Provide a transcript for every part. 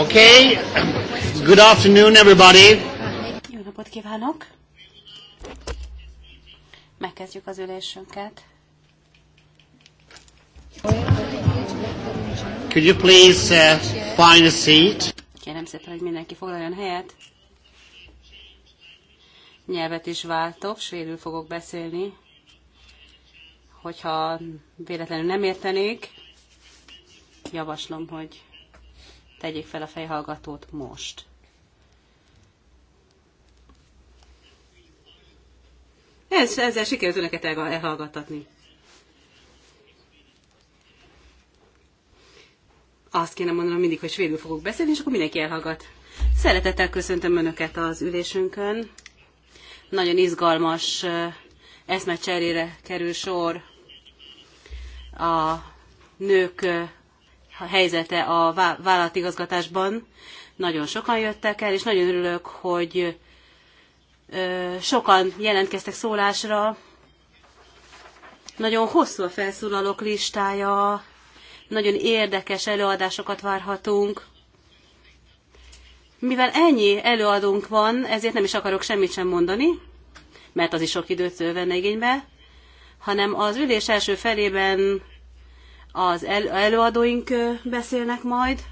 Okay. Good afternoon, everybody. Jó napot kívánok! Megkezdjük az ülésünket. Could you please uh, find a seat? Kérem szépen, hogy mindenki foglaljon helyet. Nyelvet is váltok, svédül fogok beszélni. Hogyha véletlenül nem értenék, javaslom, hogy Tegyék fel a fejhallgatót most. Ez, ezzel sikerült önöket elhallgattatni. Azt kéne mondanom mindig, hogy svédül fogok beszélni, és akkor mindenki elhallgat. Szeretettel köszöntöm Önöket az ülésünkön. Nagyon izgalmas eszmecserére kerül sor a nők helyzete a vállalatigazgatásban. Nagyon sokan jöttek el, és nagyon örülök, hogy sokan jelentkeztek szólásra. Nagyon hosszú a felszólalók listája, nagyon érdekes előadásokat várhatunk. Mivel ennyi előadónk van, ezért nem is akarok semmit sem mondani, mert az is sok időt venne igénybe, hanem az ülés első felében az előadóink beszélnek majd,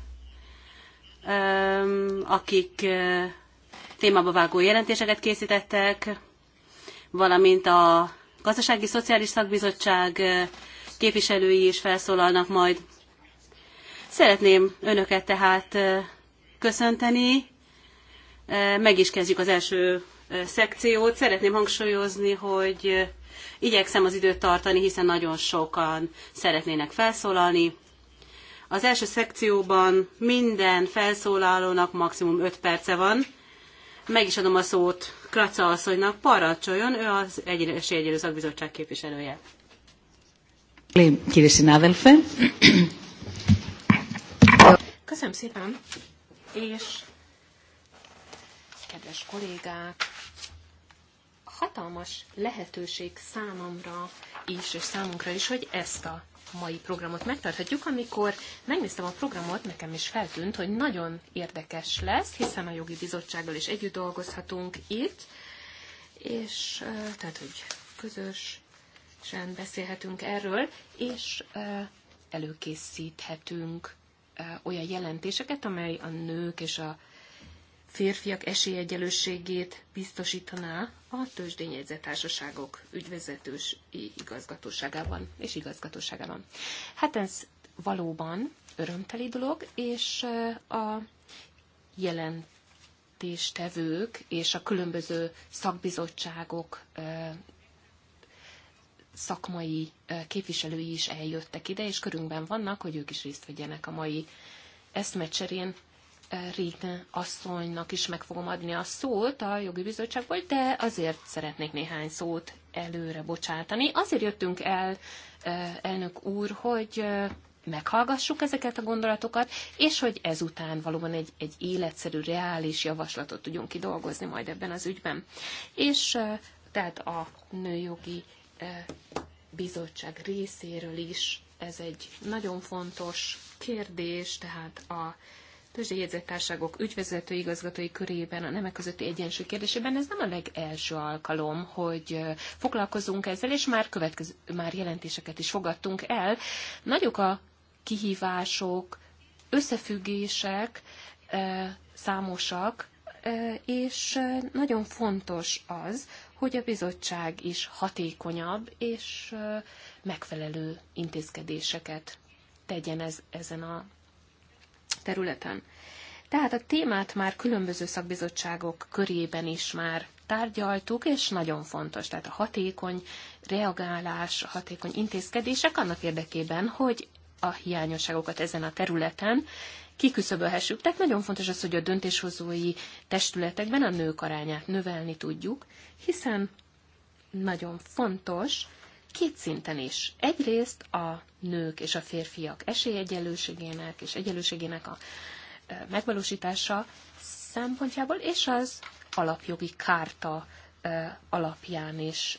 akik témába vágó jelentéseket készítettek, valamint a Gazdasági Szociális Szakbizottság képviselői is felszólalnak majd. Szeretném önöket tehát köszönteni. Meg is kezdjük az első szekciót. Szeretném hangsúlyozni, hogy Igyekszem az időt tartani, hiszen nagyon sokan szeretnének felszólalni. Az első szekcióban minden felszólalónak maximum 5 perce van. Meg is adom a szót Kraca asszonynak, parancsoljon, ő az Egyenlőség Egyenlő Szakbizottság képviselője. Köszönöm szépen, és kedves kollégák, hatalmas lehetőség számomra is, és számunkra is, hogy ezt a mai programot megtarthatjuk. Amikor megnéztem a programot, nekem is feltűnt, hogy nagyon érdekes lesz, hiszen a jogi bizottsággal is együtt dolgozhatunk itt, és tehát, hogy közösen beszélhetünk erről, és előkészíthetünk olyan jelentéseket, amely a nők és a férfiak esélyegyelősségét biztosítaná a tőzsdényegyzetársaságok ügyvezetős igazgatóságában és igazgatóságában. Hát ez valóban örömteli dolog, és a jelentéstevők és a különböző szakbizottságok szakmai képviselői is eljöttek ide, és körünkben vannak, hogy ők is részt vegyenek a mai eszmecserén. Rit asszonynak is meg fogom adni a szót a jogi bizottságból, de azért szeretnék néhány szót előre bocsátani. Azért jöttünk el, elnök úr, hogy meghallgassuk ezeket a gondolatokat, és hogy ezután valóban egy, egy életszerű, reális javaslatot tudjunk kidolgozni majd ebben az ügyben. És tehát a nőjogi bizottság részéről is ez egy nagyon fontos kérdés, tehát a tőzsdéjegyzettárságok ügyvezető igazgatói körében a nemek közötti egyensúly kérdésében ez nem a legelső alkalom, hogy foglalkozunk ezzel, és már, következő, már jelentéseket is fogadtunk el. Nagyok a kihívások, összefüggések, számosak, és nagyon fontos az, hogy a bizottság is hatékonyabb és megfelelő intézkedéseket tegyen ez, ezen a területen. Tehát a témát már különböző szakbizottságok körében is már tárgyaltuk, és nagyon fontos. Tehát a hatékony reagálás, a hatékony intézkedések annak érdekében, hogy a hiányosságokat ezen a területen kiküszöbölhessük. Tehát nagyon fontos az, hogy a döntéshozói testületekben a nők arányát növelni tudjuk, hiszen nagyon fontos, két szinten is. Egyrészt a nők és a férfiak esélyegyenlőségének és egyenlőségének a megvalósítása szempontjából, és az alapjogi kárta alapján is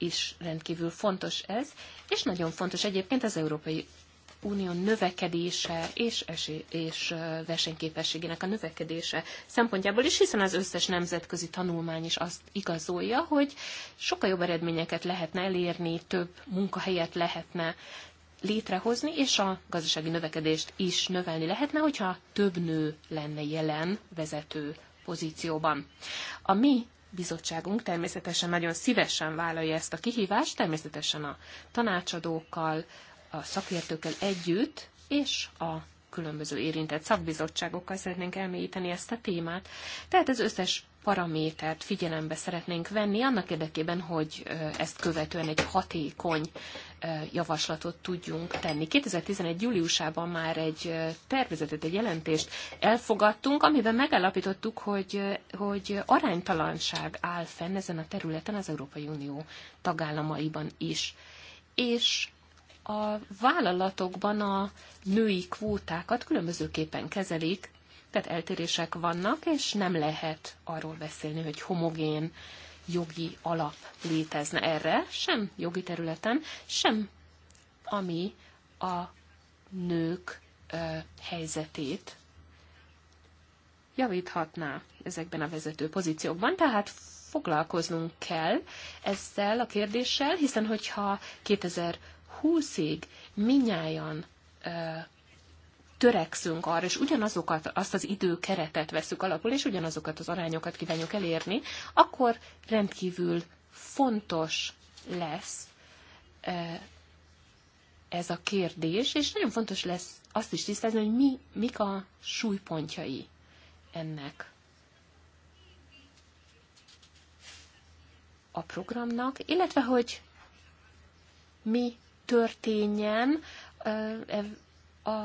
is rendkívül fontos ez, és nagyon fontos egyébként az Európai Unió növekedése és, esé- és versenyképességének a növekedése szempontjából is, hiszen az összes nemzetközi tanulmány is azt igazolja, hogy sokkal jobb eredményeket lehetne elérni, több munkahelyet lehetne létrehozni, és a gazdasági növekedést is növelni lehetne, hogyha több nő lenne jelen vezető pozícióban. A mi bizottságunk természetesen nagyon szívesen vállalja ezt a kihívást, természetesen a tanácsadókkal, a szakértőkkel együtt, és a különböző érintett szakbizottságokkal szeretnénk elmélyíteni ezt a témát. Tehát az összes paramétert figyelembe szeretnénk venni, annak érdekében, hogy ezt követően egy hatékony javaslatot tudjunk tenni. 2011. júliusában már egy tervezetet, egy jelentést elfogadtunk, amiben megállapítottuk, hogy, hogy aránytalanság áll fenn ezen a területen az Európai Unió tagállamaiban is. És a vállalatokban a női kvótákat különbözőképpen kezelik, tehát eltérések vannak, és nem lehet arról beszélni, hogy homogén jogi alap létezne erre, sem jogi területen, sem ami a nők ö, helyzetét javíthatná ezekben a vezető pozíciókban, tehát foglalkoznunk kell ezzel a kérdéssel, hiszen hogyha 2000 húszig minnyáján ö, törekszünk arra, és ugyanazokat, azt az időkeretet veszük alapul, és ugyanazokat az arányokat kívánjuk elérni, akkor rendkívül fontos lesz ez a kérdés, és nagyon fontos lesz azt is tisztázni, hogy mi, mik a súlypontjai ennek a programnak, illetve hogy mi történjen a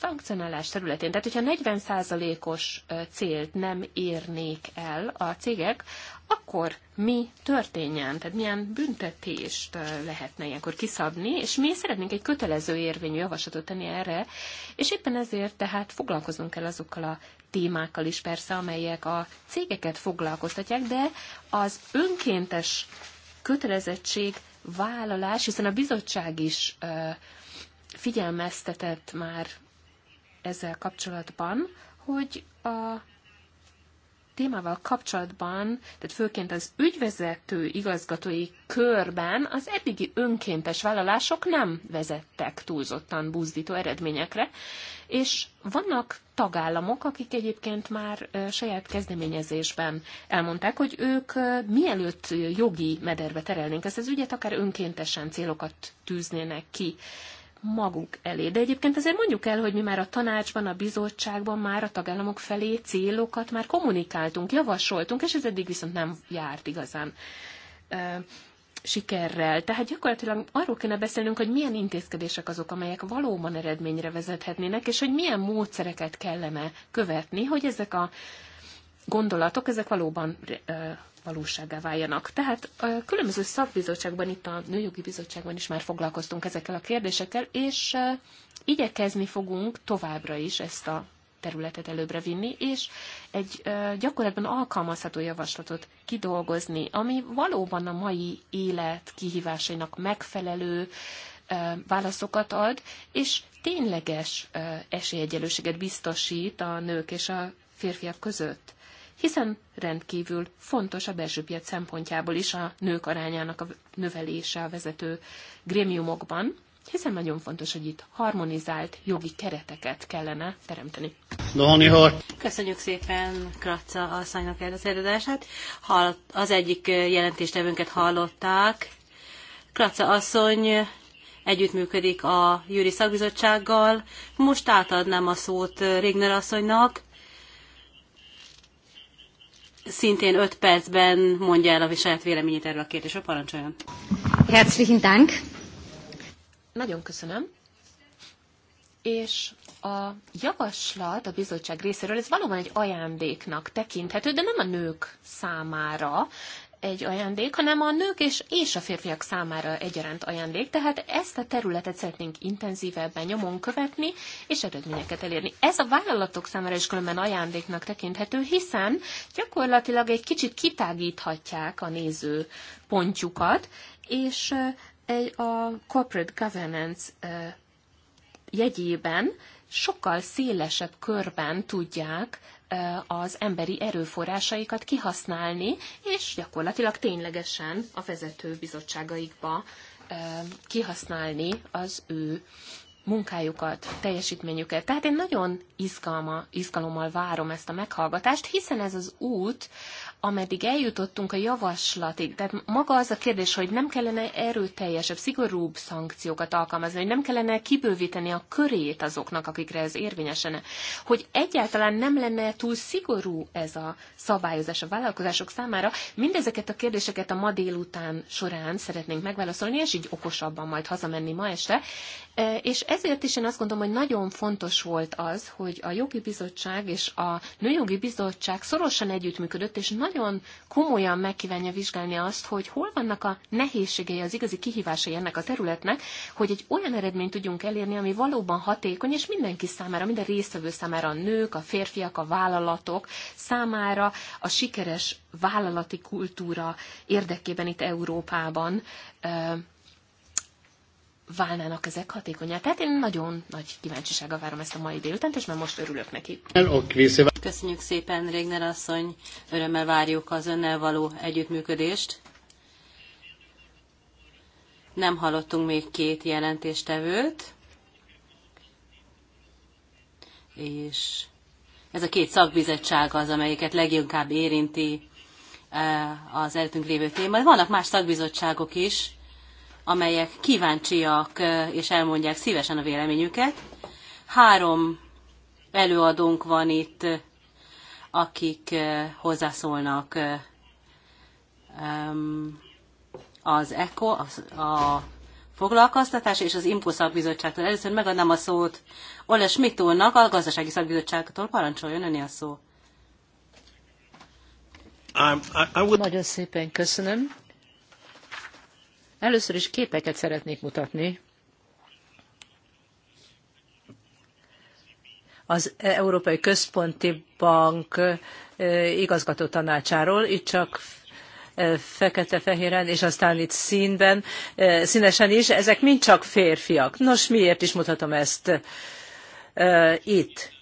szankcionálás területén. Tehát, hogyha 40%-os célt nem érnék el a cégek, akkor mi történjen? Tehát milyen büntetést lehetne ilyenkor kiszabni, és mi szeretnénk egy kötelező érvényű javaslatot tenni erre, és éppen ezért tehát foglalkozunk kell azokkal a témákkal is persze, amelyek a cégeket foglalkoztatják, de az önkéntes kötelezettség vállalás, hiszen a bizottság is figyelmeztetett már ezzel kapcsolatban, hogy a témával kapcsolatban, tehát főként az ügyvezető igazgatói körben az eddigi önkéntes vállalások nem vezettek túlzottan buzdító eredményekre, és vannak tagállamok, akik egyébként már saját kezdeményezésben elmondták, hogy ők mielőtt jogi mederbe terelnénk ezt az ügyet, akár önkéntesen célokat tűznének ki maguk elé. De egyébként azért mondjuk el, hogy mi már a tanácsban, a bizottságban már a tagállamok felé célokat már kommunikáltunk, javasoltunk, és ez eddig viszont nem járt igazán sikerrel. Tehát gyakorlatilag arról kéne beszélnünk, hogy milyen intézkedések azok, amelyek valóban eredményre vezethetnének, és hogy milyen módszereket kellene követni, hogy ezek a gondolatok, ezek valóban valóságá váljanak. Tehát a különböző szakbizottságban, itt a Nőjogi Bizottságban is már foglalkoztunk ezekkel a kérdésekkel, és igyekezni fogunk továbbra is ezt a területet előbbre vinni, és egy gyakorlatban alkalmazható javaslatot kidolgozni, ami valóban a mai élet kihívásainak megfelelő válaszokat ad, és tényleges esélyegyelőséget biztosít a nők és a férfiak között hiszen rendkívül fontos a belső piac szempontjából is a nők arányának a növelése a vezető grémiumokban, hiszen nagyon fontos, hogy itt harmonizált jogi kereteket kellene teremteni. Köszönjük szépen Kratza asszonynak erre az előadását. Az egyik jelentéstevőnket hallották. Kratza asszony együttműködik a Júri Szakbizottsággal. Most átadnám a szót Régner asszonynak, szintén öt percben mondja el a saját véleményét erről a kérdésről. Parancsoljon! Herzlichen Dank! Nagyon köszönöm. És a javaslat a bizottság részéről, ez valóban egy ajándéknak tekinthető, de nem a nők számára egy ajándék, hanem a nők és, és a férfiak számára egyaránt ajándék, tehát ezt a területet szeretnénk intenzívebben nyomon követni és eredményeket elérni. Ez a vállalatok számára is különben ajándéknak tekinthető, hiszen gyakorlatilag egy kicsit kitágíthatják a néző pontjukat, és a corporate governance jegyében sokkal szélesebb körben tudják az emberi erőforrásaikat kihasználni, és gyakorlatilag ténylegesen a vezető bizottságaikba kihasználni az ő munkájukat, teljesítményüket. Tehát én nagyon izgalma, izgalommal várom ezt a meghallgatást, hiszen ez az út ameddig eljutottunk a javaslatig, tehát maga az a kérdés, hogy nem kellene erőteljesebb, szigorúbb szankciókat alkalmazni, hogy nem kellene kibővíteni a körét azoknak, akikre ez érvényesene, hogy egyáltalán nem lenne túl szigorú ez a szabályozás a vállalkozások számára, mindezeket a kérdéseket a ma délután során szeretnénk megválaszolni, és így okosabban majd hazamenni ma este, e, és ezért is én azt gondolom, hogy nagyon fontos volt az, hogy a jogi bizottság és a nőjogi bizottság szorosan együttműködött, és nagyon nagyon komolyan megkívánja vizsgálni azt, hogy hol vannak a nehézségei, az igazi kihívásai ennek a területnek, hogy egy olyan eredményt tudjunk elérni, ami valóban hatékony, és mindenki számára, minden résztvevő számára, a nők, a férfiak, a vállalatok számára a sikeres vállalati kultúra érdekében itt Európában válnának ezek hatékonyá. Tehát én nagyon nagy kíváncsisággal várom ezt a mai délután, és már most örülök neki. Köszönjük szépen, Régner asszony, örömmel várjuk az önnel való együttműködést. Nem hallottunk még két jelentéstevőt, és ez a két szakbizottság az, amelyiket leginkább érinti eh, az előttünk lévő téma. Vannak más szakbizottságok is, amelyek kíváncsiak és elmondják szívesen a véleményüket. Három előadónk van itt, akik hozzászólnak az ECO, a foglalkoztatás és az IMPO szakbizottságtól. Először megadnám a szót Ole Schmidt a gazdasági szakbizottságtól. Parancsoljon önni a szó. I, I would... Nagyon szépen köszönöm. Először is képeket szeretnék mutatni. Az Európai Központi Bank igazgató tanácsáról. Itt csak fekete-fehéren, és aztán itt színben, színesen is. Ezek mind csak férfiak. Nos, miért is mutatom ezt itt?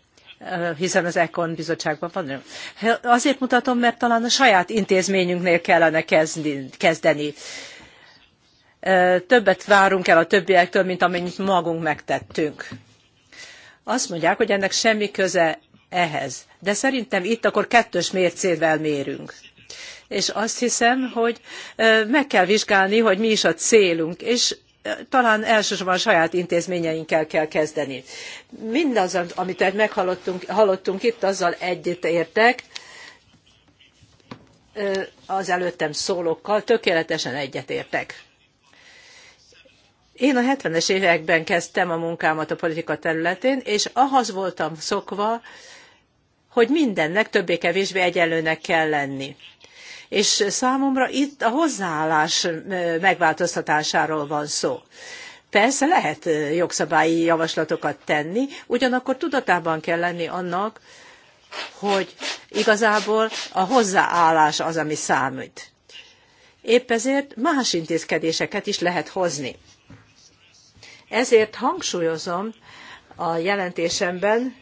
hiszen az Econ bizottságban van. Azért mutatom, mert talán a saját intézményünknél kellene kezdeni többet várunk el a többiektől, mint amennyit magunk megtettünk. Azt mondják, hogy ennek semmi köze ehhez. De szerintem itt akkor kettős mércével mérünk. És azt hiszem, hogy meg kell vizsgálni, hogy mi is a célunk, és talán elsősorban a saját intézményeinkkel kell kezdeni. Mindaz, amit meghallottunk hallottunk itt, azzal egyetértek, az előttem szólókkal tökéletesen egyetértek. Én a 70-es években kezdtem a munkámat a politika területén, és ahhoz voltam szokva, hogy mindennek többé-kevésbé egyenlőnek kell lenni. És számomra itt a hozzáállás megváltoztatásáról van szó. Persze lehet jogszabályi javaslatokat tenni, ugyanakkor tudatában kell lenni annak, hogy igazából a hozzáállás az, ami számít. Épp ezért más intézkedéseket is lehet hozni. Ezért hangsúlyozom a jelentésemben,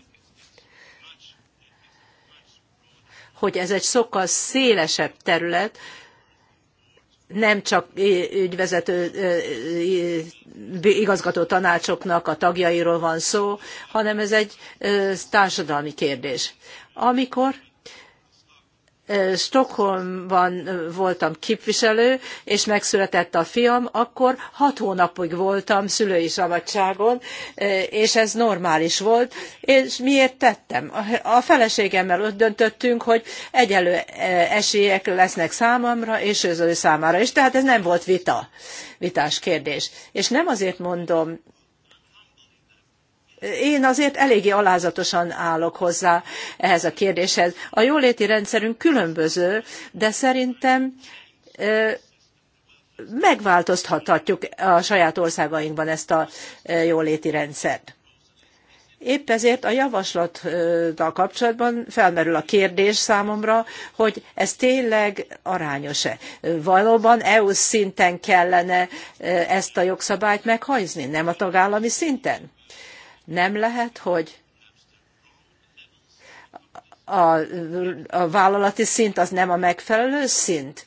hogy ez egy sokkal szélesebb terület, nem csak ügyvezető igazgató tanácsoknak a tagjairól van szó, hanem ez egy társadalmi kérdés. Amikor Stockholmban voltam képviselő, és megszületett a fiam, akkor hat hónapig voltam szülői szabadságon, és ez normális volt. És miért tettem? A feleségemmel ott döntöttünk, hogy egyelő esélyek lesznek számomra, és az ő számára is. Tehát ez nem volt vita, vitás kérdés. És nem azért mondom én azért eléggé alázatosan állok hozzá ehhez a kérdéshez. A jóléti rendszerünk különböző, de szerintem megváltoztathatjuk a saját országainkban ezt a jóléti rendszert. Épp ezért a javaslattal kapcsolatban felmerül a kérdés számomra, hogy ez tényleg arányos-e. Valóban EU szinten kellene ezt a jogszabályt meghajzni, nem a tagállami szinten? Nem lehet, hogy a, a vállalati szint az nem a megfelelő szint.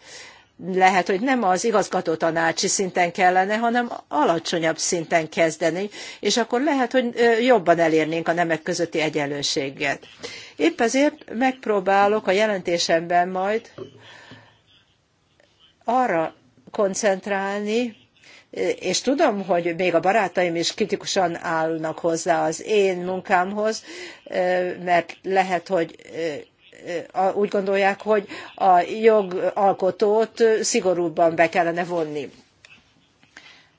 Lehet, hogy nem az igazgató tanácsi szinten kellene, hanem alacsonyabb szinten kezdeni, és akkor lehet, hogy jobban elérnénk a nemek közötti egyenlőséget. Épp ezért megpróbálok a jelentésemben majd arra koncentrálni, és tudom, hogy még a barátaim is kritikusan állnak hozzá az én munkámhoz, mert lehet, hogy úgy gondolják, hogy a jogalkotót szigorúbban be kellene vonni.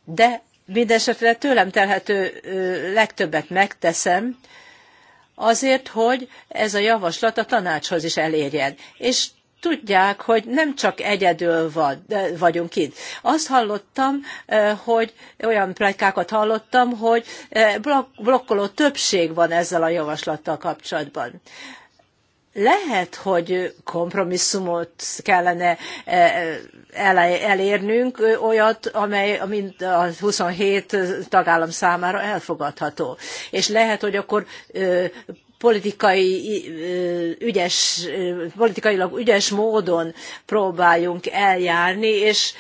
De mindesetre tőlem telhető legtöbbet megteszem, azért, hogy ez a javaslat a tanácshoz is elérjen. És tudják, hogy nem csak egyedül vagyunk itt. Azt hallottam, eh, hogy olyan plegykákat hallottam, hogy eh, blokkoló többség van ezzel a javaslattal kapcsolatban lehet, hogy kompromisszumot kellene eh, elérnünk, olyat, amely mind a 27 tagállam számára elfogadható. És lehet, hogy akkor politikai ügyes, politikailag ügyes módon próbáljunk eljárni, és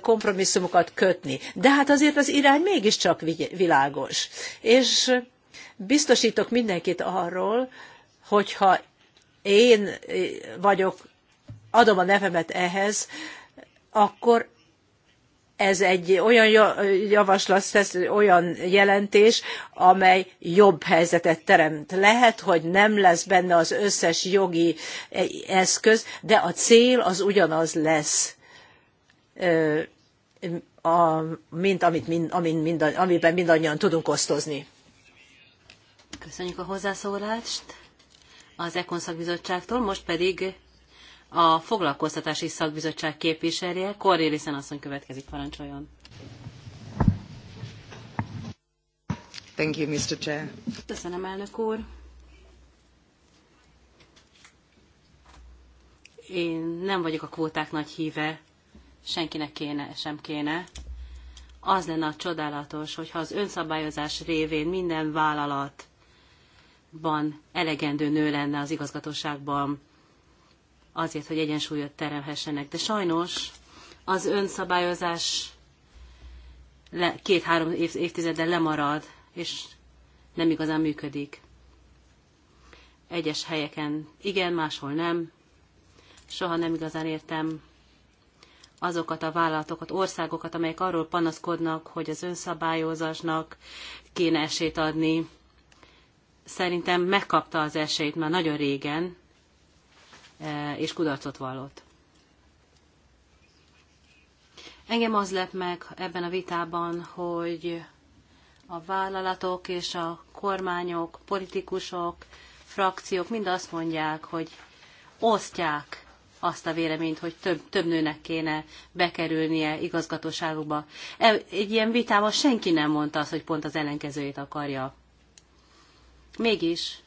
kompromisszumokat kötni. De hát azért az irány mégiscsak világos. És biztosítok mindenkit arról, hogyha én vagyok, adom a nevemet ehhez, akkor ez egy olyan javaslat, ez olyan jelentés, amely jobb helyzetet teremt. Lehet, hogy nem lesz benne az összes jogi e, eszköz, de a cél az ugyanaz lesz, mint amit, amin amiben mindannyian tudunk osztozni. Köszönjük a hozzászólást az Ekonszak Bizottságtól, most pedig a foglalkoztatási szakbizottság képviselje. Cornélisen asszony következik, parancsoljon. Thank you, Mr. Chair. Köszönöm, elnök úr. Én nem vagyok a kvóták nagy híve, senkinek kéne, sem kéne. Az lenne a csodálatos, hogyha az önszabályozás révén minden vállalatban elegendő nő lenne az igazgatóságban, azért, hogy egyensúlyot teremhessenek. De sajnos az önszabályozás két-három év, évtizeddel lemarad, és nem igazán működik. Egyes helyeken igen, máshol nem. Soha nem igazán értem azokat a vállalatokat, országokat, amelyek arról panaszkodnak, hogy az önszabályozásnak kéne esélyt adni. Szerintem megkapta az esélyt már nagyon régen, Eh, és kudarcot vallott. Engem az lep meg ebben a vitában, hogy a vállalatok és a kormányok, politikusok, frakciók mind azt mondják, hogy osztják azt a véleményt, hogy több, több nőnek kéne bekerülnie igazgatóságokba. E, egy ilyen vitában senki nem mondta azt, hogy pont az ellenkezőjét akarja. Mégis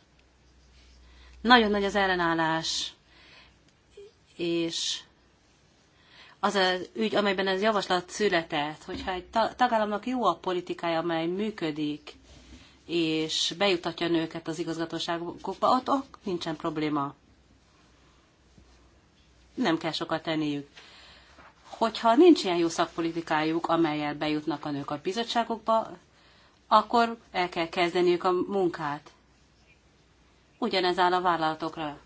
nagyon nagy az ellenállás és az az ügy, amelyben ez javaslat született, hogyha egy tagállamnak jó a politikája, amely működik, és bejutatja a nőket az igazgatóságokba, ott, ott nincsen probléma. Nem kell sokat tenniük. Hogyha nincs ilyen jó szakpolitikájuk, amelyel bejutnak a nők a bizottságokba, akkor el kell kezdeniük a munkát. Ugyanez áll a vállalatokra.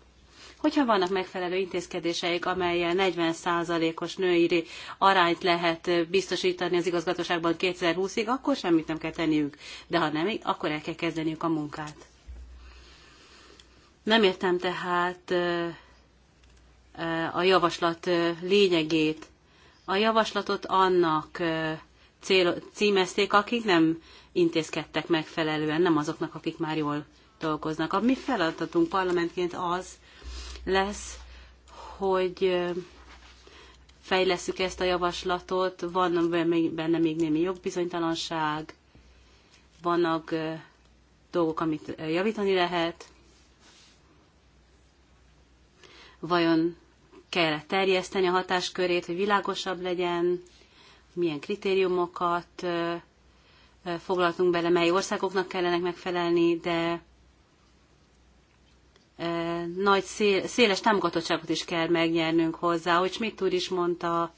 Hogyha vannak megfelelő intézkedéseik, amelyel 40%-os női arányt lehet biztosítani az igazgatóságban 2020-ig, akkor semmit nem kell tenniük. De ha nem, akkor el kell kezdeniük a munkát. Nem értem tehát a javaslat lényegét. A javaslatot annak cél, címezték, akik nem intézkedtek megfelelően, nem azoknak, akik már jól dolgoznak. A mi feladatunk parlamentként az, lesz, hogy fejleszük ezt a javaslatot, van benne még némi jogbizonytalanság, vannak dolgok, amit javítani lehet, vajon kell terjeszteni a hatáskörét, hogy világosabb legyen, milyen kritériumokat foglaltunk bele, mely országoknak kellenek megfelelni, de nagy szél, széles támogatottságot is kell megnyernünk hozzá, hogy Schmidt úr is mondta,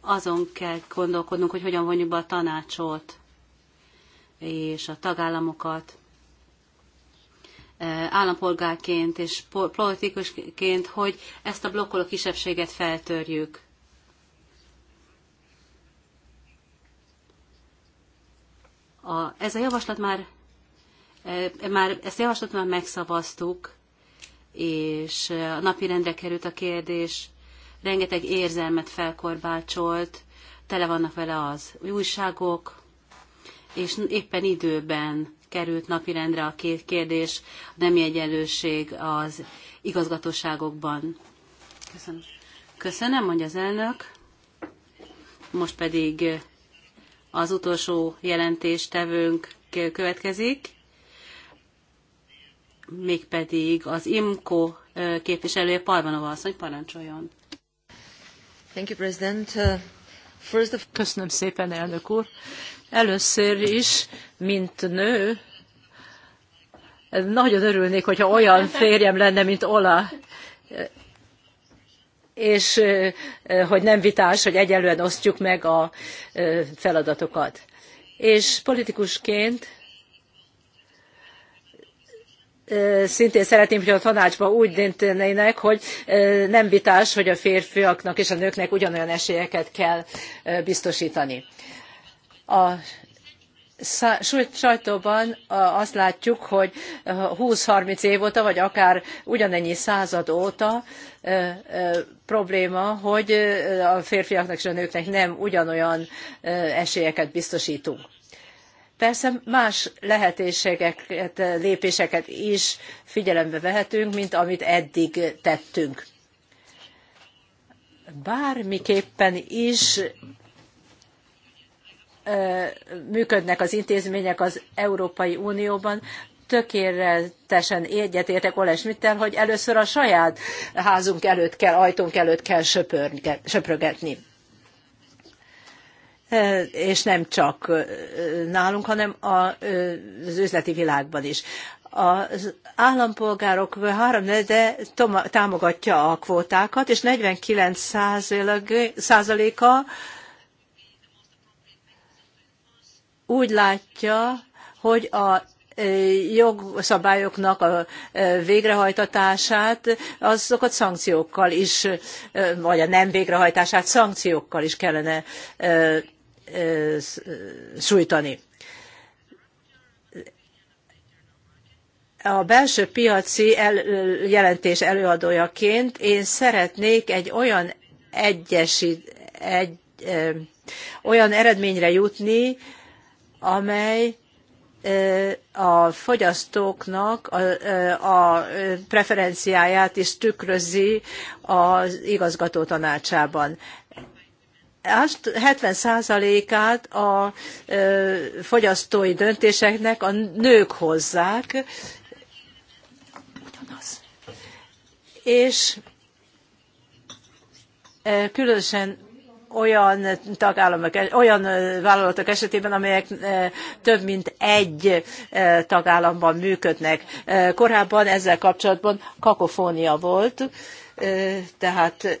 azon kell gondolkodnunk, hogy hogyan vonjuk be a tanácsot és a tagállamokat állampolgárként és politikusként, hogy ezt a blokkoló kisebbséget feltörjük. A, ez a javaslat már E, már ezt javaslatot már megszavaztuk, és a napi rendre került a kérdés. Rengeteg érzelmet felkorbácsolt, tele vannak vele az újságok, és éppen időben került napirendre a két kérdés, a nemi egyenlőség az igazgatóságokban. Köszönöm. Köszönöm, mondja az elnök. Most pedig az utolsó jelentéstevőnk következik mégpedig az IMCO képviselője Parvanova asszony parancsoljon. Thank you, President. Uh, first of... Köszönöm szépen, elnök úr. Először is, mint nő, nagyon örülnék, hogyha olyan férjem lenne, mint Ola és hogy nem vitás, hogy egyelően osztjuk meg a feladatokat. És politikusként szintén szeretném, hogy a tanácsban úgy döntenének, hogy nem vitás, hogy a férfiaknak és a nőknek ugyanolyan esélyeket kell biztosítani. A sajtóban azt látjuk, hogy 20-30 év óta, vagy akár ugyanennyi század óta probléma, hogy a férfiaknak és a nőknek nem ugyanolyan esélyeket biztosítunk Persze más lehetőségeket, lépéseket is figyelembe vehetünk, mint amit eddig tettünk. Bármiképpen is működnek az intézmények az Európai Unióban, tökéletesen egyetértek Ole Schmittel, hogy először a saját házunk előtt kell, ajtónk előtt kell söpörge, söprögetni és nem csak nálunk, hanem az üzleti világban is. Az állampolgárok háromnegyede támogatja a kvótákat, és 49 százaléka úgy látja, hogy a jogszabályoknak a végrehajtatását, azokat szankciókkal is, vagy a nem végrehajtását szankciókkal is kellene sújtani. A belső piaci jelentés előadójaként én szeretnék egy olyan egyesi, egy, olyan eredményre jutni, amely a fogyasztóknak a, a preferenciáját is tükrözi az igazgató tanácsában. 70%-át a fogyasztói döntéseknek a nők hozzák, és különösen olyan tagállamok, olyan vállalatok esetében, amelyek több mint egy tagállamban működnek. Korábban ezzel kapcsolatban kakofónia volt, tehát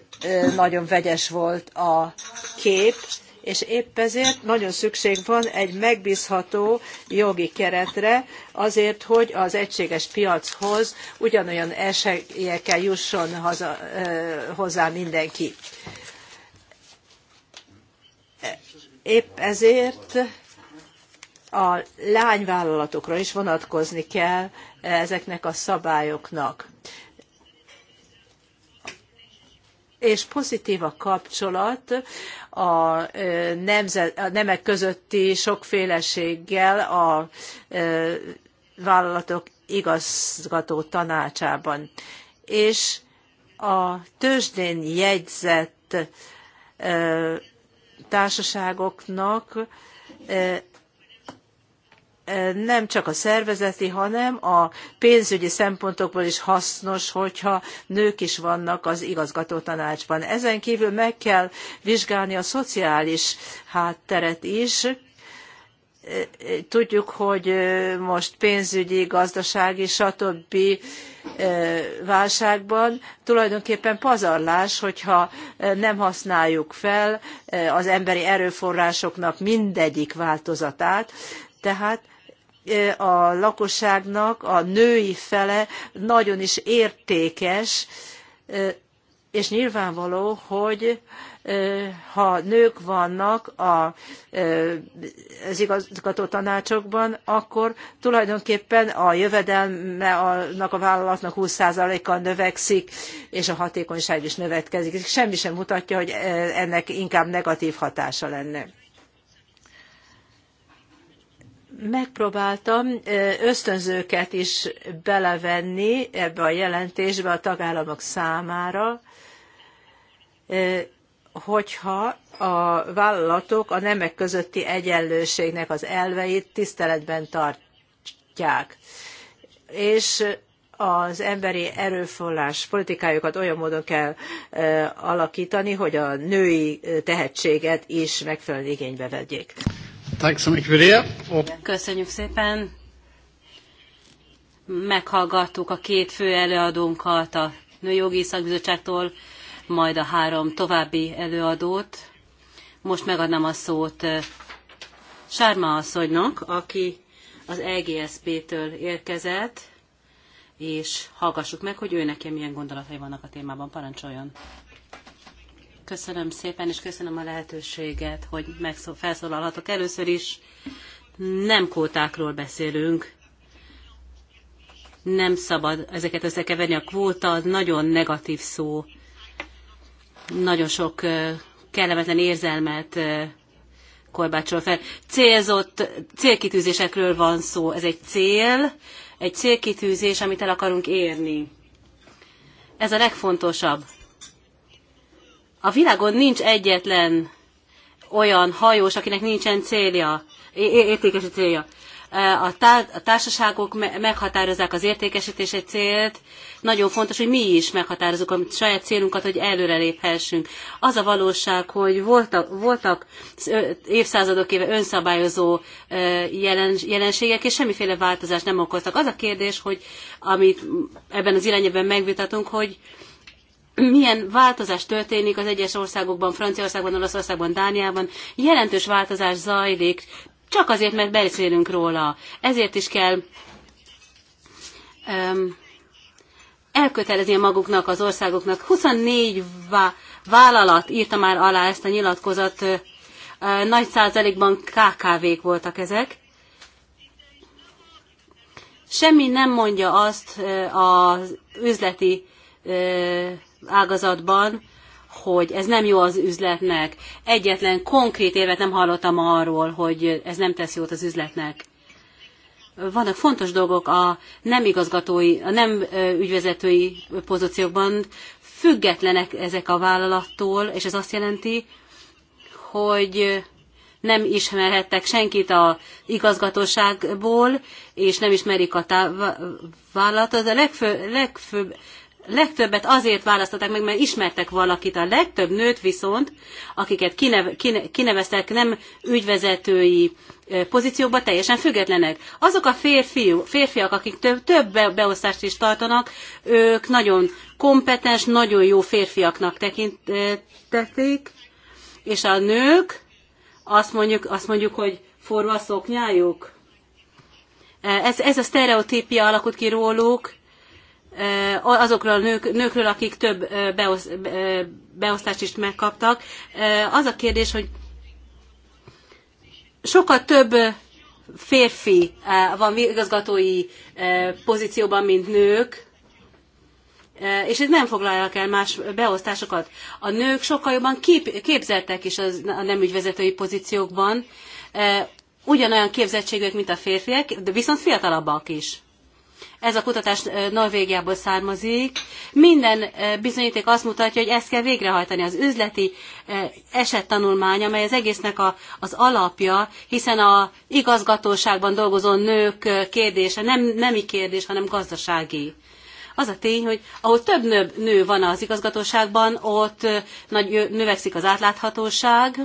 nagyon vegyes volt a kép, és épp ezért nagyon szükség van egy megbízható jogi keretre, azért, hogy az egységes piachoz ugyanolyan esélyekkel jusson haza, hozzá mindenki. Épp ezért a lányvállalatokra is vonatkozni kell ezeknek a szabályoknak és pozitív a kapcsolat a, nemzet, a nemek közötti sokféleséggel a vállalatok igazgató tanácsában. És a tőzsdén jegyzett társaságoknak nem csak a szervezeti, hanem a pénzügyi szempontokból is hasznos, hogyha nők is vannak az igazgató tanácsban. Ezen kívül meg kell vizsgálni a szociális hátteret is. Tudjuk, hogy most pénzügyi, gazdasági, stb. válságban tulajdonképpen pazarlás, hogyha nem használjuk fel az emberi erőforrásoknak mindegyik változatát, tehát a lakosságnak a női fele nagyon is értékes, és nyilvánvaló, hogy ha nők vannak a, az igazgató tanácsokban, akkor tulajdonképpen a jövedelme annak a vállalatnak 20%-kal növekszik, és a hatékonyság is növekedik. Semmi sem mutatja, hogy ennek inkább negatív hatása lenne megpróbáltam ösztönzőket is belevenni ebbe a jelentésbe a tagállamok számára, hogyha a vállalatok a nemek közötti egyenlőségnek az elveit tiszteletben tartják, és az emberi erőforrás politikájukat olyan módon kell alakítani, hogy a női tehetséget is megfelelően igénybe vegyék. Köszönjük szépen. Meghallgattuk a két fő előadónkat a Nőjogi Szakbizottságtól, majd a három további előadót. Most megadnám a szót Sárma asszonynak, aki az EGSZP-től érkezett, és hallgassuk meg, hogy ő nekem milyen gondolatai vannak a témában. Parancsoljon! Köszönöm szépen, és köszönöm a lehetőséget, hogy felszólalhatok. Először is nem kótákról beszélünk, nem szabad ezeket összekeverni. A kvóta nagyon negatív szó, nagyon sok kellemetlen érzelmet korbácsol fel. Célzott célkitűzésekről van szó. Ez egy cél, egy célkitűzés, amit el akarunk érni. Ez a legfontosabb. A világon nincs egyetlen olyan hajós, akinek nincsen célja, értékes célja. E, a, tá- a társaságok me- meghatározzák az egy célt. Nagyon fontos, hogy mi is meghatározunk a saját célunkat, hogy előreléphessünk. Az a valóság, hogy voltak, voltak évszázadok éve önszabályozó e, jelen- jelenségek, és semmiféle változást nem okoztak. Az a kérdés, hogy amit ebben az irányban megvitatunk, hogy milyen változás történik az egyes országokban, Franciaországban, Olaszországban, Dániában. Jelentős változás zajlik, csak azért, mert beszélünk róla. Ezért is kell um, elkötelezni maguknak, az országoknak. 24 vállalat írta már alá ezt a nyilatkozat, nagy százalékban KKV-k voltak ezek. Semmi nem mondja azt az üzleti ágazatban, hogy ez nem jó az üzletnek. Egyetlen konkrét érvet nem hallottam arról, hogy ez nem tesz jót az üzletnek. Vannak fontos dolgok a nem igazgatói, a nem ügyvezetői pozíciókban, függetlenek ezek a vállalattól, és ez azt jelenti, hogy nem ismerhettek senkit a igazgatóságból, és nem ismerik a vállalatot. A legfő, legfőbb legtöbbet azért választották meg, mert ismertek valakit. A legtöbb nőt viszont, akiket kinev, kine, kineveztek nem ügyvezetői pozícióba teljesen függetlenek. Azok a férfiú, férfiak, akik több, több beosztást is tartanak, ők nagyon kompetens, nagyon jó férfiaknak tekintették, és a nők, azt mondjuk, azt mondjuk hogy forva szoknyájuk. Ez, ez a sztereotípia alakult ki róluk, azokról a nők, nőkről, akik több beosztást is megkaptak. Az a kérdés, hogy sokkal több férfi van igazgatói pozícióban, mint nők, és itt nem foglalják el más beosztásokat. A nők sokkal jobban kép, képzeltek is az, a nem ügyvezetői pozíciókban, ugyanolyan képzettségűek, mint a férfiak, de viszont fiatalabbak is ez a kutatás Norvégiából származik. Minden bizonyíték azt mutatja, hogy ezt kell végrehajtani. Az üzleti esettanulmány, amely az egésznek a, az alapja, hiszen a igazgatóságban dolgozó nők kérdése nem nemi kérdés, hanem gazdasági. Az a tény, hogy ahol több nő, nő van az igazgatóságban, ott nagy, növekszik az átláthatóság,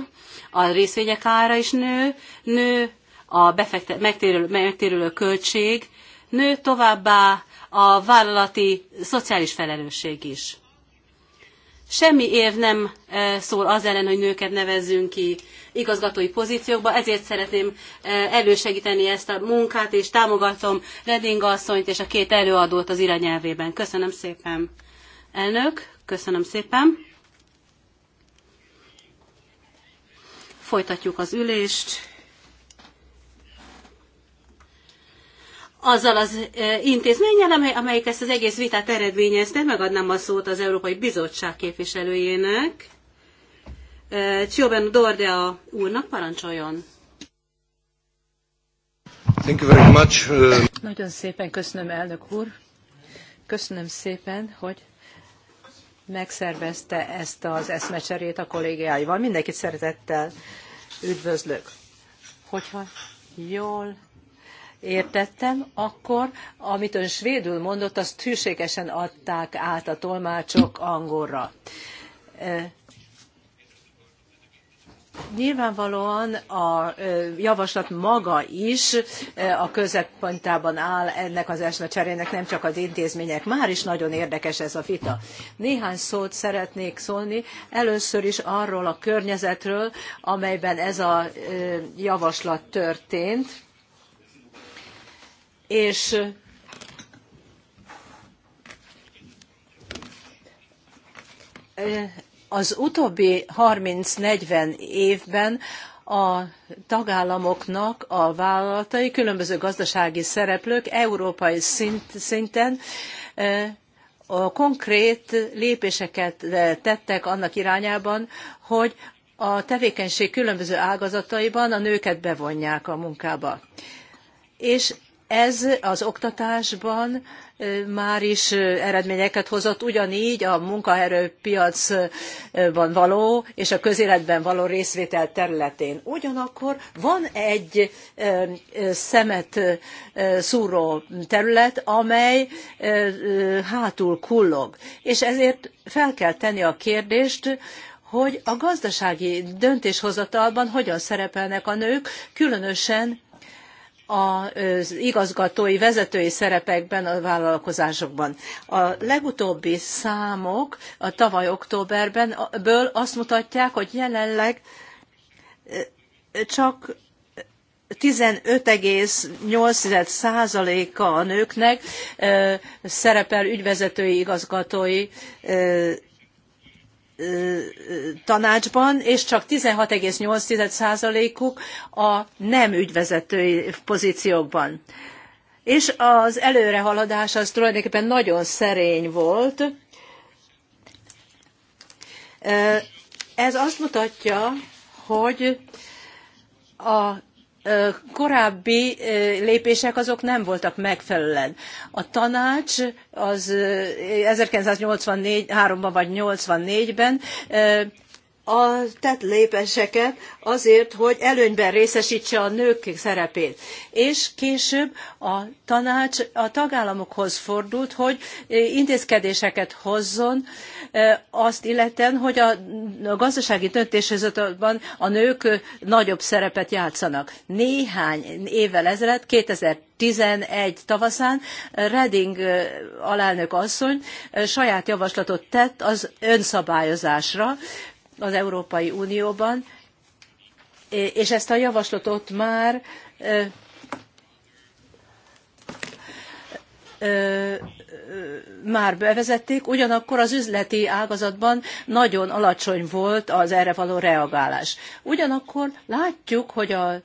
a részvények ára is nő, nő a befekte, megtérülő, megtérülő költség, nő továbbá a vállalati szociális felelősség is. Semmi év nem e, szól az ellen, hogy nőket nevezzünk ki igazgatói pozíciókba, ezért szeretném e, elősegíteni ezt a munkát, és támogatom Reding asszonyt és a két előadót az irányelvében. Köszönöm szépen. Elnök, köszönöm szépen. Folytatjuk az ülést. azzal az intézménnyel, amely, amelyik ezt az egész vitát eredményezte. Megadnám a szót az Európai Bizottság képviselőjének. Csioben Dordea úrnak parancsoljon. Thank you very much. Uh, Nagyon szépen köszönöm, elnök úr. Köszönöm szépen, hogy megszervezte ezt az eszmecserét a kollégiáival. Mindenkit szeretettel üdvözlök. Hogyha jól értettem, akkor amit ön svédül mondott, azt hűségesen adták át a tolmácsok angolra. Nyilvánvalóan a javaslat maga is a középpontában áll ennek az eszmecserének, nem csak az intézmények. Már is nagyon érdekes ez a vita. Néhány szót szeretnék szólni. Először is arról a környezetről, amelyben ez a javaslat történt és az utóbbi 30-40 évben a tagállamoknak a vállalatai, különböző gazdasági szereplők európai szint, szinten a konkrét lépéseket tettek annak irányában, hogy a tevékenység különböző ágazataiban a nőket bevonják a munkába. És ez az oktatásban már is eredményeket hozott, ugyanígy a munkaerőpiacban való és a közéletben való részvétel területén. Ugyanakkor van egy szemet szúró terület, amely hátul kullog, és ezért fel kell tenni a kérdést, hogy a gazdasági döntéshozatalban hogyan szerepelnek a nők, különösen az igazgatói, vezetői szerepekben a vállalkozásokban. A legutóbbi számok a tavaly októberben ből azt mutatják, hogy jelenleg csak 15,8%-a a nőknek szerepel ügyvezetői, igazgatói tanácsban, és csak 16,8%-uk a nem ügyvezetői pozíciókban. És az előrehaladás az tulajdonképpen nagyon szerény volt. Ez azt mutatja, hogy a korábbi lépések azok nem voltak megfelelően. A tanács az 1983-ban vagy 84-ben a tett lépéseket azért, hogy előnyben részesítse a nők szerepét. És később a tanács a tagállamokhoz fordult, hogy intézkedéseket hozzon, azt illetően, hogy a gazdasági döntéshozatban a nők nagyobb szerepet játszanak. Néhány évvel ezelőtt, 2011 tavaszán Reding alelnök asszony saját javaslatot tett az önszabályozásra az Európai Unióban, és ezt a javaslatot már már bevezették, ugyanakkor az üzleti ágazatban nagyon alacsony volt az erre való reagálás. Ugyanakkor látjuk, hogy a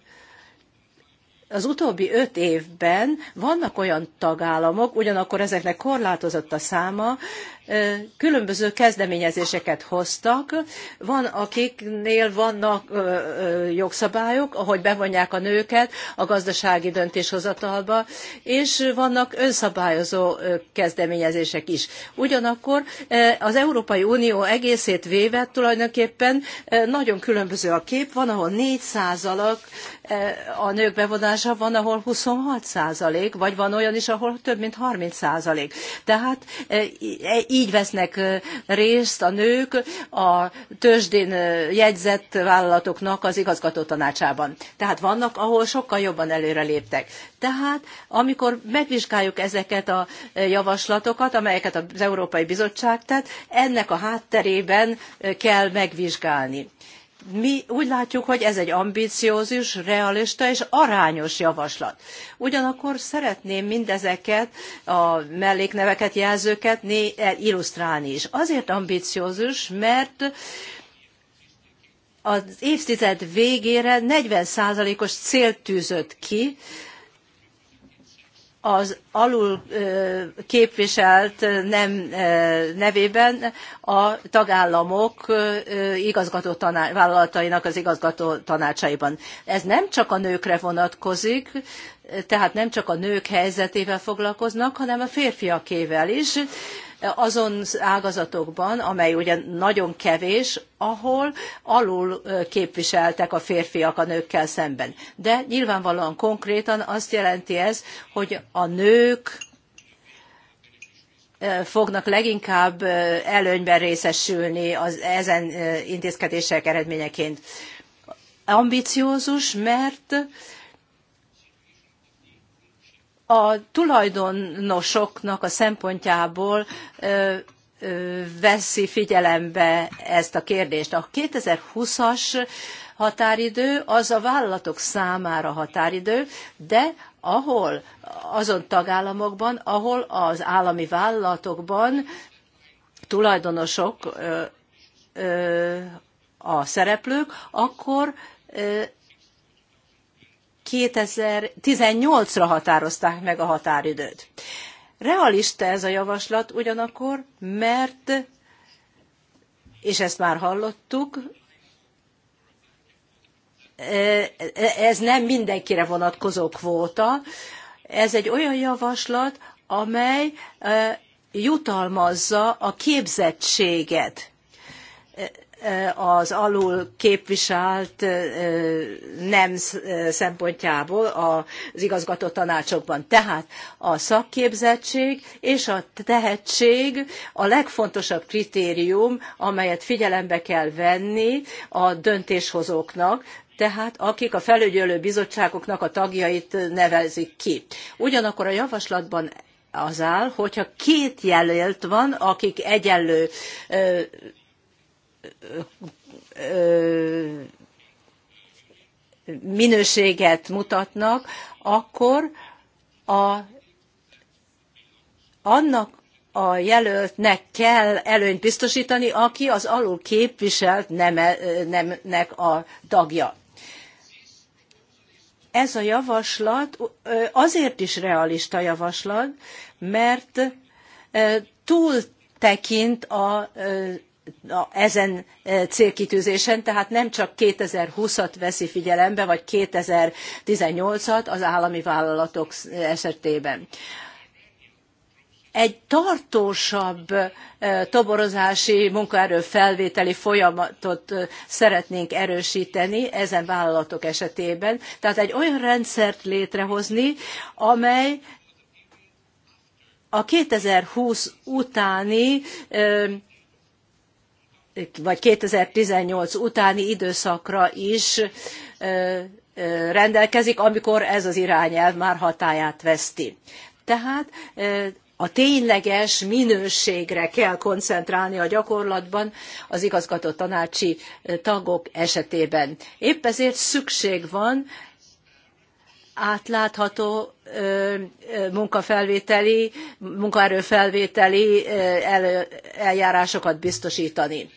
az utóbbi öt évben vannak olyan tagállamok, ugyanakkor ezeknek korlátozott a száma, különböző kezdeményezéseket hoztak. Van, akiknél vannak jogszabályok, ahogy bevonják a nőket a gazdasági döntéshozatalba, és vannak önszabályozó kezdeményezések is. Ugyanakkor az Európai Unió egészét véve tulajdonképpen nagyon különböző a kép. Van, ahol 4 százalék a nők bevonása, van, ahol 26 százalék, vagy van olyan is, ahol több mint 30 százalék. Tehát így vesznek részt a nők a tőzsdén jegyzett vállalatoknak az igazgató tanácsában. Tehát vannak, ahol sokkal jobban előre léptek. Tehát amikor megvizsgáljuk ezeket a javaslatokat, amelyeket az Európai Bizottság tett, ennek a hátterében kell megvizsgálni mi úgy látjuk, hogy ez egy ambiciózus, realista és arányos javaslat. Ugyanakkor szeretném mindezeket, a mellékneveket, jelzőket e, illusztrálni is. Azért ambiciózus, mert az évtized végére 40%-os célt tűzött ki, az alul képviselt nem nevében a tagállamok igazgató tanács, vállalatainak az igazgató tanácsaiban. Ez nem csak a nőkre vonatkozik, tehát nem csak a nők helyzetével foglalkoznak, hanem a férfiakével is, azon ágazatokban, amely ugye nagyon kevés, ahol alul képviseltek a férfiak a nőkkel szemben. De nyilvánvalóan konkrétan azt jelenti ez, hogy a nők fognak leginkább előnyben részesülni az ezen intézkedések eredményeként. Ambiciózus, mert a tulajdonosoknak a szempontjából veszi figyelembe ezt a kérdést. A 2020-as határidő az a vállalatok számára határidő, de ahol azon tagállamokban, ahol az állami vállalatokban tulajdonosok a szereplők, akkor 2018-ra határozták meg a határidőt. Realista ez a javaslat ugyanakkor, mert, és ezt már hallottuk, ez nem mindenkire vonatkozó kvóta, ez egy olyan javaslat, amely e, jutalmazza a képzettséget az alul képviselt nem szempontjából az igazgató tanácsokban. Tehát a szakképzettség és a tehetség a legfontosabb kritérium, amelyet figyelembe kell venni a döntéshozóknak, tehát akik a felügyelő bizottságoknak a tagjait nevezik ki. Ugyanakkor a javaslatban az áll, hogyha két jelölt van, akik egyenlő minőséget mutatnak, akkor a, annak a jelöltnek kell előnyt biztosítani, aki az alul képviselt neme, nemnek a tagja. Ez a javaslat azért is realista javaslat, mert túl tekint a ezen e, célkitűzésen, tehát nem csak 2020-at veszi figyelembe, vagy 2018-at az állami vállalatok esetében. Egy tartósabb e, toborozási munkaerő felvételi folyamatot e, szeretnénk erősíteni ezen vállalatok esetében, tehát egy olyan rendszert létrehozni, amely a 2020 utáni vagy 2018 utáni időszakra is rendelkezik, amikor ez az irányelv már hatáját veszti. Tehát a tényleges minőségre kell koncentrálni a gyakorlatban az igazgató tanácsi tagok esetében. Épp ezért szükség van átlátható munkafelvételi, munkaerőfelvételi eljárásokat biztosítani.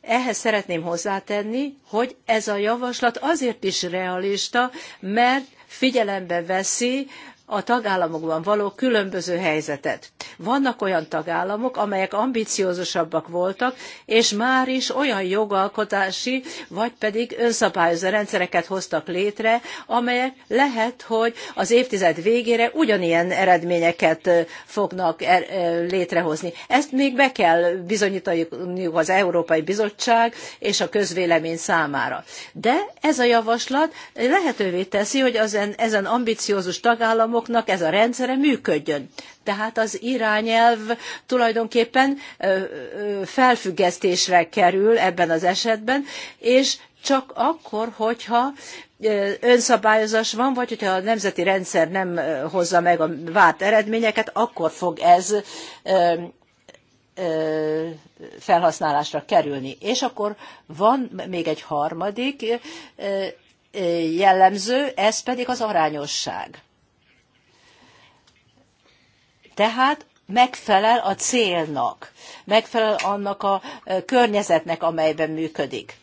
Ehhez szeretném hozzátenni, hogy ez a javaslat azért is realista, mert figyelembe veszi a tagállamokban való különböző helyzetet. Vannak olyan tagállamok, amelyek ambiciózusabbak voltak, és már is olyan jogalkotási, vagy pedig önszabályozó rendszereket hoztak létre, amelyek lehet, hogy az évtized végére ugyanilyen eredményeket fognak er létrehozni. Ezt még be kell bizonyítaniuk az Európai Bizottság és a közvélemény számára. De ez a javaslat lehetővé teszi, hogy ezen, ezen ambiciózus tagállamok államoknak ez a rendszere működjön. Tehát az irányelv tulajdonképpen felfüggesztésre kerül ebben az esetben, és csak akkor, hogyha önszabályozás van, vagy hogyha a nemzeti rendszer nem hozza meg a várt eredményeket, akkor fog ez felhasználásra kerülni. És akkor van még egy harmadik jellemző, ez pedig az arányosság. Tehát megfelel a célnak, megfelel annak a e, környezetnek, amelyben működik.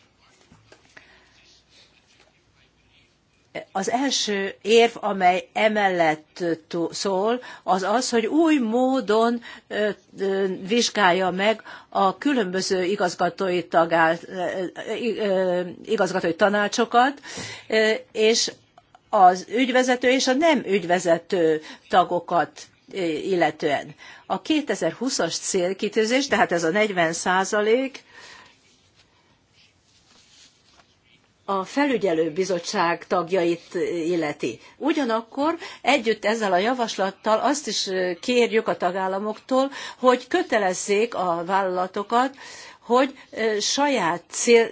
Az első érv, amely emellett szól, az az, hogy új módon e, e, vizsgálja meg a különböző igazgatói, tagál, igazgatói tanácsokat, és az ügyvezető és a nem ügyvezető tagokat illetően. A 2020-as célkitűzés, tehát ez a 40 százalék, a felügyelő bizottság tagjait illeti. Ugyanakkor együtt ezzel a javaslattal azt is kérjük a tagállamoktól, hogy kötelezzék a vállalatokat, hogy saját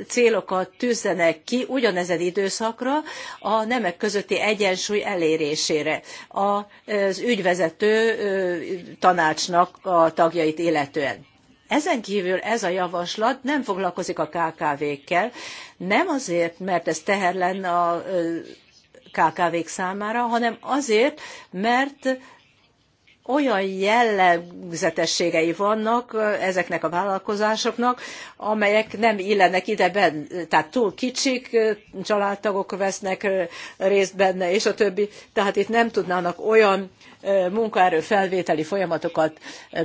célokat tűzzenek ki ugyanezen időszakra a nemek közötti egyensúly elérésére az ügyvezető tanácsnak a tagjait illetően. Ezen kívül ez a javaslat nem foglalkozik a KKV-kkel, nem azért, mert ez teher lenne a KKV-k számára, hanem azért, mert olyan jellegzetességei vannak ezeknek a vállalkozásoknak, amelyek nem illenek ide Tehát túl kicsik, családtagok vesznek részt benne, és a többi. Tehát itt nem tudnának olyan munkaerő felvételi folyamatokat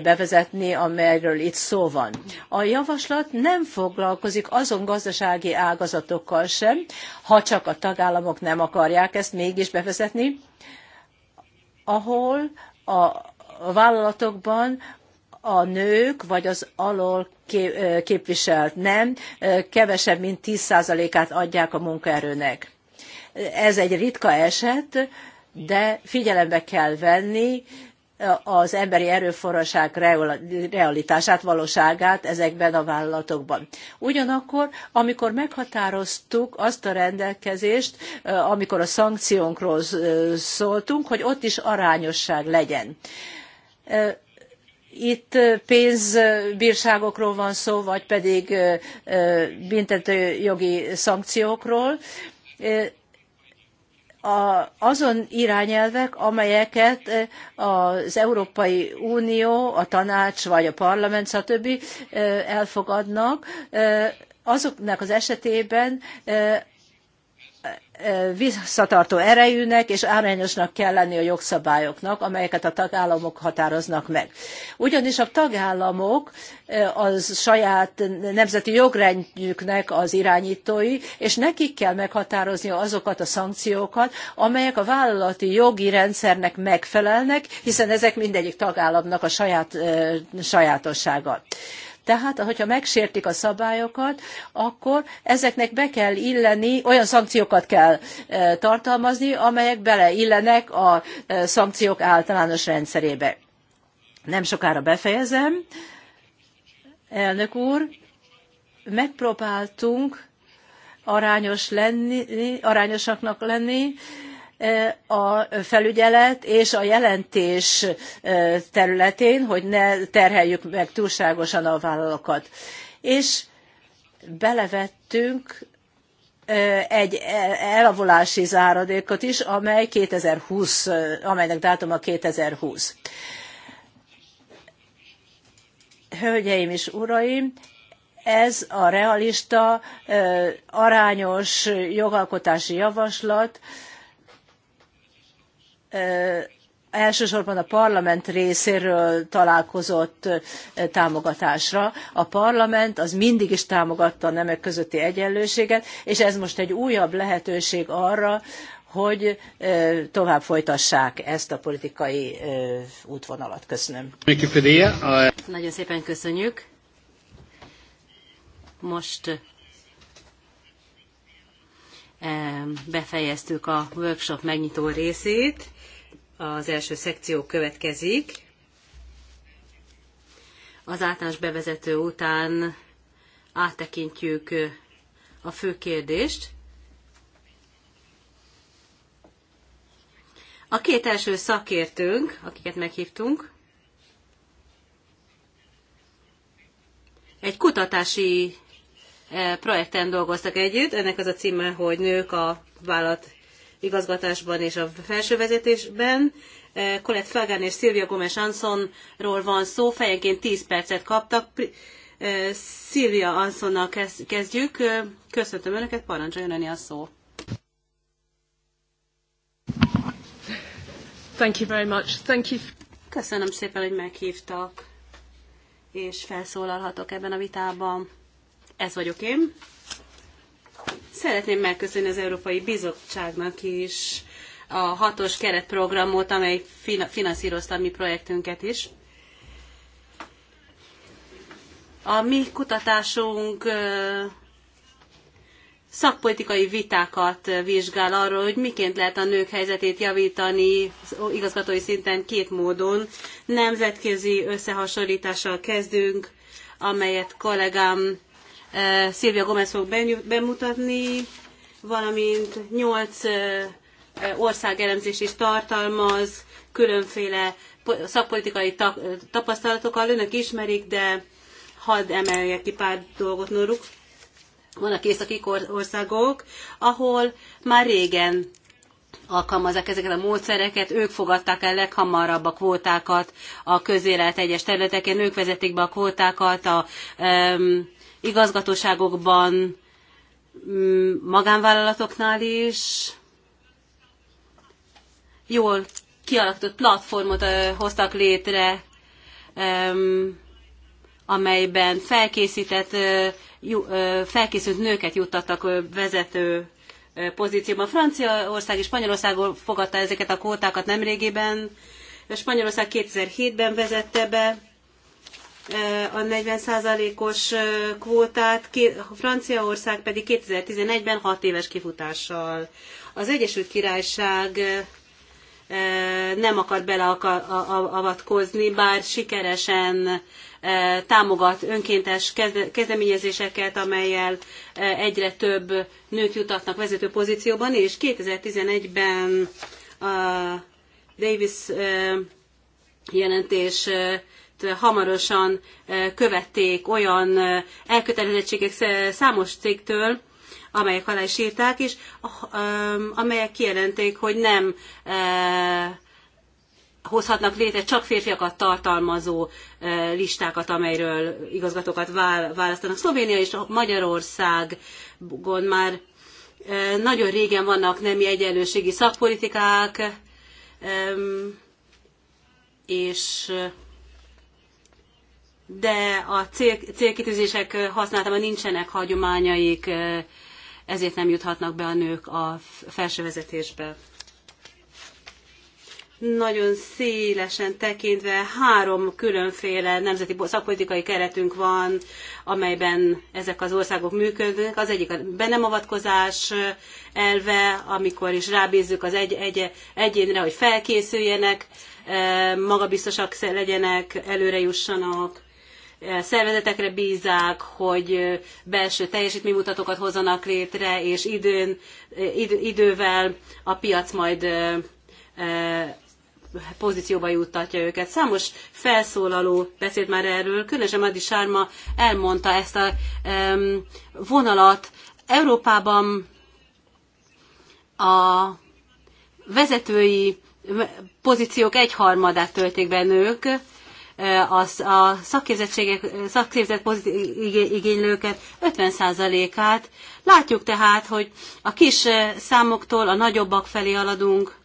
bevezetni, amelyről itt szó van. A javaslat nem foglalkozik azon gazdasági ágazatokkal sem, ha csak a tagállamok nem akarják ezt mégis bevezetni, ahol a, a vállalatokban a nők, vagy az alól képviselt nem, kevesebb, mint 10%-át adják a munkaerőnek. Ez egy ritka eset, de figyelembe kell venni az emberi erőforrások realitását, valóságát ezekben a vállalatokban. Ugyanakkor, amikor meghatároztuk azt a rendelkezést, amikor a szankciónkról szóltunk, hogy ott is arányosság legyen. Itt pénzbírságokról van szó, vagy pedig büntetőjogi szankciókról azon irányelvek, amelyeket az Európai Unió, a tanács vagy a parlament, stb. elfogadnak, azoknak az esetében, visszatartó erejűnek és arányosnak kell lenni a jogszabályoknak, amelyeket a tagállamok határoznak meg. Ugyanis a tagállamok az saját nemzeti jogrendjüknek az irányítói, és nekik kell meghatározni azokat a szankciókat, amelyek a vállalati jogi rendszernek megfelelnek, hiszen ezek mindegyik tagállamnak a saját, sajátossága. Tehát, hogyha megsértik a szabályokat, akkor ezeknek be kell illeni, olyan szankciókat kell e, tartalmazni, amelyek beleillenek a e, szankciók általános rendszerébe. Nem sokára befejezem. Elnök úr, megpróbáltunk arányos lenni, arányosaknak lenni, a felügyelet és a jelentés területén, hogy ne terheljük meg túlságosan a vállalatokat. És belevettünk egy e, elavulási záradékot is, amely 2020, amelynek dátuma 2020. Hölgyeim és uraim, ez a realista, arányos jogalkotási javaslat, elsősorban a parlament részéről találkozott támogatásra. A parlament az mindig is támogatta a nemek közötti egyenlőséget, és ez most egy újabb lehetőség arra, hogy tovább folytassák ezt a politikai útvonalat. Köszönöm. Nagyon szépen köszönjük. Most befejeztük a workshop megnyitó részét. Az első szekció következik. Az általános bevezető után áttekintjük a fő kérdést. A két első szakértőnk, akiket meghívtunk, egy kutatási E, projekten dolgoztak együtt. Ennek az a címe, hogy nők a vállalat igazgatásban és a felső vezetésben. E, Colette Fagan és Silvia Gomes Ansonról van szó, fejenként 10 percet kaptak. E, Silvia Ansonnal kezdjük. Köszöntöm Önöket, parancsoljon Öni a szó. Thank you very much. Thank you. Köszönöm szépen, hogy meghívtak, és felszólalhatok ebben a vitában. Ez vagyok én. Szeretném megköszönni az Európai Bizottságnak is a hatos keretprogramot, amely finanszírozta a mi projektünket is. A mi kutatásunk szakpolitikai vitákat vizsgál arról, hogy miként lehet a nők helyzetét javítani igazgatói szinten két módon. Nemzetközi összehasonlítással kezdünk, amelyet kollégám Eh, Szilvia Gomez fog bemutatni, valamint nyolc eh, eh, ország is tartalmaz, különféle szakpolitikai tapasztalatokkal önök ismerik, de hadd emeljek ki pár dolgot nóruk. Vannak északi országok, ahol már régen alkalmazzák ezeket a módszereket, ők fogadták el leghamarabb a kvótákat a közélet egyes területeken, ők vezetik be a kvótákat a igazgatóságokban, mm, magánvállalatoknál is jól kialakított platformot hoztak létre, amelyben felkészített, felkészült nőket juttattak vezető pozícióban. Franciaország és Spanyolország fogadta ezeket a kótákat nemrégiben. Spanyolország 2007-ben vezette be, a 40%-os kvótát, Franciaország pedig 2011-ben 6 éves kifutással. Az Egyesült Királyság nem akar beleavatkozni, bár sikeresen támogat önkéntes kezdeményezéseket, amelyel egyre több nőt jutatnak vezető pozícióban, és 2011-ben a Davis jelentés hamarosan követték olyan elkötelezettségek számos cégtől, amelyek alá is írták, és amelyek kijelenték, hogy nem hozhatnak létre csak férfiakat tartalmazó listákat, amelyről igazgatókat választanak. Szlovénia és Magyarországon már nagyon régen vannak nemi egyenlőségi szakpolitikák, és de a cél, célkitűzések használatában nincsenek hagyományaik, ezért nem juthatnak be a nők a felső vezetésbe. Nagyon szélesen tekintve három különféle nemzeti szakpolitikai keretünk van, amelyben ezek az országok működnek. Az egyik a benemavatkozás elve, amikor is rábízzük az egy, egy, egyénre, hogy felkészüljenek, magabiztosak legyenek, előre jussanak szervezetekre bízák, hogy belső teljesítménymutatókat hozzanak létre, és időn, idővel a piac majd pozícióba juttatja őket. Számos felszólaló beszélt már erről, különösen Adi Sárma elmondta ezt a vonalat. Európában a vezetői pozíciók egyharmadát tölték be nők, a, a szakképzett pozitív igénylőket 50%-át. Látjuk tehát, hogy a kis számoktól a nagyobbak felé aladunk.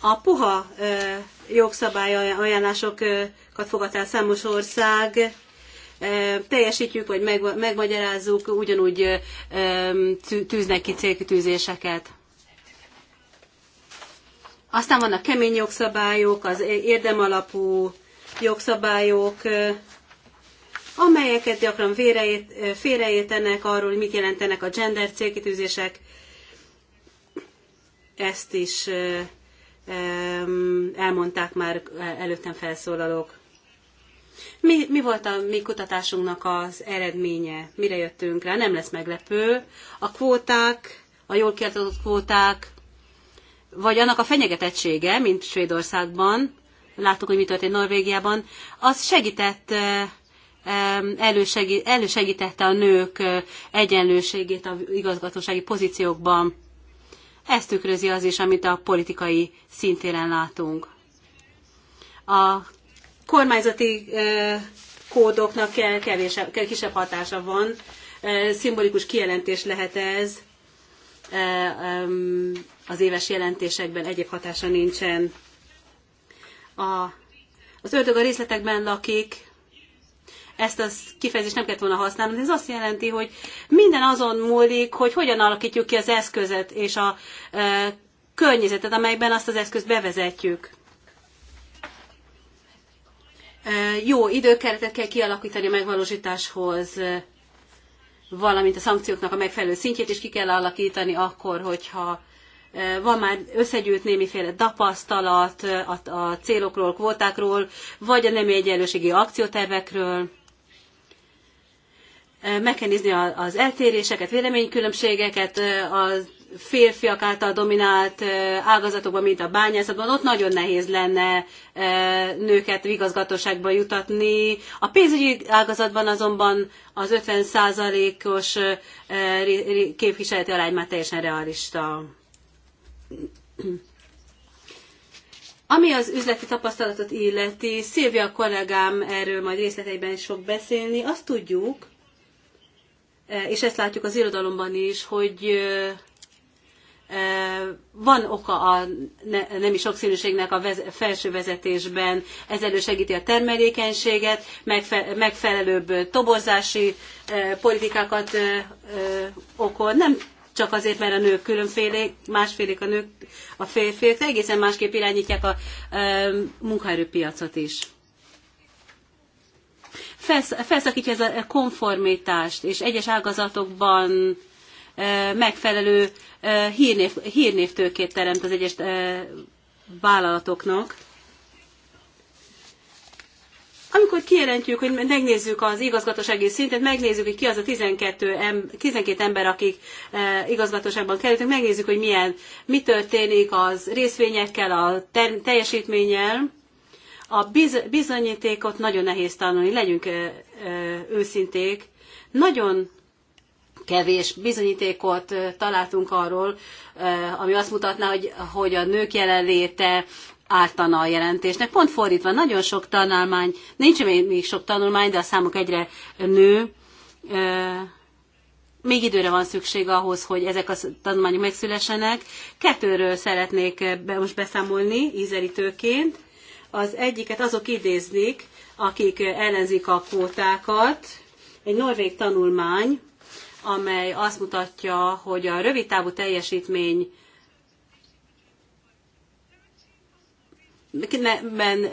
A puha jogszabály ajánlásokat fogadt el számos ország, teljesítjük, vagy megmagyarázzuk, ugyanúgy tűznek ki célkitűzéseket. Aztán vannak kemény jogszabályok, az érdemalapú jogszabályok, amelyeket gyakran félreértenek arról, hogy mit jelentenek a gender célkitűzések. Ezt is elmondták már előttem felszólalók. Mi, mi volt a mi kutatásunknak az eredménye? Mire jöttünk rá? Nem lesz meglepő. A kvóták, a jól kiadott kvóták vagy annak a fenyegetettsége, mint Svédországban, láttuk, hogy mi történt Norvégiában, az segített elősegít, elősegítette a nők egyenlőségét a igazgatósági pozíciókban. Ezt tükrözi az is, amit a politikai szintéren látunk. A kormányzati kódoknak kevésebb, kisebb hatása van, szimbolikus kijelentés lehet ez, az éves jelentésekben egyéb hatása nincsen. A, az ördög a részletekben lakik, ezt a kifejezést nem kellett volna használnom, de ez azt jelenti, hogy minden azon múlik, hogy hogyan alakítjuk ki az eszközet és a e, környezetet, amelyben azt az eszközt bevezetjük. E, jó időkeretet kell kialakítani a megvalósításhoz, valamint a szankcióknak a megfelelő szintjét is ki kell alakítani akkor, hogyha Eh, van már összegyűjt némiféle tapasztalat eh, a célokról, kvótákról, vagy a nem egyenlőségi akciótervekről. Eh, meg kell nézni az eltéréseket, véleménykülönbségeket, a férfiak által dominált ágazatokban, mint a bányászatban, ott nagyon nehéz lenne nőket igazgatóságba jutatni. A pénzügyi ágazatban azonban az 50 os képviseleti arány már teljesen realista. Ami az üzleti tapasztalatot illeti, Szilvia kollégám erről majd részleteiben is fog beszélni, azt tudjuk, e, és ezt látjuk az irodalomban is, hogy e, e, van oka a nemi sokszínűségnek a felső vezetésben, ez elősegíti a termelékenységet, megfelelőbb tobozási politikákat okol. Nem csak azért, mert a nők különfélék, másfélék a nők, a férfiak, de egészen másképp irányítják a munkaerőpiacot is. Felsz, felszakítja ez a konformitást, és egyes ágazatokban megfelelő hírnév, hírnévtőkét teremt az egyes vállalatoknak. Amikor kijelentjük, hogy megnézzük az igazgatósági szintet, megnézzük, hogy ki az a 12, 12 ember, akik e, igazgatóságban kerültek, megnézzük, hogy milyen, mi történik az részvényekkel, a ter, teljesítménnyel. A biz, bizonyítékot nagyon nehéz tanulni, legyünk e, e, őszinték. Nagyon kevés bizonyítékot találtunk arról, ami azt mutatná, hogy, hogy a nők jelenléte ártana a jelentésnek. Pont fordítva, nagyon sok tanulmány, nincs még sok tanulmány, de a számok egyre nő. Még időre van szükség ahhoz, hogy ezek a tanulmányok megszülessenek. Kettőről szeretnék be most beszámolni ízelítőként. Az egyiket azok idéznék, akik ellenzik a kvótákat. Egy norvég tanulmány, amely azt mutatja, hogy a rövidtávú teljesítmény ben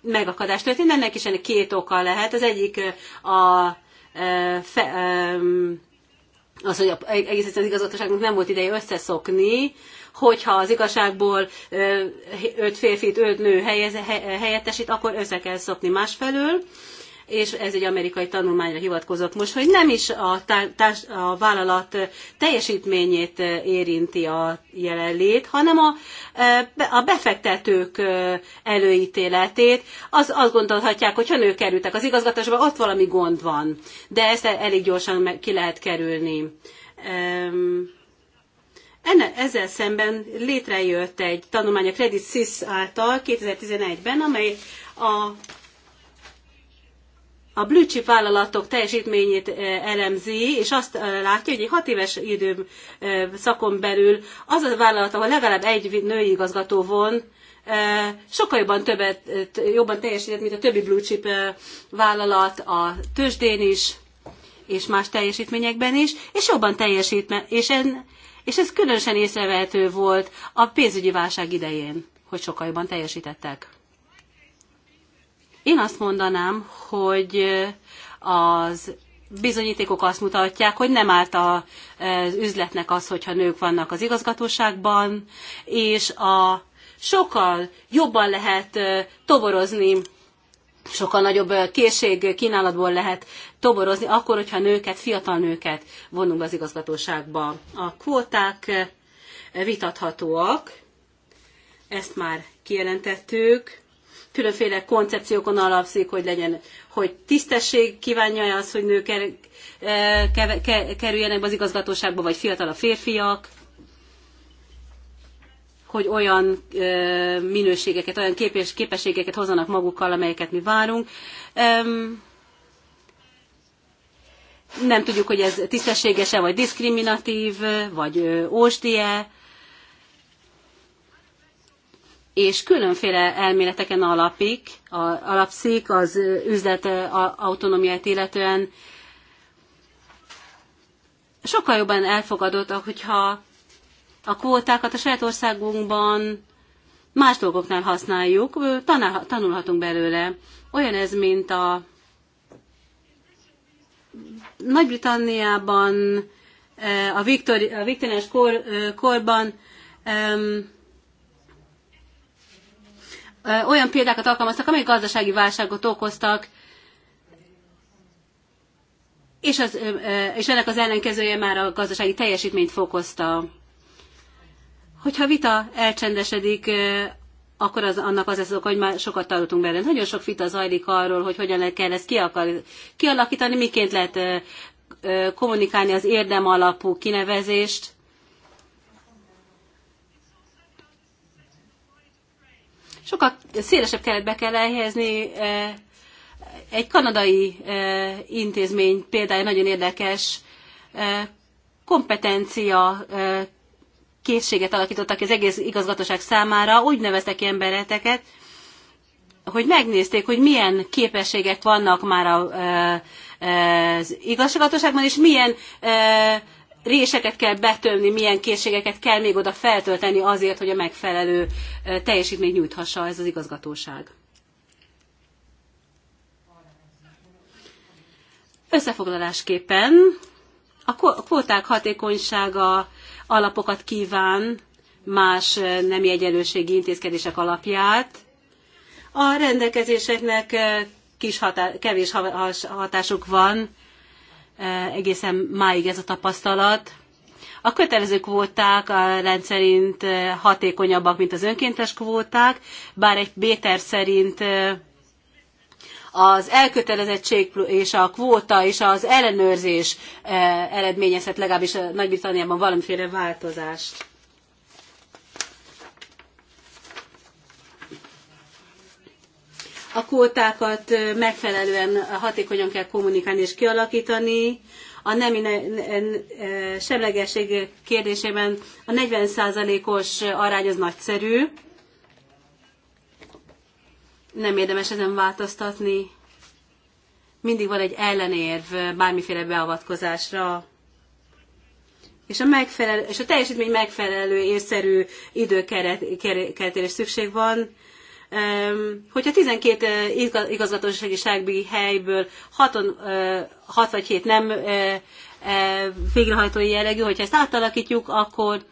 megakadás történt. Ennek is ennek két oka lehet. Az egyik a fe, az, hogy egész egyszerűen az igazgatóságnak nem volt ideje összeszokni, hogyha az igazságból öt férfit, öt nő helyettesít, akkor össze kell szokni másfelől és ez egy amerikai tanulmányra hivatkozott most, hogy nem is a, társ, a vállalat teljesítményét érinti a jelenlét, hanem a, a befektetők előítéletét. Az, azt gondolhatják, hogy ha nők kerültek az igazgatásba, ott valami gond van. De ezt elég gyorsan ki lehet kerülni. Enne, ezzel szemben létrejött egy tanulmány a Credit Suisse által 2011-ben, amely a a blue chip vállalatok teljesítményét elemzi, és azt látja, hogy egy hat éves időszakon szakon belül az a vállalat, ahol legalább egy női igazgató von, sokkal jobban többet, jobban teljesített, mint a többi blue chip vállalat a tőzsdén is, és más teljesítményekben is, és jobban teljesít, és, en, és ez különösen észrevehető volt a pénzügyi válság idején, hogy sokkal jobban teljesítettek. Én azt mondanám, hogy az bizonyítékok azt mutatják, hogy nem árt az üzletnek az, hogyha nők vannak az igazgatóságban, és a sokkal jobban lehet toborozni, sokkal nagyobb készség kínálatból lehet toborozni, akkor, hogyha nőket, fiatal nőket vonunk az igazgatóságba. A kvóták vitathatóak, ezt már kijelentettük, különféle koncepciókon alapszik, hogy legyen, hogy tisztesség kívánja az, hogy nők e, kerüljenek az igazgatóságba, vagy fiatal a férfiak, hogy olyan e, minőségeket, olyan képes, képességeket hozzanak magukkal, amelyeket mi várunk. nem tudjuk, hogy ez tisztességes-e, vagy diszkriminatív, vagy ósdie és különféle elméleteken alapik, a, alapszik az üzlet autonómiát illetően. Sokkal jobban elfogadott, hogyha a kvótákat a saját országunkban más dolgoknál használjuk, tanál, tanulhatunk belőle. Olyan ez, mint a Nagy-Britanniában a, viktoriás kor, korban um, olyan példákat alkalmaztak, amelyek gazdasági válságot okoztak, és, az, és ennek az ellenkezője már a gazdasági teljesítményt fokozta. Hogyha vita elcsendesedik, akkor az, annak az lesz oka, hogy már sokat tartunk bele. Nagyon sok vita zajlik arról, hogy hogyan kell ezt kialakítani, miként lehet kommunikálni az érdemalapú kinevezést, sokkal szélesebb keretbe kell elhelyezni. E, egy kanadai e, intézmény példája nagyon érdekes, e, kompetencia készséget alakítottak az egész igazgatóság számára, úgy neveztek ki embereteket, hogy megnézték, hogy milyen képességek vannak már az igazgatóságban, és milyen réseket kell betömni, milyen készségeket kell még oda feltölteni azért, hogy a megfelelő teljesítményt nyújthassa ez az igazgatóság. Összefoglalásképpen a kvóták hatékonysága alapokat kíván más nemi egyenlőségi intézkedések alapját. A rendelkezéseknek kis hatá- kevés hatásuk van, E, egészen máig ez a tapasztalat. A kötelező kvóták rendszerint e, hatékonyabbak, mint az önkéntes kvóták, bár egy Béter szerint e, az elkötelezettség és a kvóta és az ellenőrzés eredményezhet legalábbis Nagy-Britanniában valamiféle változást. A kvótákat megfelelően hatékonyan kell kommunikálni és kialakítani. A nemi ne, ne, ne, semlegesség kérdésében a 40%-os arány az nagyszerű. Nem érdemes ezen változtatni. Mindig van egy ellenérv bármiféle beavatkozásra és a, megfelelő, és a teljesítmény megfelelő észszerű időkeretére szükség van. Hogyha 12 eh, igazgatósági ságbi helyből 6, 6 eh, vagy 7 nem eh, végrehajtói jellegű, hogyha ezt átalakítjuk, akkor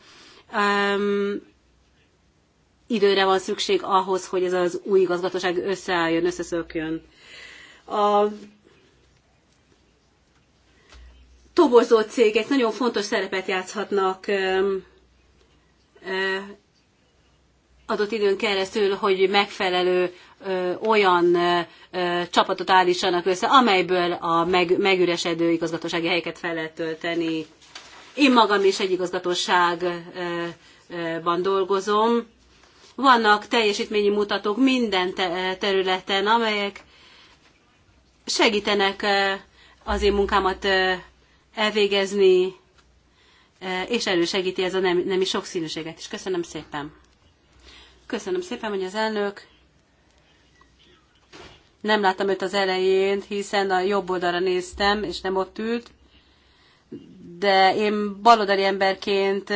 időre van szükség ahhoz, hogy ez az új igazgatóság összeálljon, összeszökjön. A toborzó cégek nagyon fontos szerepet játszhatnak adott időn keresztül, hogy megfelelő ö, olyan ö, csapatot állítsanak össze, amelyből a meg, megüresedő igazgatósági helyeket fel lehet tölteni. Én magam is egy igazgatóságban dolgozom. Vannak teljesítményi mutatók minden te, területen, amelyek segítenek az én munkámat elvégezni, és elősegíti ez a nemi nem sokszínűséget is. Köszönöm szépen! Köszönöm szépen, hogy az elnök nem láttam őt az elején, hiszen a jobb oldalra néztem, és nem ott ült. De én baloldali emberként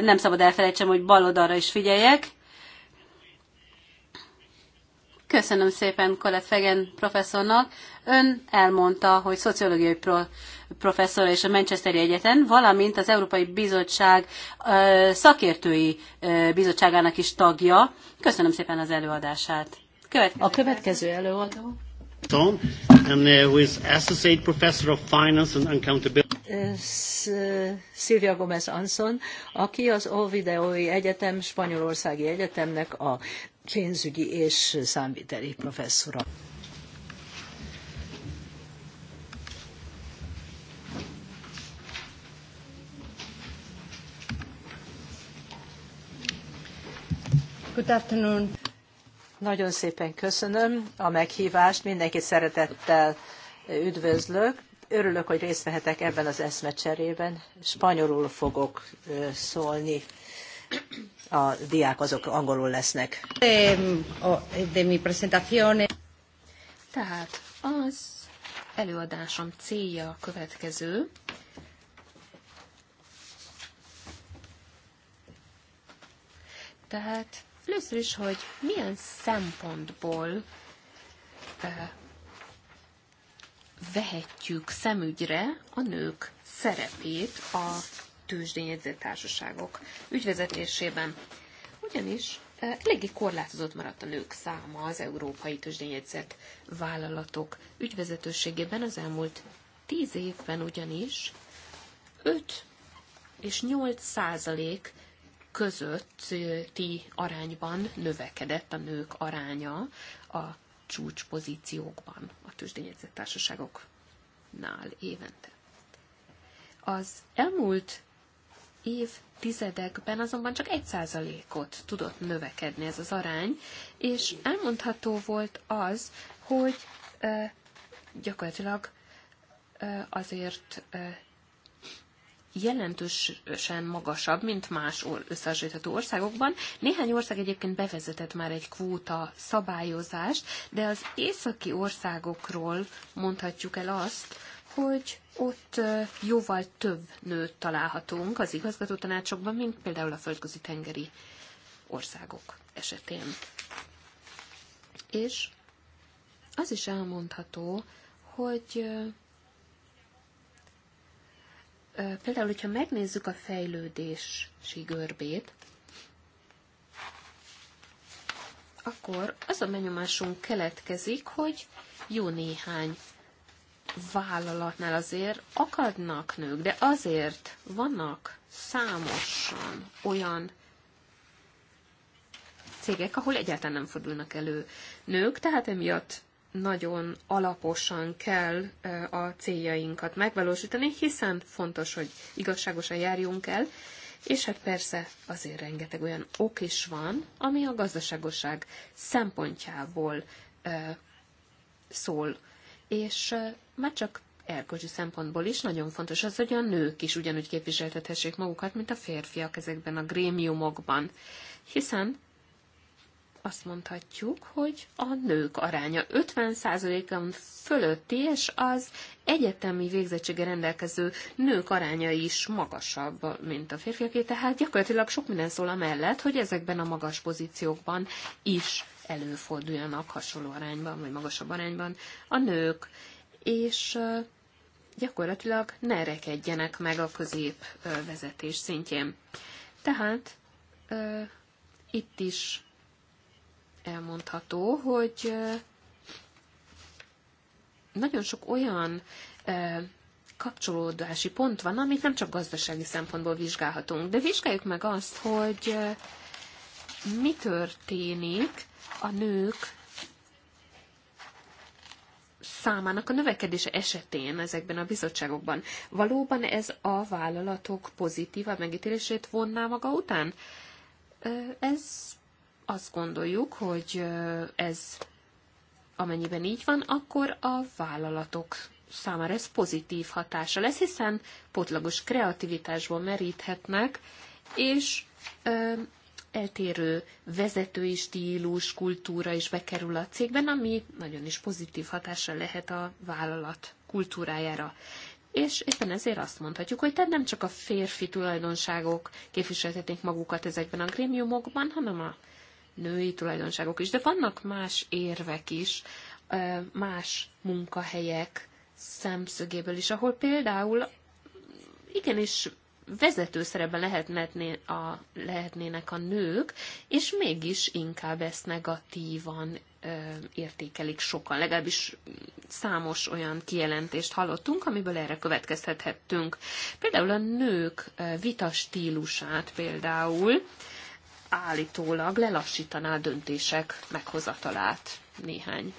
nem szabad elfelejtsem, hogy baloldalra is figyeljek. Köszönöm szépen Colette Fegen professzornak. Ön elmondta, hogy szociológiai pro- professzor és a Manchesteri egyetem, valamint az Európai Bizottság szakértői bizottságának is tagja. Köszönöm szépen az előadását. Következő. A következő előadó. Tom, and uh, who is Associate Professor of Finance and Accountability. Silvia Gomez Anson, aki az Ovideói Egyetem, Spanyolországi Egyetemnek a pénzügyi és számviteli professzora. Good afternoon. Nagyon szépen köszönöm a meghívást, mindenkit szeretettel üdvözlök. Örülök, hogy részt vehetek ebben az eszmecserében. Spanyolul fogok szólni. A diák azok angolul lesznek. De, de mi presentazione. Tehát az előadásom célja a következő. Tehát Először is, hogy milyen szempontból vehetjük szemügyre a nők szerepét a tőzsdényedző társaságok ügyvezetésében. Ugyanis eléggé korlátozott maradt a nők száma az európai tőzsdényedzett vállalatok ügyvezetőségében az elmúlt tíz évben ugyanis 5 és 8 százalék közötti arányban növekedett a nők aránya a csúcspozíciókban a tőzsdényegyzett társaságoknál évente. Az elmúlt évtizedekben azonban csak 1%-ot tudott növekedni ez az arány, és elmondható volt az, hogy gyakorlatilag azért jelentősen magasabb, mint más összehasonlítható országokban. Néhány ország egyébként bevezetett már egy kvóta szabályozást, de az északi országokról mondhatjuk el azt, hogy ott jóval több nőt találhatunk az igazgató tanácsokban, mint például a földközi tengeri országok esetén. És az is elmondható, hogy Például, hogyha megnézzük a fejlődési görbét, akkor az a benyomásunk keletkezik, hogy jó néhány vállalatnál azért akadnak nők, de azért vannak számosan olyan cégek, ahol egyáltalán nem fordulnak elő nők, tehát emiatt nagyon alaposan kell a céljainkat megvalósítani, hiszen fontos, hogy igazságosan járjunk el, és hát persze azért rengeteg olyan ok is van, ami a gazdaságosság szempontjából szól. És már csak erkölcsi szempontból is nagyon fontos az, hogy a nők is ugyanúgy képviseltethessék magukat, mint a férfiak ezekben a grémiumokban. Hiszen azt mondhatjuk, hogy a nők aránya 50%-on fölötti, és az egyetemi végzettsége rendelkező nők aránya is magasabb, mint a férfiaké, tehát gyakorlatilag sok minden szól a mellett, hogy ezekben a magas pozíciókban is előforduljanak hasonló arányban, vagy magasabb arányban a nők, és gyakorlatilag ne rekedjenek meg a középvezetés szintjén. Tehát itt is elmondható, hogy nagyon sok olyan kapcsolódási pont van, amit nem csak gazdasági szempontból vizsgálhatunk, de vizsgáljuk meg azt, hogy mi történik a nők számának a növekedése esetén ezekben a bizottságokban. Valóban ez a vállalatok pozitíva megítélését vonná maga után? Ez azt gondoljuk, hogy ez amennyiben így van, akkor a vállalatok számára ez pozitív hatása lesz, hiszen potlagos kreativitásból meríthetnek, és ö, eltérő vezetői stílus, kultúra is bekerül a cégben, ami nagyon is pozitív hatása lehet a vállalat kultúrájára. És éppen ezért azt mondhatjuk, hogy tehát nem csak a férfi tulajdonságok képviselhetnék magukat ezekben a grémiumokban, hanem a női tulajdonságok is, de vannak más érvek is, más munkahelyek szemszögéből is, ahol például igenis vezető szerepben a, lehetnének a nők, és mégis inkább ezt negatívan ö, értékelik sokan. Legalábbis számos olyan kijelentést hallottunk, amiből erre következhethettünk. Például a nők vita stílusát például állítólag lelassítaná a döntések meghozatalát néhány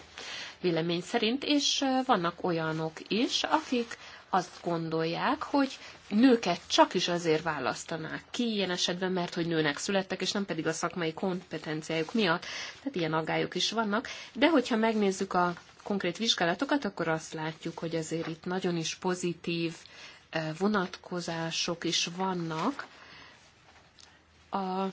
vélemény szerint, és vannak olyanok is, akik azt gondolják, hogy nőket csak is azért választanák ki ilyen esetben, mert hogy nőnek születtek, és nem pedig a szakmai kompetenciájuk miatt. Tehát ilyen aggályok is vannak. De hogyha megnézzük a konkrét vizsgálatokat, akkor azt látjuk, hogy azért itt nagyon is pozitív vonatkozások is vannak a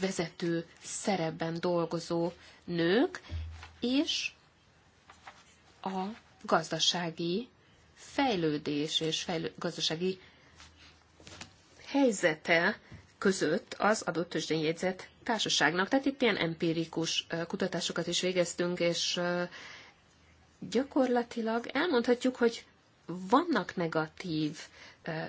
vezető szerepben dolgozó nők, és a gazdasági fejlődés és fejlő, gazdasági helyzete között az adott tőzsdényjegyzett társaságnak. Tehát itt ilyen empirikus kutatásokat is végeztünk, és gyakorlatilag elmondhatjuk, hogy vannak negatív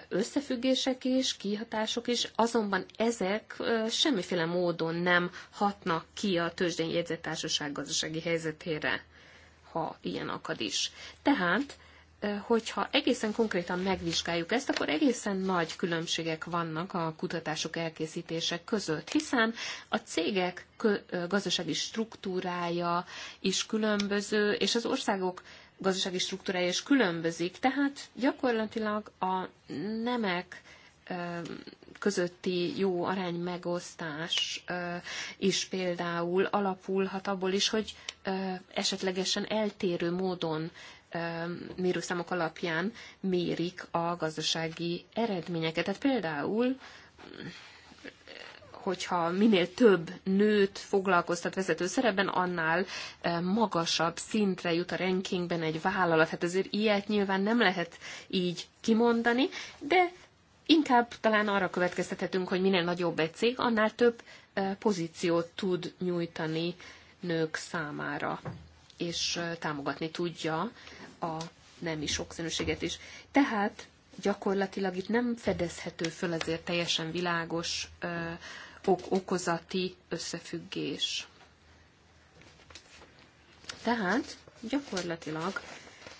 összefüggések is, kihatások is, azonban ezek semmiféle módon nem hatnak ki a tőzsdén jegyzett gazdasági helyzetére, ha ilyen akad is. Tehát hogyha egészen konkrétan megvizsgáljuk ezt, akkor egészen nagy különbségek vannak a kutatások elkészítések között, hiszen a cégek gazdasági struktúrája is különböző, és az országok gazdasági struktúrája is különbözik, tehát gyakorlatilag a nemek közötti jó arány megosztás is például alapulhat abból is, hogy esetlegesen eltérő módon mérőszámok alapján mérik a gazdasági eredményeket. Tehát például hogyha minél több nőt foglalkoztat vezető szerepben, annál eh, magasabb szintre jut a rankingben egy vállalat. Hát azért ilyet nyilván nem lehet így kimondani, de inkább talán arra következtethetünk, hogy minél nagyobb egy cég, annál több eh, pozíciót tud nyújtani nők számára, és eh, támogatni tudja a nemi sokszínűséget is. Tehát gyakorlatilag itt nem fedezhető föl azért teljesen világos ok-okozati összefüggés. Tehát gyakorlatilag,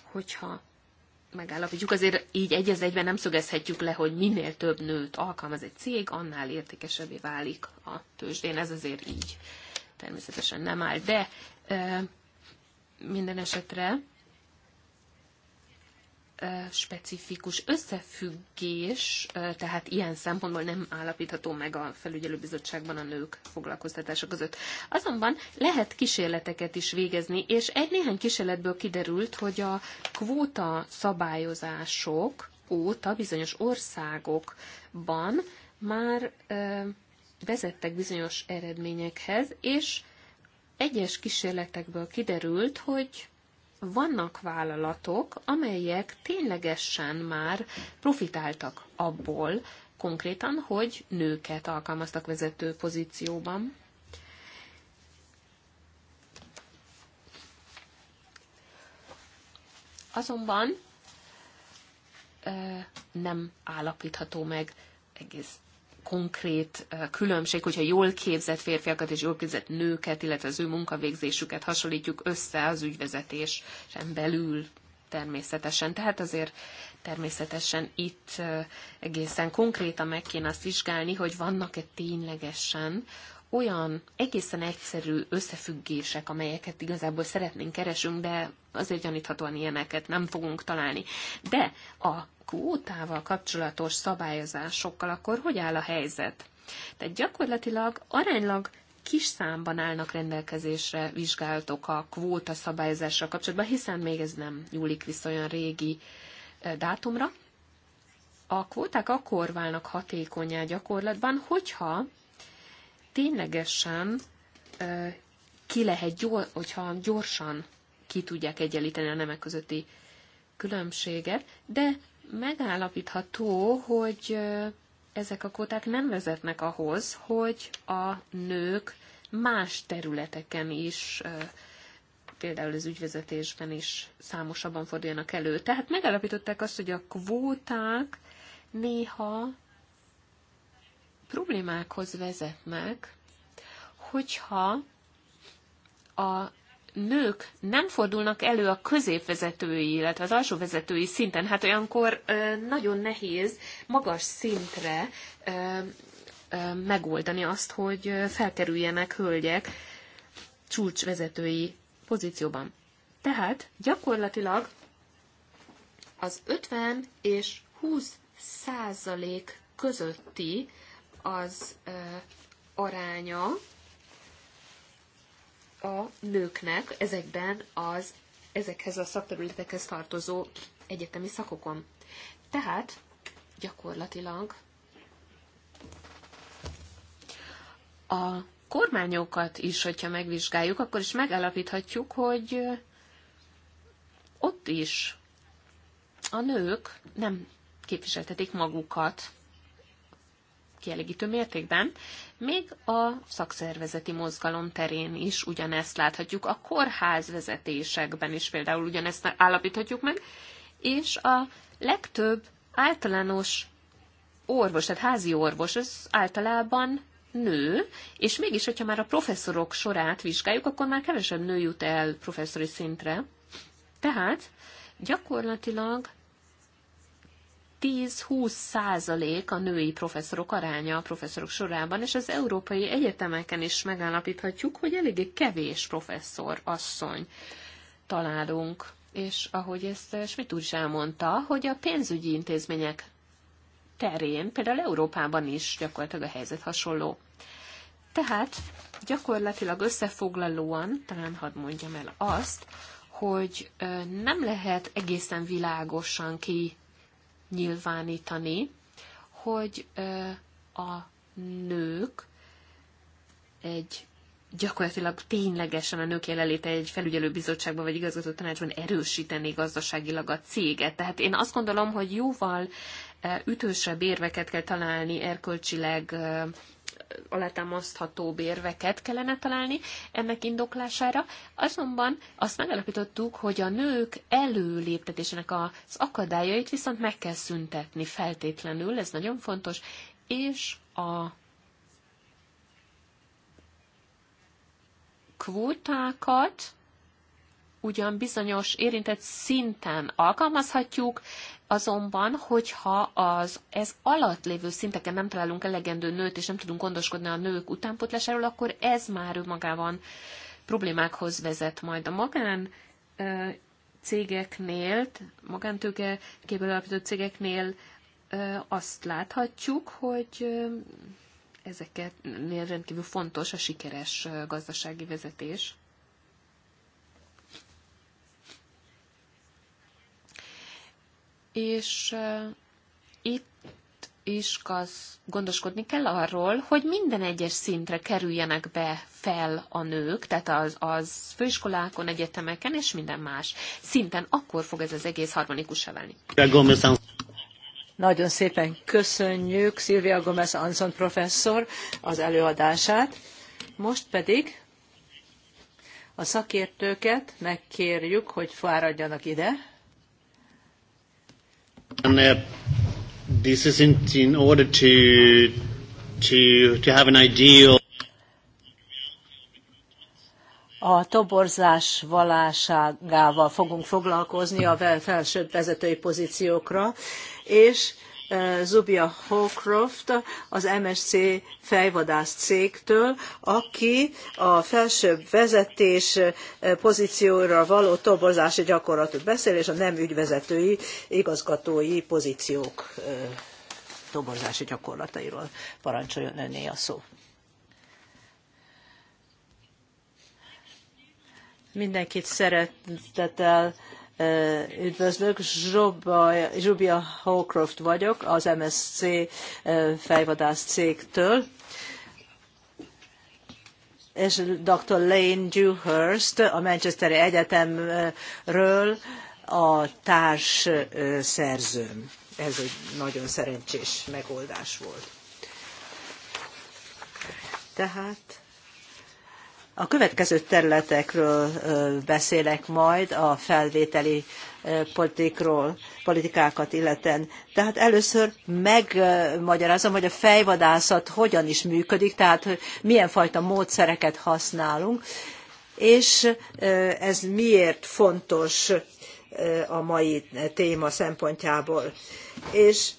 hogyha megállapítjuk, azért így egy az egyben nem szögezhetjük le, hogy minél több nőt alkalmaz egy cég, annál értékesebbé válik a tőzsdén. Ez azért így természetesen nem áll. De minden esetre specifikus összefüggés, tehát ilyen szempontból nem állapítható meg a felügyelőbizottságban a nők foglalkoztatása között. Azonban lehet kísérleteket is végezni, és egy néhány kísérletből kiderült, hogy a kvóta szabályozások óta bizonyos országokban már vezettek bizonyos eredményekhez, és egyes kísérletekből kiderült, hogy vannak vállalatok, amelyek ténylegesen már profitáltak abból konkrétan, hogy nőket alkalmaztak vezető pozícióban. Azonban nem állapítható meg egész konkrét eh, különbség, hogyha jól képzett férfiakat és jól képzett nőket, illetve az ő munkavégzésüket hasonlítjuk össze az ügyvezetésen belül természetesen. Tehát azért természetesen itt eh, egészen konkrétan meg kéne azt vizsgálni, hogy vannak-e ténylegesen olyan egészen egyszerű összefüggések, amelyeket igazából szeretnénk keresünk, de azért gyaníthatóan ilyeneket nem fogunk találni. De a kvótával kapcsolatos szabályozásokkal akkor hogy áll a helyzet? Tehát gyakorlatilag aránylag kis számban állnak rendelkezésre vizsgálatok a kvóta szabályozással kapcsolatban, hiszen még ez nem nyúlik vissza olyan régi eh, dátumra. A kvóták akkor válnak hatékonyá gyakorlatban, hogyha ténylegesen ki lehet, hogyha gyorsan ki tudják egyenlíteni a nemek közötti különbséget, de megállapítható, hogy ezek a kóták nem vezetnek ahhoz, hogy a nők más területeken is, például az ügyvezetésben is számosabban forduljanak elő. Tehát megállapították azt, hogy a kvóták néha problémákhoz vezetnek, hogyha a nők nem fordulnak elő a középvezetői, illetve az alsó vezetői szinten. Hát olyankor nagyon nehéz magas szintre megoldani azt, hogy felkerüljenek hölgyek csúcsvezetői pozícióban. Tehát gyakorlatilag az 50 és 20 százalék közötti az aránya a nőknek ezekben az ezekhez a szakterületekhez tartozó egyetemi szakokon. Tehát gyakorlatilag a kormányokat is, hogyha megvizsgáljuk, akkor is megállapíthatjuk, hogy ott is a nők nem képviseltetik magukat kielégítő mértékben. Még a szakszervezeti mozgalom terén is ugyanezt láthatjuk, a kórház vezetésekben is például ugyanezt állapíthatjuk meg, és a legtöbb általános orvos, tehát házi orvos, az általában nő, és mégis, hogyha már a professzorok sorát vizsgáljuk, akkor már kevesebb nő jut el professzori szintre. Tehát gyakorlatilag 10-20 százalék a női professzorok aránya a professzorok sorában, és az európai egyetemeken is megállapíthatjuk, hogy eléggé kevés professzor asszony találunk. És ahogy ezt Schmidt úr is elmondta, hogy a pénzügyi intézmények terén, például Európában is gyakorlatilag a helyzet hasonló. Tehát gyakorlatilag összefoglalóan, talán hadd mondjam el azt, hogy nem lehet egészen világosan ki nyilvánítani, hogy a nők egy gyakorlatilag ténylegesen a nők jelenléte egy felügyelőbizottságban vagy igazgató tanácsban erősíteni gazdaságilag a céget. Tehát én azt gondolom, hogy jóval ütősebb érveket kell találni erkölcsileg alátámaszthatóbb érveket kellene találni ennek indoklására. Azonban azt megalapítottuk, hogy a nők előléptetésének az akadályait viszont meg kell szüntetni feltétlenül, ez nagyon fontos, és a kvótákat ugyan bizonyos érintett szinten alkalmazhatjuk, azonban, hogyha az ez alatt lévő szinteken nem találunk elegendő nőt, és nem tudunk gondoskodni a nők utánpótlásáról, akkor ez már önmagában problémákhoz vezet majd. A magán cégeknél, magántőke képből alapított cégeknél azt láthatjuk, hogy ezeket rendkívül fontos a sikeres gazdasági vezetés. és itt is gaz, gondoskodni kell arról, hogy minden egyes szintre kerüljenek be fel a nők, tehát az, az főiskolákon, egyetemeken és minden más szinten, akkor fog ez az egész harmonikus válni. Nagyon szépen köszönjük Szilvia Gomez Anson professzor az előadását. Most pedig a szakértőket megkérjük, hogy fáradjanak ide. And uh, this isn't in order to, to, to have an ideal a toborzás valáságával fogunk foglalkozni a felsőbb vezetői pozíciókra, és Zubia Hawcroft, az MSC fejvadász cégtől, aki a felsőbb vezetés eh, pozícióra való toborzási gyakorlatot beszél, és a nem ügyvezetői, igazgatói pozíciók eh, toborzási gyakorlatairól parancsoljon önné a szó. Mindenkit szeretettel Üdvözlök, Zsubia Hawcroft vagyok, az MSC fejvadász cégtől, és dr. Lane Dewhurst a Manchesteri Egyetemről a társ szerzőm. Ez egy nagyon szerencsés megoldás volt. Tehát a következő területekről beszélek majd a felvételi politikról, politikákat illeten. Tehát először megmagyarázom, hogy a fejvadászat hogyan is működik, tehát milyen fajta módszereket használunk, és ez miért fontos a mai téma szempontjából. És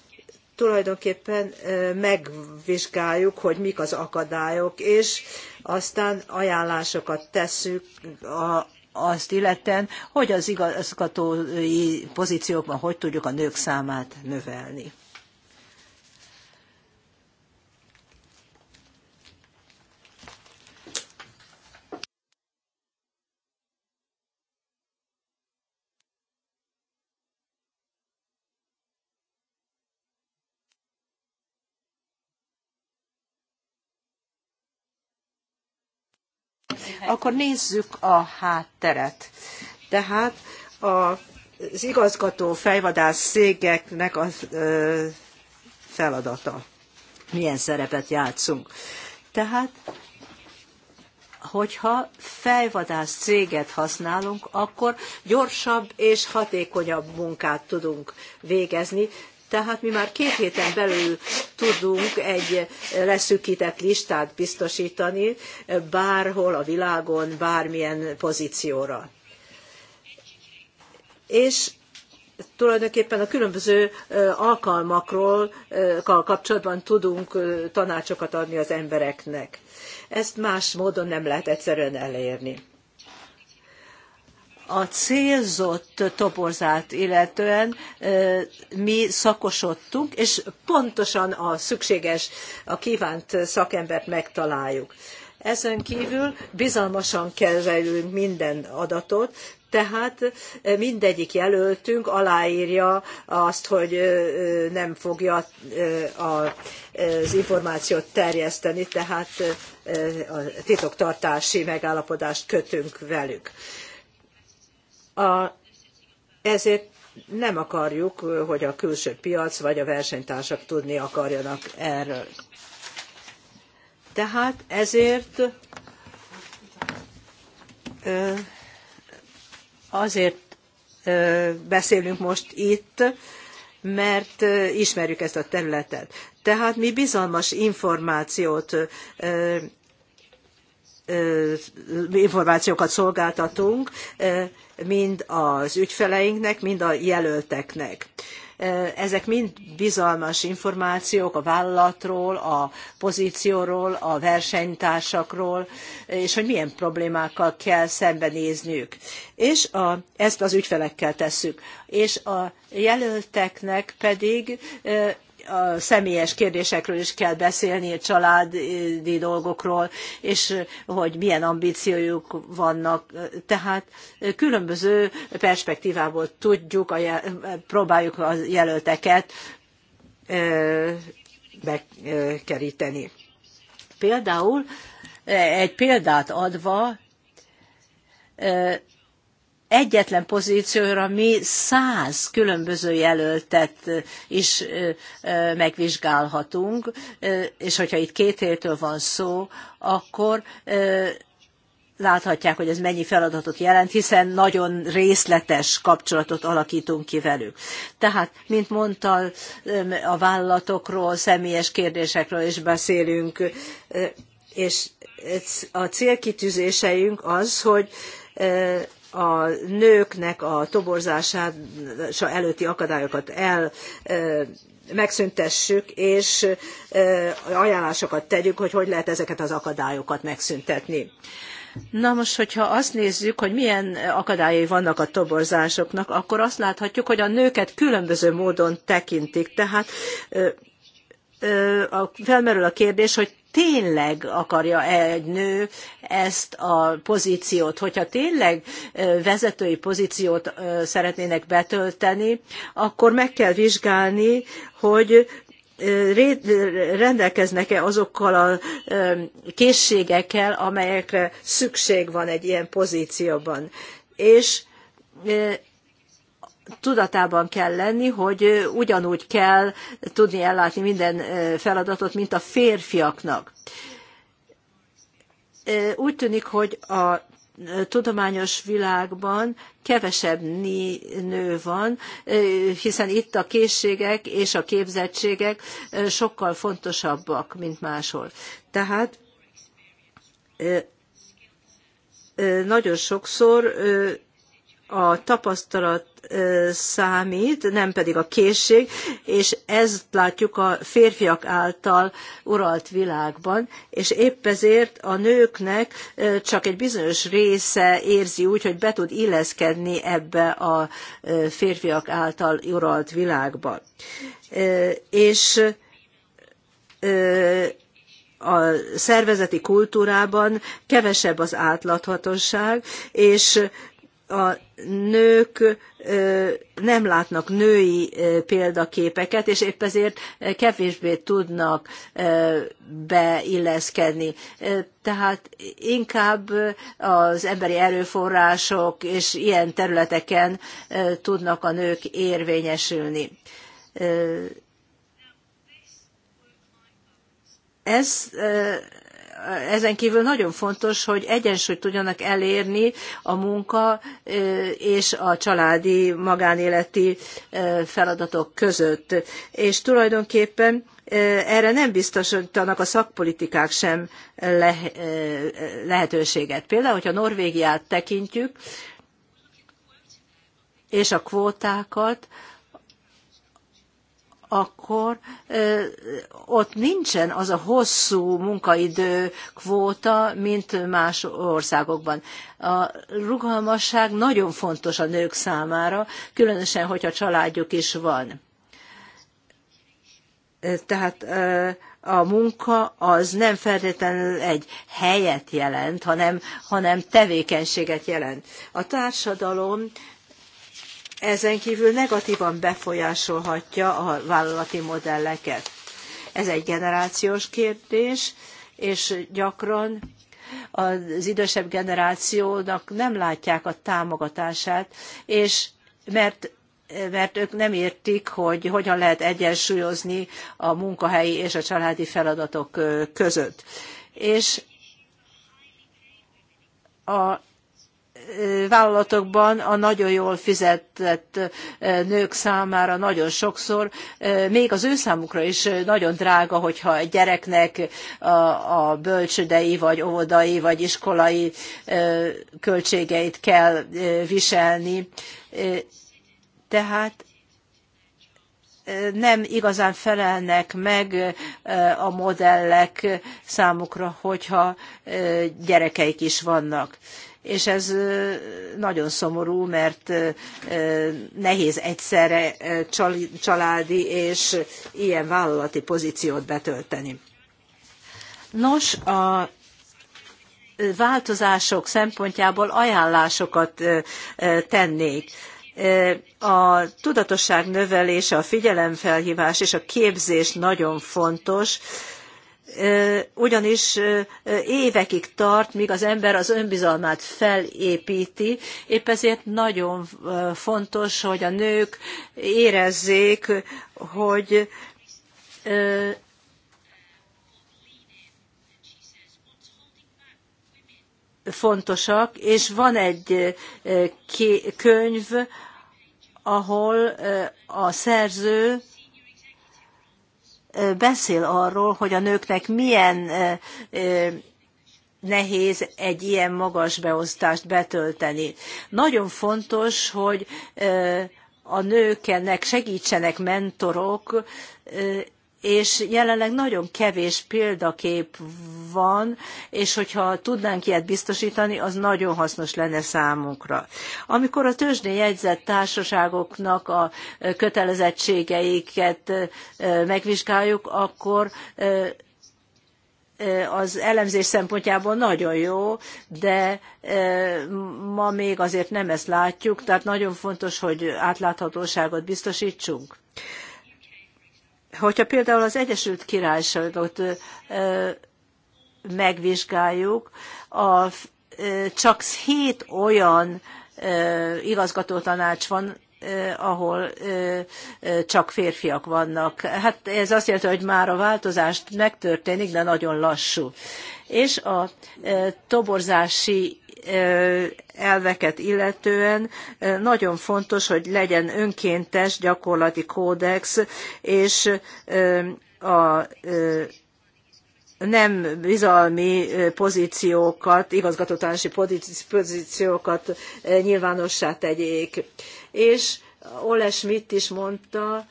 tulajdonképpen megvizsgáljuk, hogy mik az akadályok, és aztán ajánlásokat teszünk a, azt illeten, hogy az igazgatói pozíciókban hogy tudjuk a nők számát növelni. Akkor nézzük a hátteret. Tehát a, az igazgató fejvadász szégeknek a ö, feladata. Milyen szerepet játszunk. Tehát hogyha fejvadász céget használunk, akkor gyorsabb és hatékonyabb munkát tudunk végezni, tehát mi már két héten belül tudunk egy leszűkített listát biztosítani bárhol a világon, bármilyen pozícióra. És tulajdonképpen a különböző alkalmakról kapcsolatban tudunk tanácsokat adni az embereknek. Ezt más módon nem lehet egyszerűen elérni. A célzott toborzát illetően mi szakosodtunk, és pontosan a szükséges, a kívánt szakembert megtaláljuk. Ezen kívül bizalmasan kezelünk minden adatot, tehát mindegyik jelöltünk aláírja azt, hogy nem fogja az információt terjeszteni, tehát a titoktartási megállapodást kötünk velük. A, ezért nem akarjuk, hogy a külső piac vagy a versenytársak tudni akarjanak erről. Tehát ezért azért beszélünk most itt, mert ismerjük ezt a területet. Tehát mi bizalmas információt információkat szolgáltatunk mind az ügyfeleinknek, mind a jelölteknek. Ezek mind bizalmas információk a vállalatról, a pozícióról, a versenytársakról, és hogy milyen problémákkal kell szembenézniük. És a, ezt az ügyfelekkel tesszük. És a jelölteknek pedig a személyes kérdésekről is kell beszélni, a családi dolgokról, és hogy milyen ambíciójuk vannak. Tehát különböző perspektívából tudjuk, a, próbáljuk a jelölteket bekeríteni. Például egy példát adva, egyetlen pozícióra mi száz különböző jelöltet is megvizsgálhatunk, és hogyha itt két hétől van szó, akkor láthatják, hogy ez mennyi feladatot jelent, hiszen nagyon részletes kapcsolatot alakítunk ki velük. Tehát, mint mondta, a vállalatokról, személyes kérdésekről is beszélünk, és a célkitűzéseink az, hogy a nőknek a toborzása előtti akadályokat el megszüntessük, és ajánlásokat tegyük, hogy hogy lehet ezeket az akadályokat megszüntetni. Na most, hogyha azt nézzük, hogy milyen akadályai vannak a toborzásoknak, akkor azt láthatjuk, hogy a nőket különböző módon tekintik. Tehát felmerül a kérdés, hogy tényleg akarja egy nő ezt a pozíciót. Hogyha tényleg vezetői pozíciót szeretnének betölteni, akkor meg kell vizsgálni, hogy rendelkeznek-e azokkal a készségekkel, amelyekre szükség van egy ilyen pozícióban. És tudatában kell lenni, hogy ugyanúgy kell tudni ellátni minden feladatot, mint a férfiaknak. Úgy tűnik, hogy a tudományos világban kevesebb nő van, hiszen itt a készségek és a képzettségek sokkal fontosabbak, mint máshol. Tehát nagyon sokszor a tapasztalat számít, nem pedig a készség, és ezt látjuk a férfiak által uralt világban, és épp ezért a nőknek csak egy bizonyos része érzi úgy, hogy be tud illeszkedni ebbe a férfiak által uralt világba. És a szervezeti kultúrában kevesebb az átláthatóság, és a nők nem látnak női példaképeket, és épp ezért kevésbé tudnak beilleszkedni. Tehát inkább az emberi erőforrások és ilyen területeken tudnak a nők érvényesülni. Ez ezen kívül nagyon fontos, hogy egyensúlyt tudjanak elérni a munka és a családi, magánéleti feladatok között. És tulajdonképpen erre nem biztosítanak a szakpolitikák sem lehetőséget. Például, hogyha Norvégiát tekintjük, és a kvótákat, akkor ott nincsen az a hosszú munkaidő kvóta, mint más országokban. A rugalmasság nagyon fontos a nők számára, különösen, hogyha családjuk is van. Tehát a munka az nem feltétlenül egy helyet jelent, hanem, hanem tevékenységet jelent. A társadalom ezen kívül negatívan befolyásolhatja a vállalati modelleket. Ez egy generációs kérdés, és gyakran az idősebb generációnak nem látják a támogatását, és mert mert ők nem értik, hogy hogyan lehet egyensúlyozni a munkahelyi és a családi feladatok között. És a vállalatokban a nagyon jól fizetett nők számára nagyon sokszor, még az ő számukra is nagyon drága, hogyha egy gyereknek a, a bölcsödei, vagy óvodai, vagy iskolai költségeit kell viselni. Tehát nem igazán felelnek meg a modellek számukra, hogyha gyerekeik is vannak és ez nagyon szomorú, mert nehéz egyszerre családi és ilyen vállalati pozíciót betölteni. Nos, a változások szempontjából ajánlásokat tennék a tudatosság növelése, a figyelemfelhívás és a képzés nagyon fontos, ugyanis évekig tart, míg az ember az önbizalmát felépíti, épp ezért nagyon fontos, hogy a nők érezzék, hogy fontosak, és van egy könyv, ahol a szerző beszél arról, hogy a nőknek milyen nehéz egy ilyen magas beosztást betölteni. Nagyon fontos, hogy a nőknek segítsenek mentorok, és jelenleg nagyon kevés példakép van, és hogyha tudnánk ilyet biztosítani, az nagyon hasznos lenne számunkra. Amikor a tőzsdén jegyzett társaságoknak a kötelezettségeiket megvizsgáljuk, akkor az elemzés szempontjából nagyon jó, de ma még azért nem ezt látjuk, tehát nagyon fontos, hogy átláthatóságot biztosítsunk. Hogyha például az Egyesült Királyságot megvizsgáljuk, a, csak hét olyan igazgatótanács van, ahol csak férfiak vannak. Hát ez azt jelenti, hogy már a változást megtörténik, de nagyon lassú és a e, toborzási e, elveket illetően e, nagyon fontos, hogy legyen önkéntes gyakorlati kódex, és a nem bizalmi pozíciókat, igazgatótanási pozíciókat nyilvánossá tegyék. És Ole Schmidt is mondta,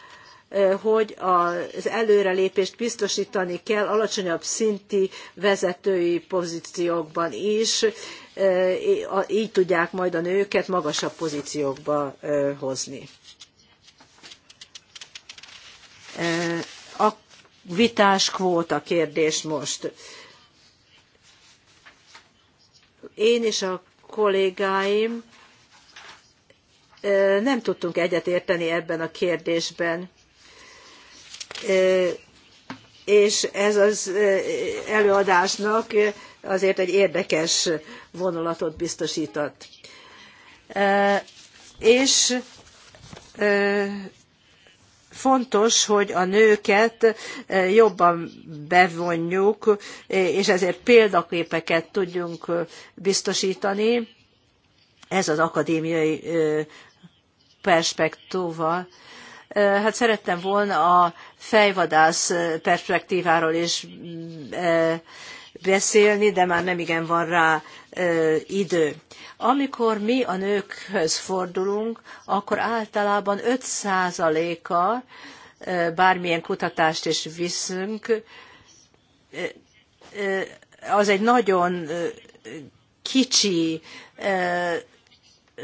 hogy az előrelépést biztosítani kell alacsonyabb szinti vezetői pozíciókban is, így tudják majd a nőket magasabb pozíciókba hozni. A vitás kvóta kérdés most. Én és a kollégáim nem tudtunk egyetérteni ebben a kérdésben és ez az előadásnak azért egy érdekes vonulatot biztosított. És fontos, hogy a nőket jobban bevonjuk, és ezért példaképeket tudjunk biztosítani. Ez az akadémiai perspektíva hát szerettem volna a fejvadász perspektíváról is mm, beszélni, de már nem igen van rá idő. Amikor mi a nőkhöz fordulunk, akkor általában 5%-a bármilyen kutatást is viszünk, az egy nagyon kicsi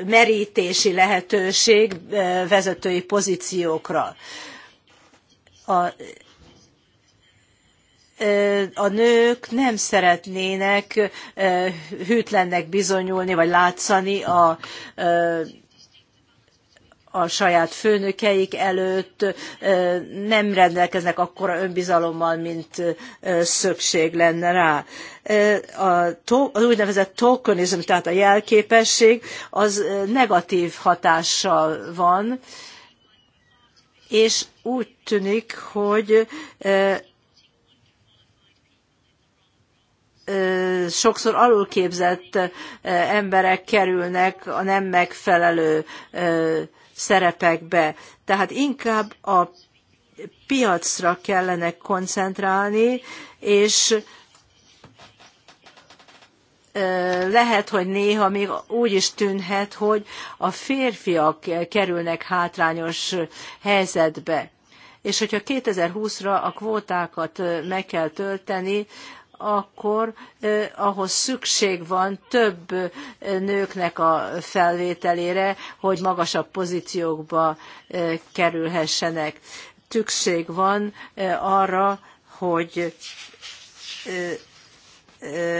merítési lehetőség vezetői pozíciókra. A, a nők nem szeretnének hűtlennek bizonyulni, vagy látszani a a saját főnökeik előtt nem rendelkeznek akkora önbizalommal, mint szükség lenne rá. Az úgynevezett tokenizm, tehát a jelképesség, az negatív hatással van, és úgy tűnik, hogy sokszor alulképzett emberek kerülnek a nem megfelelő szerepekbe. Tehát inkább a piacra kellene koncentrálni, és lehet, hogy néha még úgy is tűnhet, hogy a férfiak kerülnek hátrányos helyzetbe. És hogyha 2020-ra a kvótákat meg kell tölteni, akkor ahhoz szükség van több nőknek a felvételére, hogy magasabb pozíciókba kerülhessenek. Szükség van arra, hogy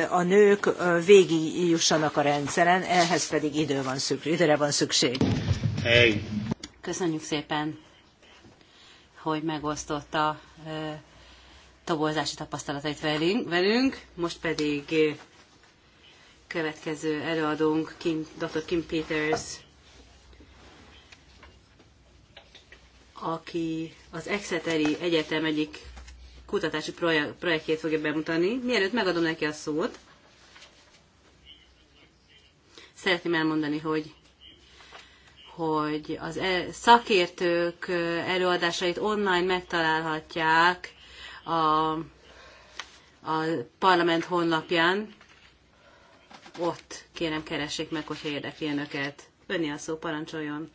a nők végigjussanak a rendszeren, ehhez pedig idő van szükség, időre van szükség. Hey. Köszönjük szépen, hogy megosztotta toborzási tapasztalatait velünk, velünk. Most pedig eh, következő előadónk Kim, Dr. Kim Peters, aki az Exeteri Egyetem egyik kutatási projektjét fogja bemutatni. Mielőtt megadom neki a szót, szeretném elmondani, hogy hogy az e-, szakértők eh, előadásait online megtalálhatják a, a parlament honlapján. Ott kérem keressék meg, hogyha érdekli önöket. Önni a szó, parancsoljon.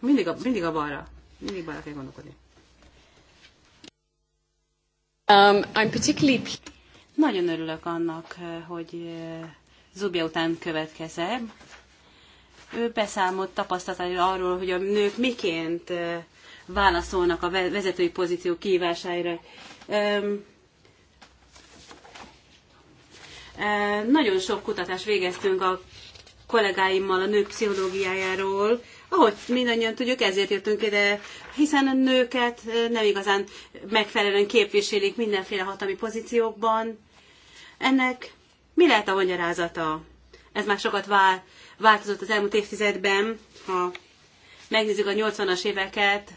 Mindig a, mindig a balra. Mindig balra kell gondolkodni. Um, I'm particularly... Nagyon örülök annak, eh, hogy eh, Zubia után következem. Ő beszámolt tapasztalatáról arról, hogy a nők miként válaszolnak a vezetői pozíció kívásáira. Nagyon sok kutatást végeztünk a kollégáimmal a nők pszichológiájáról, ahogy mindannyian tudjuk, ezért jöttünk ide, hiszen a nőket nem igazán megfelelően képviselik mindenféle hatalmi pozíciókban. Ennek mi lehet a magyarázata? Ez már sokat vál, változott az elmúlt évtizedben. Ha megnézzük a 80-as éveket,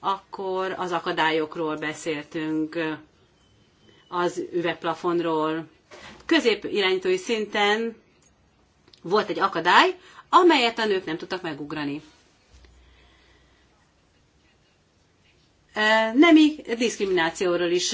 akkor az akadályokról beszéltünk, az üvegplafonról. Közép irányítói szinten volt egy akadály, amelyet a nők nem tudtak megugrani. Nemi diszkriminációról is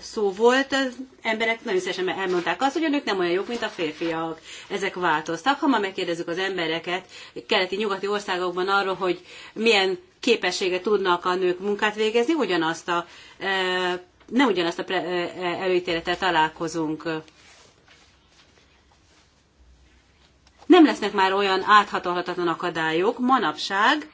szó volt, az emberek nagyon szívesen elmondták azt, hogy a nők nem olyan jók, mint a férfiak. Ezek változtak. Ha ma megkérdezzük az embereket keleti-nyugati országokban arról, hogy milyen képessége tudnak a nők munkát végezni, ugyanazt a, nem ugyanazt a előítéletet találkozunk. Nem lesznek már olyan áthatolhatatlan akadályok manapság,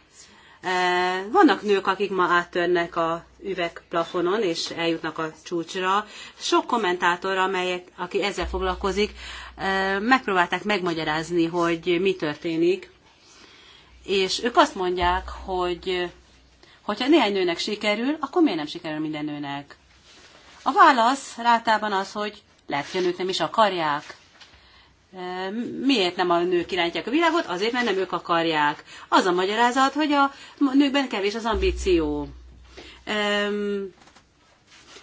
E, vannak nők, akik ma áttörnek a üvegplafonon, és eljutnak a csúcsra. Sok kommentátor, amelyek, aki ezzel foglalkozik, e, megpróbálták megmagyarázni, hogy mi történik. És ők azt mondják, hogy hogyha néhány nőnek sikerül, akkor miért nem sikerül minden nőnek? A válasz rátában az, hogy lehet, hogy a nők nem is akarják. Miért nem a nők irányítják a világot? Azért, mert nem ők akarják. Az a magyarázat, hogy a nőkben kevés az ambíció.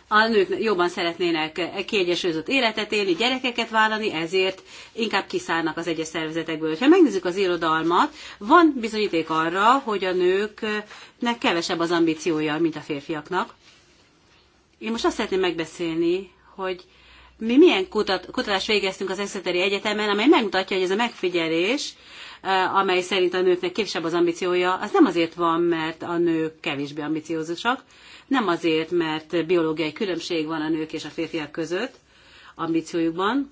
A nők jobban szeretnének kiegyensúlyozott életet élni, gyerekeket vállalni, ezért inkább kiszállnak az egyes szervezetekből. Ha megnézzük az irodalmat, van bizonyíték arra, hogy a nőknek kevesebb az ambíciója, mint a férfiaknak. Én most azt szeretném megbeszélni, hogy mi milyen kutat, kutatást végeztünk az Exeteri Egyetemen, amely megmutatja, hogy ez a megfigyelés, eh, amely szerint a nőknek kisebb az ambíciója, az nem azért van, mert a nők kevésbé ambiciózusak, nem azért, mert biológiai különbség van a nők és a férfiak között ambíciójukban,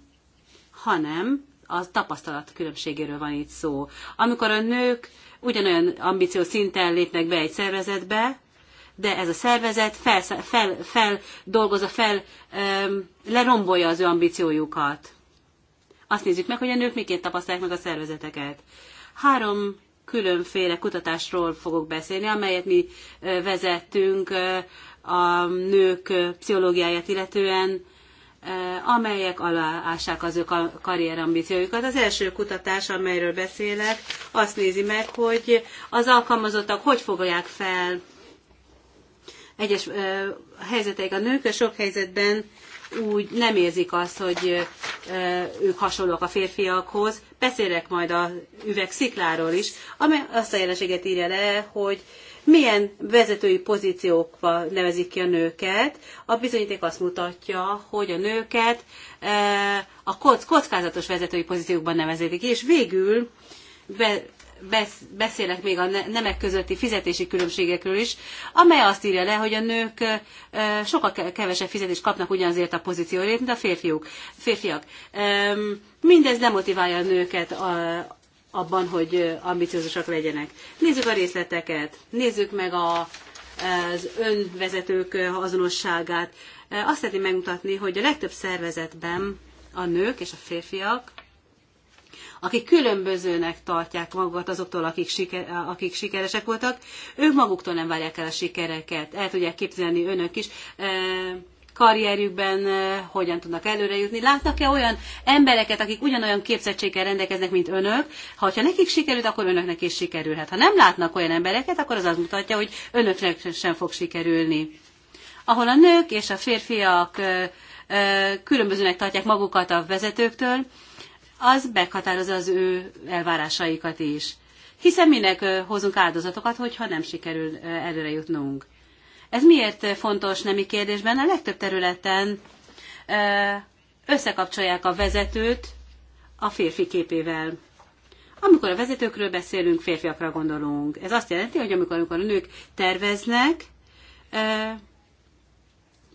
hanem a tapasztalat különbségéről van itt szó. Amikor a nők ugyanolyan ambíció szinten lépnek be egy szervezetbe, de ez a szervezet feldolgozza, fel, fel, fel lerombolja az ő ambíciójukat. Azt nézzük meg, hogy a nők miként tapasztalják meg a szervezeteket. Három különféle kutatásról fogok beszélni, amelyet mi vezettünk a nők pszichológiáját illetően, amelyek aláássák az ő karrierambíciójukat. Az első kutatás, amelyről beszélek, azt nézi meg, hogy az alkalmazottak hogy fogják fel egyes helyzeteik a nők sok helyzetben úgy nem érzik azt, hogy ők hasonlók a férfiakhoz. Beszélek majd a üvegszikláról is, amely azt a jelenséget írja le, hogy milyen vezetői pozíciókba nevezik ki a nőket. A bizonyíték azt mutatja, hogy a nőket a kockázatos vezetői pozíciókban nevezik ki, és végül be, beszélek még a nemek közötti fizetési különbségekről is, amely azt írja le, hogy a nők sokkal kevesebb fizetést kapnak ugyanazért a pozícióért, mint a férfiuk, férfiak. Mindez demotiválja a nőket abban, hogy ambiciózusak legyenek. Nézzük a részleteket, nézzük meg a, az önvezetők azonosságát. Azt szeretném megmutatni, hogy a legtöbb szervezetben a nők és a férfiak akik különbözőnek tartják magukat azoktól, akik, siker, akik sikeresek voltak, ők maguktól nem várják el a sikereket. El tudják képzelni önök is eh, karrierjükben eh, hogyan tudnak előre jutni. Látnak-e olyan embereket, akik ugyanolyan képzettséggel rendelkeznek, mint önök? Ha nekik sikerült, akkor önöknek is sikerülhet. Ha nem látnak olyan embereket, akkor az azt mutatja, hogy önöknek sem fog sikerülni. Ahol a nők és a férfiak eh, különbözőnek tartják magukat a vezetőktől, az meghatározza az ő elvárásaikat is. Hiszen minek hozunk áldozatokat, hogyha nem sikerül előre jutnunk. Ez miért fontos nemi kérdésben? A legtöbb területen összekapcsolják a vezetőt a férfi képével. Amikor a vezetőkről beszélünk, férfiakra gondolunk. Ez azt jelenti, hogy amikor, amikor a nők terveznek,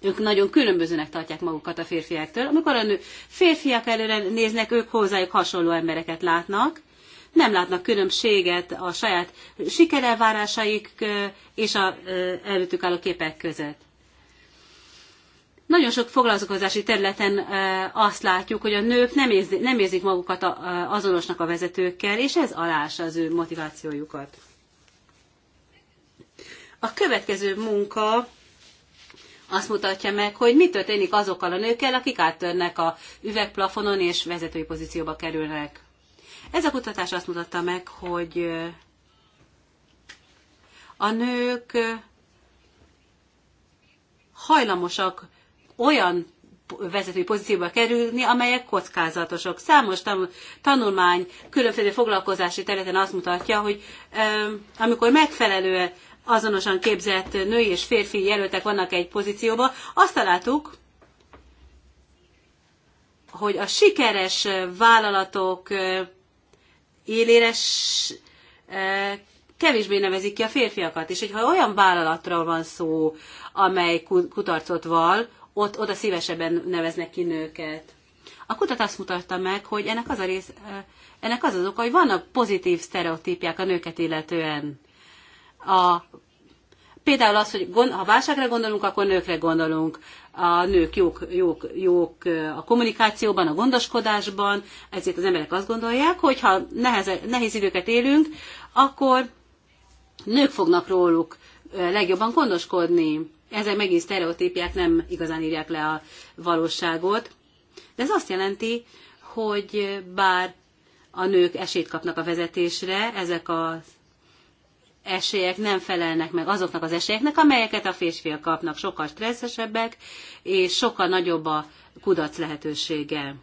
ők nagyon különbözőnek tartják magukat a férfiaktól. Amikor a nő, férfiak előre néznek, ők hozzájuk hasonló embereket látnak, nem látnak különbséget a saját sikerelvárásaik és a előttük álló képek között. Nagyon sok foglalkozási területen azt látjuk, hogy a nők nem, érzi, nem érzik magukat azonosnak a vezetőkkel, és ez alása az ő motivációjukat. A következő munka azt mutatja meg, hogy mi történik azokkal a nőkkel, akik áttörnek a üvegplafonon és vezetői pozícióba kerülnek. Ez a kutatás azt mutatta meg, hogy a nők hajlamosak olyan vezetői pozícióba kerülni, amelyek kockázatosok. Számos tanulmány különféle foglalkozási területen azt mutatja, hogy amikor megfelelő azonosan képzett női és férfi jelöltek vannak egy pozícióban. azt találtuk, hogy a sikeres vállalatok élére kevésbé nevezik ki a férfiakat. És hogyha olyan vállalatról van szó, amely kutarcot val, ott oda szívesebben neveznek ki nőket. A kutatás azt mutatta meg, hogy ennek az, a rész, ennek az az oka, hogy vannak pozitív sztereotípiák a nőket illetően. A, például az, hogy gond, ha válságra gondolunk, akkor nőkre gondolunk. A nők jók, jók, jók a kommunikációban, a gondoskodásban, ezért az emberek azt gondolják, hogy ha nehez, nehéz időket élünk, akkor nők fognak róluk legjobban gondoskodni. Ezek megint sztereotípiák nem igazán írják le a valóságot. De ez azt jelenti, hogy bár a nők esélyt kapnak a vezetésre, ezek a esélyek nem felelnek meg azoknak az esélyeknek, amelyeket a férfiak kapnak, sokkal stresszesebbek, és sokkal nagyobb a kudarc lehetősége.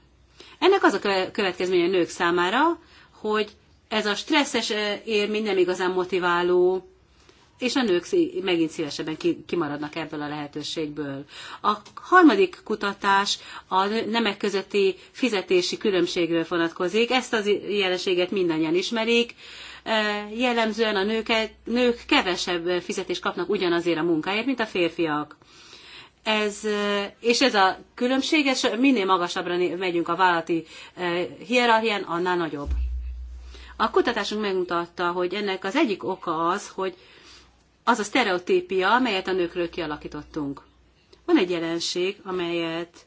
Ennek az a következménye a nők számára, hogy ez a stresszes eh, élmény nem igazán motiváló, és a nők megint szívesebben kimaradnak ebből a lehetőségből. A harmadik kutatás a nemek közötti fizetési különbségről vonatkozik. Ezt az jelenséget mindannyian ismerik jellemzően a nők kevesebb fizetést kapnak ugyanazért a munkáért, mint a férfiak. Ez, és ez a különbség, és minél magasabbra megyünk a vállalati hierarchián, annál nagyobb. A kutatásunk megmutatta, hogy ennek az egyik oka az, hogy az a sztereotípia, amelyet a nőkről kialakítottunk. Van egy jelenség, amelyet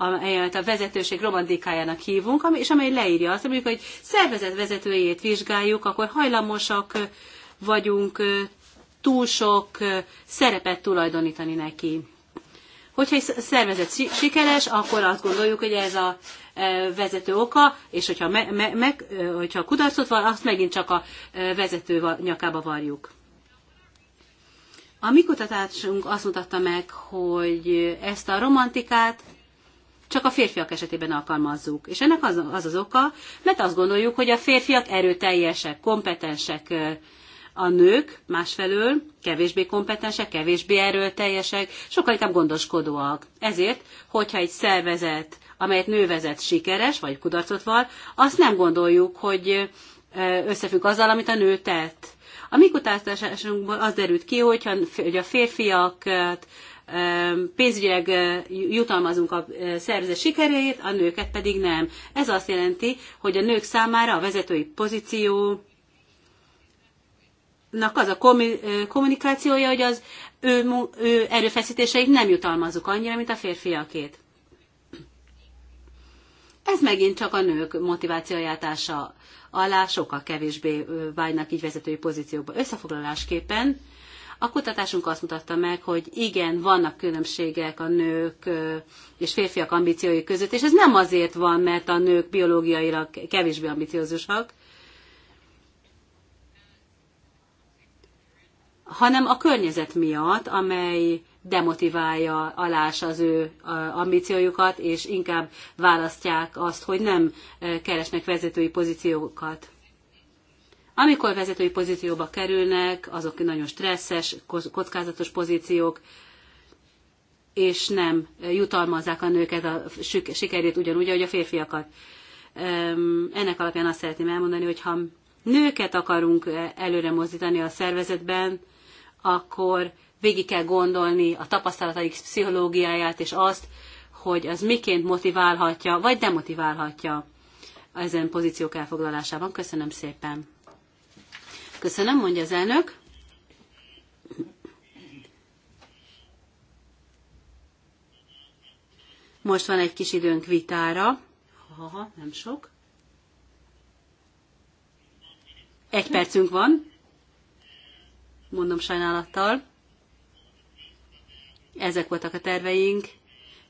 amelyet a vezetőség romantikájának hívunk, és amely leírja azt, amikor egy szervezet vezetőjét vizsgáljuk, akkor hajlamosak vagyunk túl sok szerepet tulajdonítani neki. Hogyha egy szervezet sikeres, akkor azt gondoljuk, hogy ez a vezető oka, és hogyha, me, me, meg, hogyha kudarcot van, azt megint csak a vezető nyakába varjuk. A mi kutatásunk azt mutatta meg, hogy ezt a romantikát csak a férfiak esetében alkalmazzuk. És ennek az az, az oka, mert azt gondoljuk, hogy a férfiak erőteljesek, kompetensek, a nők másfelől kevésbé kompetensek, kevésbé erőteljesek, sokkal inkább gondoskodóak. Ezért, hogyha egy szervezet, amelyet nővezet sikeres, vagy kudarcot val, azt nem gondoljuk, hogy összefügg azzal, amit a nő tett. A mi kutatásunkból az derült ki, hogy a férfiakat pénzügyileg jutalmazunk a szervezet sikeréért, a nőket pedig nem. Ez azt jelenti, hogy a nők számára a vezetői pozíció az a kommunikációja, hogy az ő, ő erőfeszítéseik nem jutalmazunk annyira, mint a férfiakét. Ez megint csak a nők motivációjátása alá sokkal kevésbé vágynak így vezetői pozíciókba. Összefoglalásképpen a kutatásunk azt mutatta meg, hogy igen, vannak különbségek a nők és férfiak ambíciói között, és ez nem azért van, mert a nők biológiailag kevésbé ambiciózusak, hanem a környezet miatt, amely demotiválja, alás az ő ambíciójukat, és inkább választják azt, hogy nem keresnek vezetői pozíciókat. Amikor vezetői pozícióba kerülnek, azok nagyon stresszes, kockázatos pozíciók, és nem jutalmazzák a nőket a sikerét ugyanúgy, ahogy a férfiakat. Ennek alapján azt szeretném elmondani, hogy ha nőket akarunk előre mozdítani a szervezetben, akkor végig kell gondolni a tapasztalataik pszichológiáját, és azt, hogy az miként motiválhatja, vagy demotiválhatja ezen pozíciók elfoglalásában. Köszönöm szépen! Köszönöm, mondja az elnök. Most van egy kis időnk vitára. Haha, nem sok. Egy percünk van, mondom sajnálattal. Ezek voltak a terveink,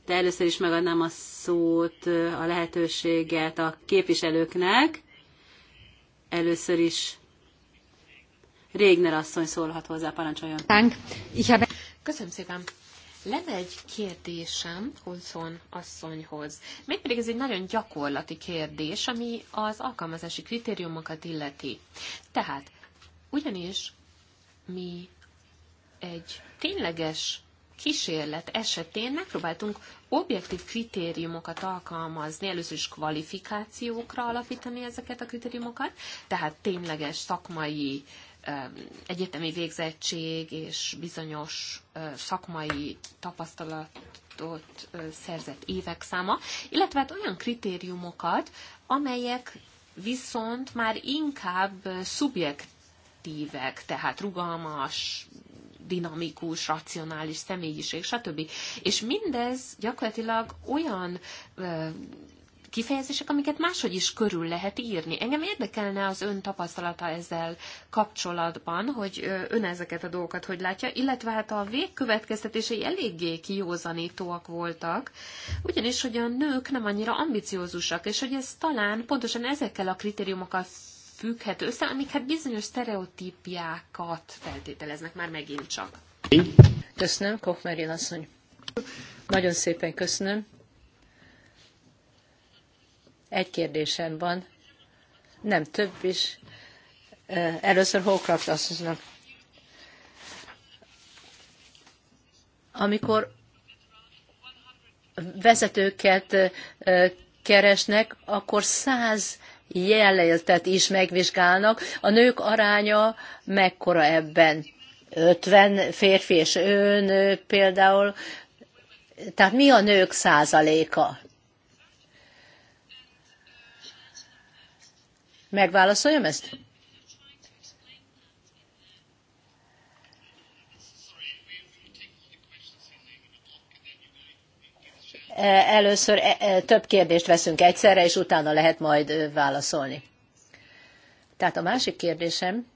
de először is megadnám a szót, a lehetőséget a képviselőknek. Először is Régner asszony szólhat hozzá, parancsoljon. Köszönöm szépen. Lenne egy kérdésem Hunszon asszonyhoz. Mégpedig ez egy nagyon gyakorlati kérdés, ami az alkalmazási kritériumokat illeti. Tehát, ugyanis mi egy tényleges kísérlet esetén megpróbáltunk objektív kritériumokat alkalmazni, először is kvalifikációkra alapítani ezeket a kritériumokat, tehát tényleges szakmai Um, egyetemi végzettség és bizonyos szakmai tapasztalatot szerzett évek száma, illetve hát olyan kritériumokat, amelyek viszont már inkább szubjektívek, tehát rugalmas, dinamikus, racionális személyiség, stb. És mindez gyakorlatilag olyan kifejezések, amiket máshogy is körül lehet írni. Engem érdekelne az ön tapasztalata ezzel kapcsolatban, hogy ön ezeket a dolgokat hogy látja, illetve hát a végkövetkeztetései eléggé kiózanítóak voltak, ugyanis, hogy a nők nem annyira ambiciózusak, és hogy ez talán pontosan ezekkel a kritériumokkal függhet össze, amik hát bizonyos sztereotípiákat feltételeznek már megint csak. Köszönöm, Koch Merin asszony. Nagyon szépen köszönöm egy kérdésem van, nem több is. Először Hókraft asszonynak. Amikor vezetőket keresnek, akkor száz jelöltet is megvizsgálnak. A nők aránya mekkora ebben? 50 férfi és ő nő például. Tehát mi a nők százaléka? Megválaszoljam ezt? Először e, e, több kérdést veszünk egyszerre, és utána lehet majd válaszolni. Tehát a másik kérdésem,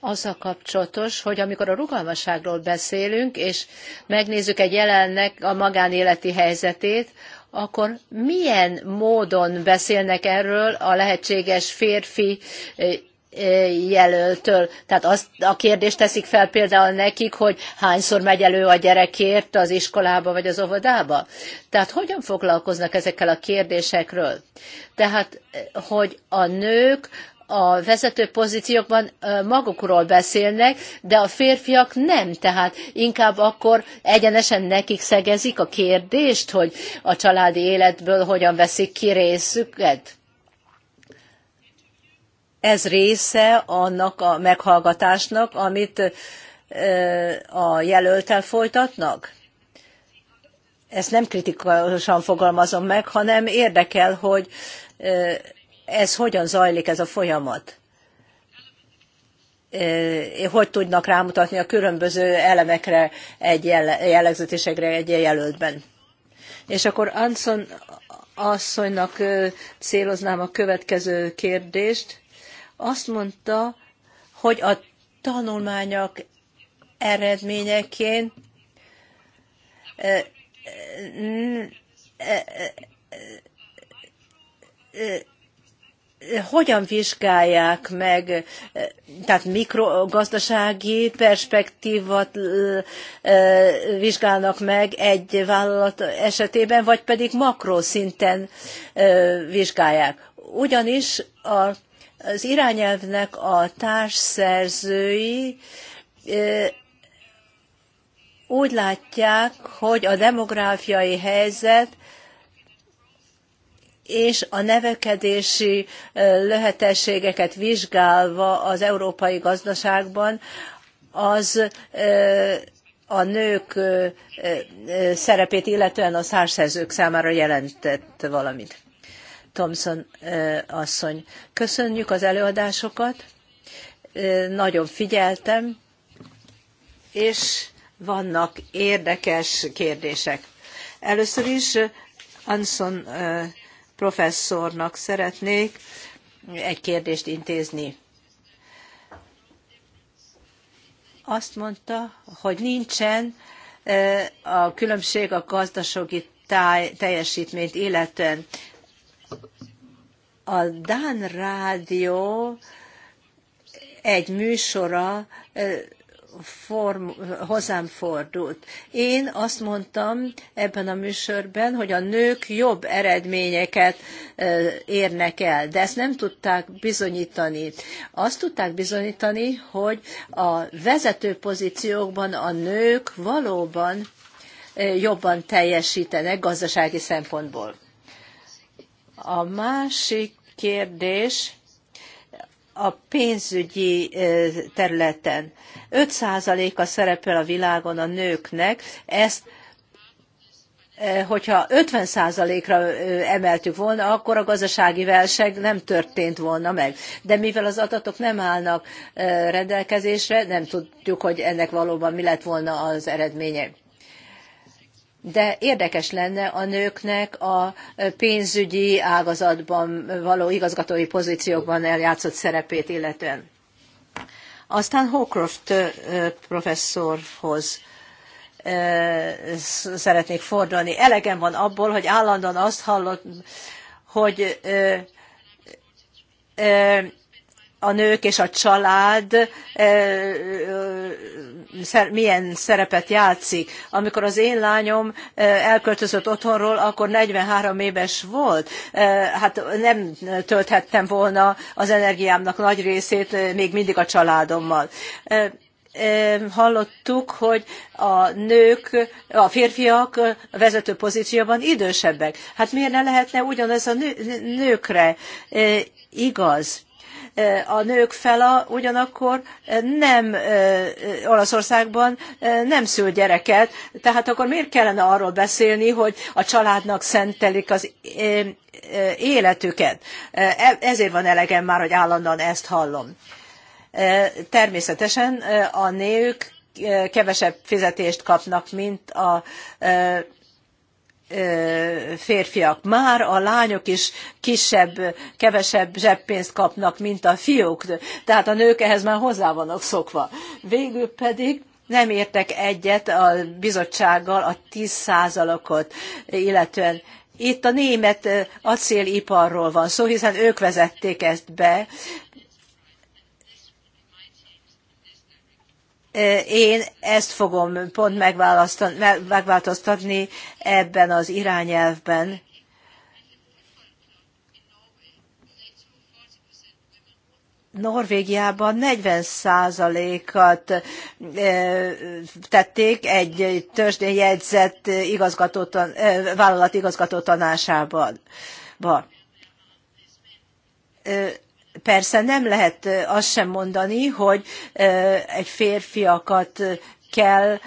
azzal kapcsolatos, hogy amikor a rugalmasságról beszélünk, és megnézzük egy jelennek a magánéleti helyzetét, akkor milyen módon beszélnek erről a lehetséges férfi jelöltől. Tehát azt a kérdést teszik fel például nekik, hogy hányszor megy elő a gyerekért az iskolába vagy az óvodába. Tehát hogyan foglalkoznak ezekkel a kérdésekről? Tehát, hogy a nők a vezető pozíciókban magukról beszélnek, de a férfiak nem, tehát inkább akkor egyenesen nekik szegezik a kérdést, hogy a családi életből hogyan veszik ki részüket. Ez része annak a meghallgatásnak, amit a jelöltel folytatnak? Ezt nem kritikusan fogalmazom meg, hanem érdekel, hogy ez hogyan zajlik ez a folyamat? Hogy tudnak rámutatni a különböző elemekre, egy jellegzetésekre egy jelöltben? És akkor Anson asszonynak céloznám a következő kérdést. Azt mondta, hogy a tanulmányok eredményeként hogyan vizsgálják meg, eh, tehát mikrogazdasági perspektívat eh, eh, vizsgálnak meg egy vállalat esetében, vagy pedig makroszinten vizsgálják. Ugyanis a, az irányelvnek a társszerzői úgy látják, hogy a demográfiai helyzet és a nevekedési lehetőségeket vizsgálva az európai gazdaságban az a nők szerepét illetően a szárszerzők számára jelentett valamit. Thomson asszony, köszönjük az előadásokat, nagyon figyeltem, és vannak érdekes kérdések. Először is Anson professzornak szeretnék egy kérdést intézni. Azt mondta, hogy nincsen e, a különbség a gazdasági táj, teljesítményt illetően. A Dán Rádió egy műsora e, form, hozzám fordult. Én azt mondtam ebben a műsorban, hogy a nők jobb eredményeket érnek el, de ezt nem tudták bizonyítani. Azt tudták bizonyítani, hogy a vezető pozíciókban a nők valóban jobban teljesítenek gazdasági szempontból. A másik kérdés, a pénzügyi területen. 5%-a szerepel a világon a nőknek, ezt hogyha 50%-ra emeltük volna, akkor a gazdasági válság nem történt volna meg. De mivel az adatok nem állnak rendelkezésre, nem tudjuk, hogy ennek valóban mi lett volna az eredménye de érdekes lenne a nőknek a pénzügyi ágazatban való igazgatói pozíciókban eljátszott szerepét illetően. Aztán Hawcroft professzorhoz szeretnék fordulni. Elegem van abból, hogy állandóan azt hallott, hogy a nők és a család eh, eh, milyen szerepet játszik. Amikor az én lányom eh, elköltözött otthonról, akkor 43 éves volt. Hát nem tölthettem volna az energiámnak nagy részét még mindig a családommal hallottuk, hogy a nők, a férfiak a vezető pozícióban idősebbek. Hát miért ne lehetne ugyanez a nőkre igaz? a nők fele ugyanakkor eh, nem eh, eh, Olaszországban nem szül gyereket, tehát akkor miért kellene arról beszélni, hogy a családnak szentelik az életüket? E-, ezért van elegem már, hogy állandóan ezt hallom. Természetesen a nők kevesebb fizetést kapnak, mint a férfiak. Már a lányok is kisebb, kevesebb zseppénzt kapnak, mint a fiúk. Tehát a nők ehhez már hozzá vannak szokva. Végül pedig nem értek egyet a bizottsággal a 10 százalékot illetően. Itt a német acéliparról van szó, hiszen ők vezették ezt be, Én ezt fogom pont megváltoztatni ebben az irányelvben. Norvégiában 40 at tették egy törzsdén jegyzett vállalat igazgató tanásában. Persze nem lehet azt sem mondani, hogy egy férfiakat kell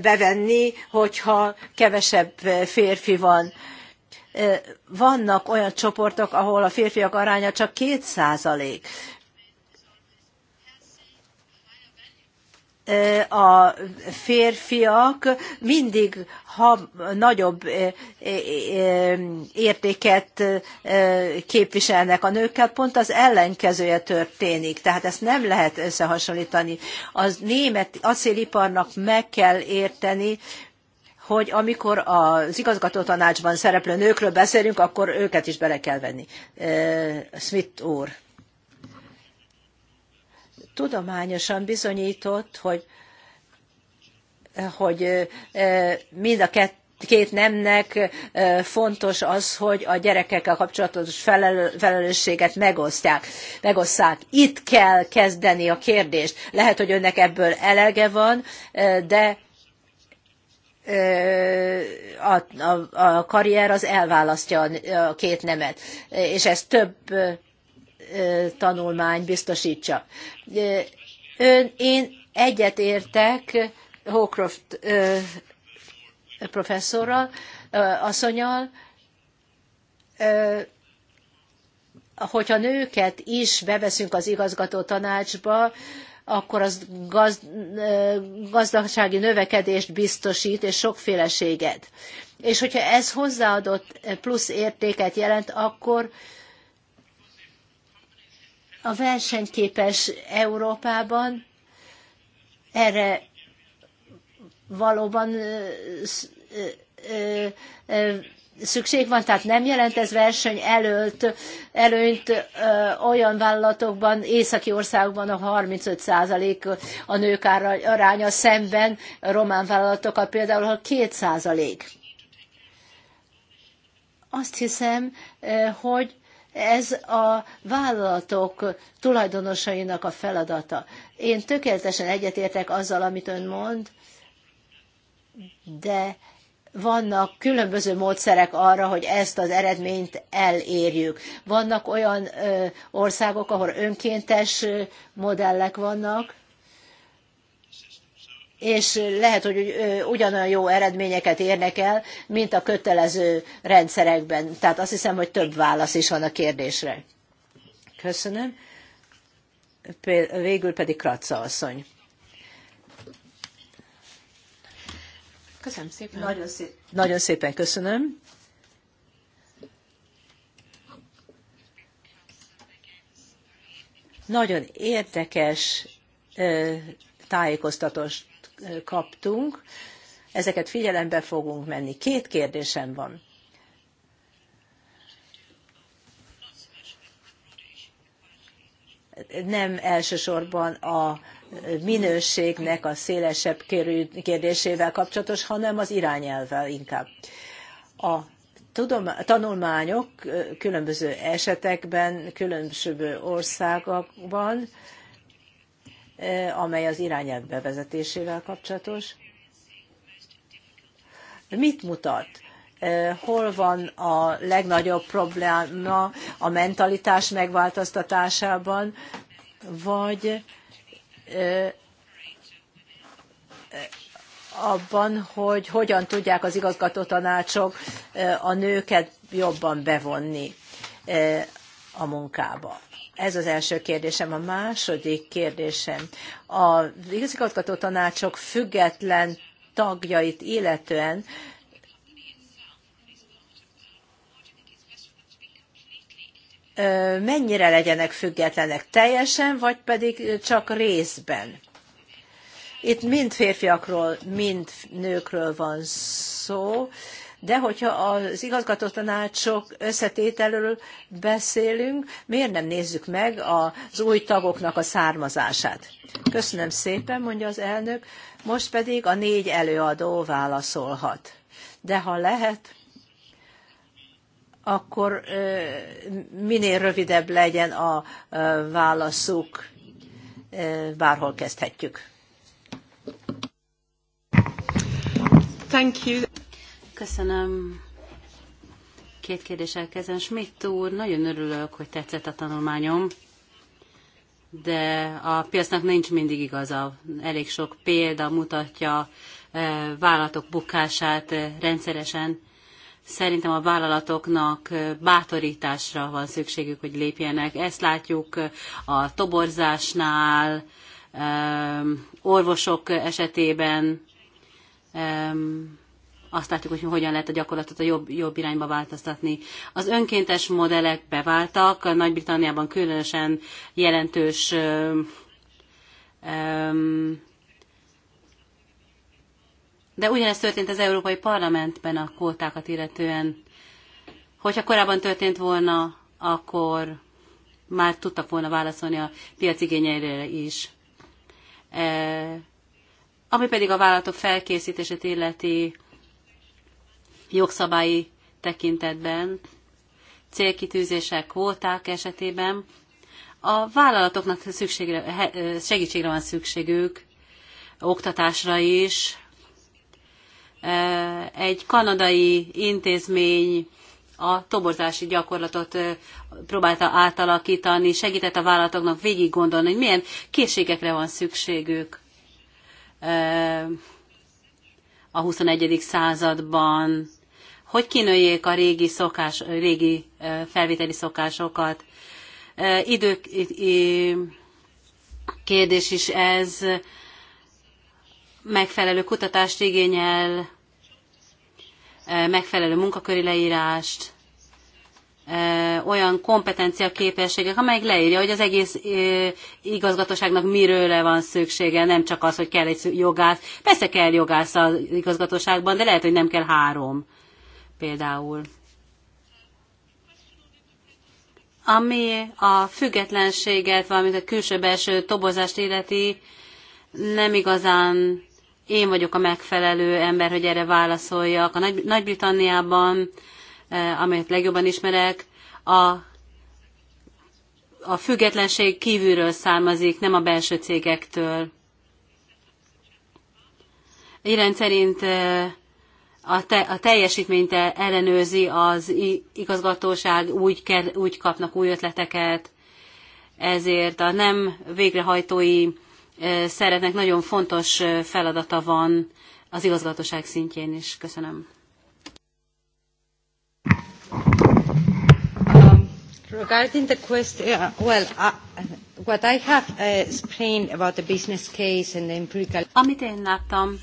bevenni, hogyha kevesebb férfi van. Vannak olyan csoportok, ahol a férfiak aránya csak 2 százalék. a férfiak mindig ha nagyobb értéket képviselnek a nőkkel, pont az ellenkezője történik. Tehát ezt nem lehet összehasonlítani. Az német acéliparnak meg kell érteni, hogy amikor az igazgató tanácsban szereplő nőkről beszélünk, akkor őket is bele kell venni. Smith úr tudományosan bizonyított, hogy, hogy e, mind a kettő két nemnek e, fontos az, hogy a gyerekekkel kapcsolatos felelősséget megosztják, megosszák. Itt kell kezdeni a kérdést. Lehet, hogy önnek ebből elege van, e, de a, a, a karrier az elválasztja a két nemet, és ez több tanulmány biztosítsa. Ön, én egyet értek Hawcroft professzorral, asszonyal, hogyha nőket is beveszünk az igazgató tanácsba, akkor az gaz, gazdasági növekedést biztosít, és sokféleséget. És hogyha ez hozzáadott plusz értéket jelent, akkor a versenyképes Európában erre valóban szükség van, tehát nem jelent ez verseny előtt, előnyt ö, olyan vállalatokban, északi országokban a 35% a nők aránya szemben a román vállalatokkal például a 2%. Azt hiszem, hogy ez a vállalatok tulajdonosainak a feladata. Én tökéletesen egyetértek azzal, amit ön mond, de vannak különböző módszerek arra, hogy ezt az eredményt elérjük. Vannak olyan országok, ahol önkéntes modellek vannak, és lehet, hogy ugyanolyan jó eredményeket érnek el, mint a kötelező rendszerekben. Tehát azt hiszem, hogy több válasz is van a kérdésre. Köszönöm. Végül pedig Kratza asszony. Köszönöm szépen. Nagyon, szépen. Nagyon szépen köszönöm. Nagyon érdekes tájékoztatós kaptunk, ezeket figyelembe fogunk menni. Két kérdésem van. nem elsősorban a minőségnek a szélesebb kérdésével kapcsolatos, hanem az irányelvvel inkább. A tanulmányok különböző esetekben, különböző országokban Eh, amely az irányelv bevezetésével kapcsolatos. Mit mutat? Eh, hol van a legnagyobb probléma a mentalitás megváltoztatásában, vagy eh, abban, hogy hogyan tudják az igazgatótanácsok a nőket jobban bevonni a munkába. Ez az első kérdésem. A második kérdésem. A igazgató tanácsok független tagjait illetően mennyire legyenek függetlenek teljesen, vagy pedig csak részben. Itt mind férfiakról, mind nőkről van szó, de hogyha az tanácsok összetételről beszélünk, miért nem nézzük meg az új tagoknak a származását? Köszönöm szépen, mondja az elnök. Most pedig a négy előadó válaszolhat. De ha lehet, akkor minél rövidebb legyen a válaszuk, bárhol kezdhetjük. Thank you. Köszönöm. Két kérdés kezdem. Schmidt úr, nagyon örülök, hogy tetszett a tanulmányom, de a piacnak nincs mindig igaza. Elég sok példa mutatja eh, vállalatok bukását eh, rendszeresen. Szerintem a vállalatoknak eh, bátorításra van szükségük, hogy lépjenek. Ezt látjuk a toborzásnál, orvosok esetében azt látjuk, hogy hogyan lehet a gyakorlatot a jobb, jobb irányba változtatni. Az önkéntes modellek beváltak, Nagy-Britanniában különösen jelentős de ugyanezt történt az Európai Parlamentben a kótákat illetően. Hogyha korábban történt volna, akkor már tudtak volna válaszolni a piac igényeire is. E, ami pedig a vállalatok felkészítését illeti, jogszabályi tekintetben, célkitűzések, kvóták esetében. A vállalatoknak szükségre, segítségre van szükségük, oktatásra is. Egy kanadai intézmény a toborzási gyakorlatot próbálta átalakítani, segített a vállalatoknak végig gondolni, hogy milyen készségekre van szükségük a 21. században hogy kinőjék a régi, szokás, régi felvételi szokásokat. Idők kérdés is ez, megfelelő kutatást igényel, megfelelő munkaköri leírást, olyan kompetencia képességek, amelyek leírja, hogy az egész igazgatóságnak miről van szüksége, nem csak az, hogy kell egy jogász. Persze kell jogász az igazgatóságban, de lehet, hogy nem kell három például. Ami a függetlenséget, valamint a külső-belső tobozást illeti, nem igazán én vagyok a megfelelő ember, hogy erre válaszoljak. A Nagy- Nagy-Britanniában, eh, amelyet legjobban ismerek, a, a függetlenség kívülről származik, nem a belső cégektől. Ilyen szerint eh, a, te, a teljesítményt ellenőrzi az igazgatóság, úgy, kell, úgy kapnak új ötleteket, ezért a nem végrehajtói szeretnek nagyon fontos feladata van az igazgatóság szintjén is. Köszönöm. Um, regarding the question, uh, well, uh, what I have uh, explained about the business case and the empirical... Amit én láttam,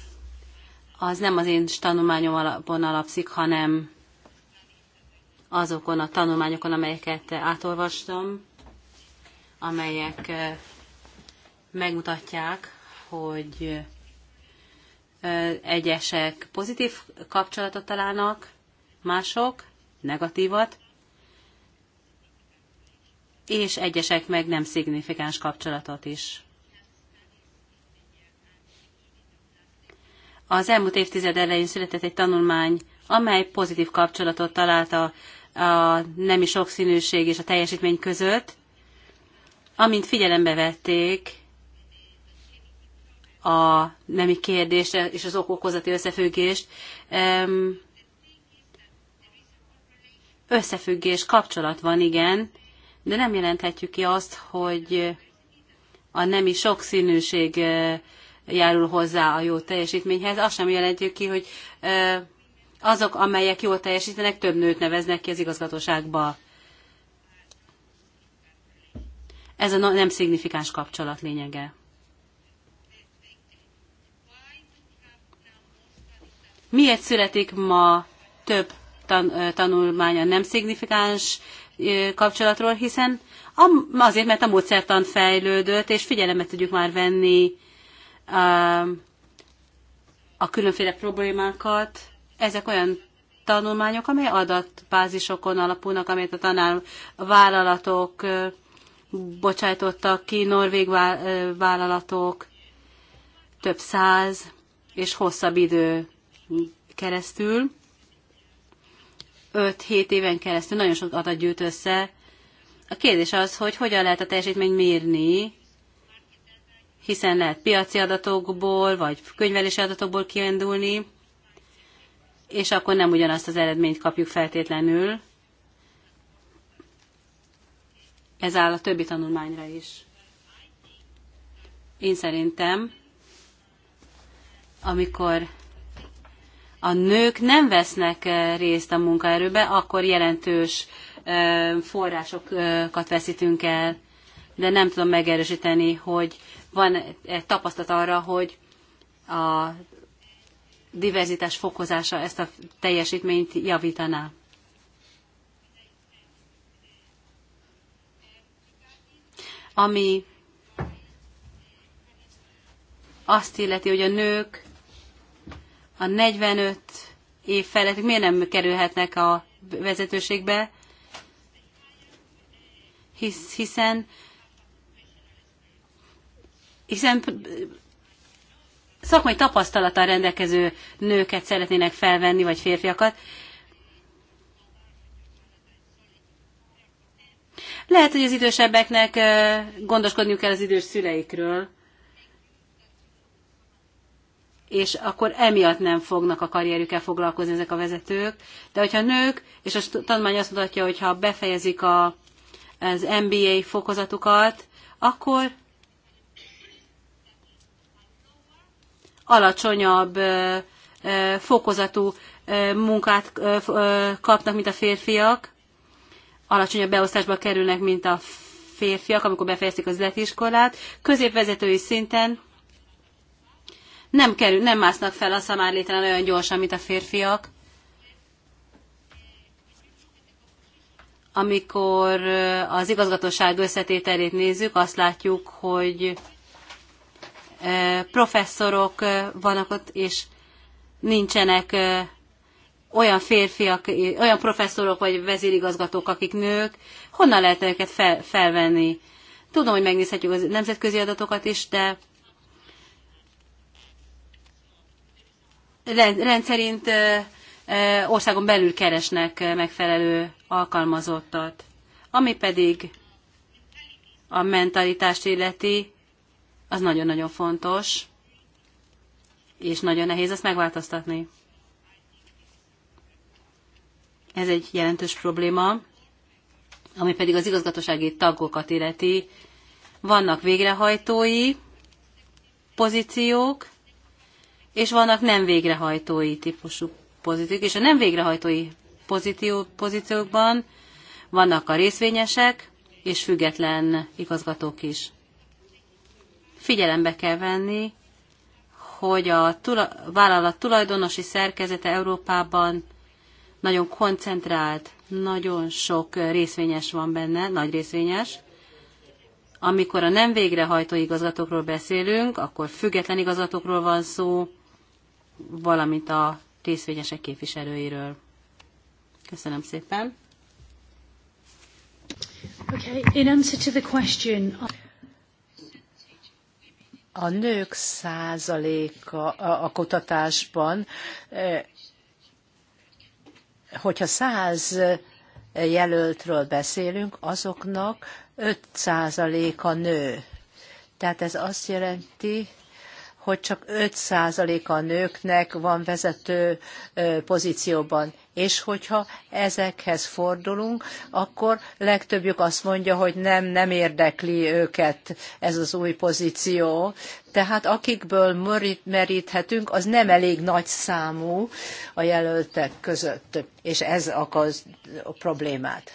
az nem az én tanulmányom alapon alapszik, hanem azokon a tanulmányokon, amelyeket átolvastam, amelyek megmutatják, hogy egyesek pozitív kapcsolatot találnak, mások negatívat, és egyesek meg nem szignifikáns kapcsolatot is. Az elmúlt évtized elején született egy tanulmány, amely pozitív kapcsolatot talált a, a nemi sokszínűség és a teljesítmény között, amint figyelembe vették a nemi kérdést és az okokozati összefüggést, összefüggés, kapcsolat van, igen, de nem jelenthetjük ki azt, hogy a nemi sokszínűség járul hozzá a jó teljesítményhez. Azt sem jelentjük ki, hogy azok, amelyek jól teljesítenek, több nőt neveznek ki az igazgatóságba. Ez a nem szignifikáns kapcsolat lényege. Miért születik ma több tan- tanulmány a nem szignifikáns kapcsolatról, hiszen azért, mert a módszertan fejlődött, és figyelemet tudjuk már venni a különféle problémákat. Ezek olyan tanulmányok, amely adatbázisokon alapulnak, amelyet a tanár vállalatok bocsájtottak ki, norvég vállalatok, több száz és hosszabb idő keresztül, 5-7 éven keresztül nagyon sok adat gyűjt össze. A kérdés az, hogy hogyan lehet a teljesítményt mérni, hiszen lehet piaci adatokból, vagy könyvelési adatokból kiindulni, és akkor nem ugyanazt az eredményt kapjuk feltétlenül. Ez áll a többi tanulmányra is. Én szerintem, amikor a nők nem vesznek eh, részt a munkaerőbe, akkor jelentős eh, forrásokat veszítünk el, de nem tudom megerősíteni, hogy van tapasztalat arra, hogy a diverzitás fokozása ezt a teljesítményt javítaná. Ami azt illeti, hogy a nők a 45 év felett miért nem kerülhetnek a vezetőségbe, hisz, hiszen hiszen szakmai tapasztalattal rendelkező nőket szeretnének felvenni, vagy férfiakat. Lehet, hogy az idősebbeknek gondoskodniuk kell az idős szüleikről, és akkor emiatt nem fognak a karrierükkel foglalkozni ezek a vezetők. De hogyha nők, és a tanulmány azt mutatja, hogy ha befejezik a, az MBA fokozatukat, akkor alacsonyabb fokozatú munkát kapnak, mint a férfiak, alacsonyabb beosztásba kerülnek, mint a férfiak, amikor befejezték az üzleti középvezetői szinten nem, kerül, nem másznak fel a szamárlételen olyan gyorsan, mint a férfiak. Amikor az igazgatóság összetételét nézzük, azt látjuk, hogy professzorok vannak ott, és nincsenek olyan férfiak, olyan professzorok vagy vezérigazgatók, akik nők, honnan lehet őket fel, felvenni? Tudom, hogy megnézhetjük a nemzetközi adatokat is, de rendszerint országon belül keresnek megfelelő alkalmazottat. Ami pedig a mentalitást illeti, az nagyon-nagyon fontos, és nagyon nehéz ezt megváltoztatni. Ez egy jelentős probléma, ami pedig az igazgatósági tagokat illeti. Vannak végrehajtói pozíciók, és vannak nem végrehajtói típusú pozíciók, és a nem végrehajtói pozíció, pozíciókban vannak a részvényesek és független igazgatók is figyelembe kell venni, hogy a tula vállalat tulajdonosi szerkezete Európában nagyon koncentrált, nagyon sok részvényes van benne, nagy részvényes. Amikor a nem végrehajtó igazgatókról beszélünk, akkor független igazgatókról van szó, valamint a részvényesek képviselőiről. Köszönöm szépen. Okay, in answer to the question a nők százaléka a kutatásban, e, hogyha száz jelöltről beszélünk, azoknak 5 százaléka nő. Tehát ez azt jelenti, hogy csak 5% a nőknek van vezető pozícióban. És hogyha ezekhez fordulunk, akkor legtöbbjük azt mondja, hogy nem, nem érdekli őket ez az új pozíció. Tehát akikből meríthetünk, az nem elég nagy számú a jelöltek között, és ez okoz a problémát.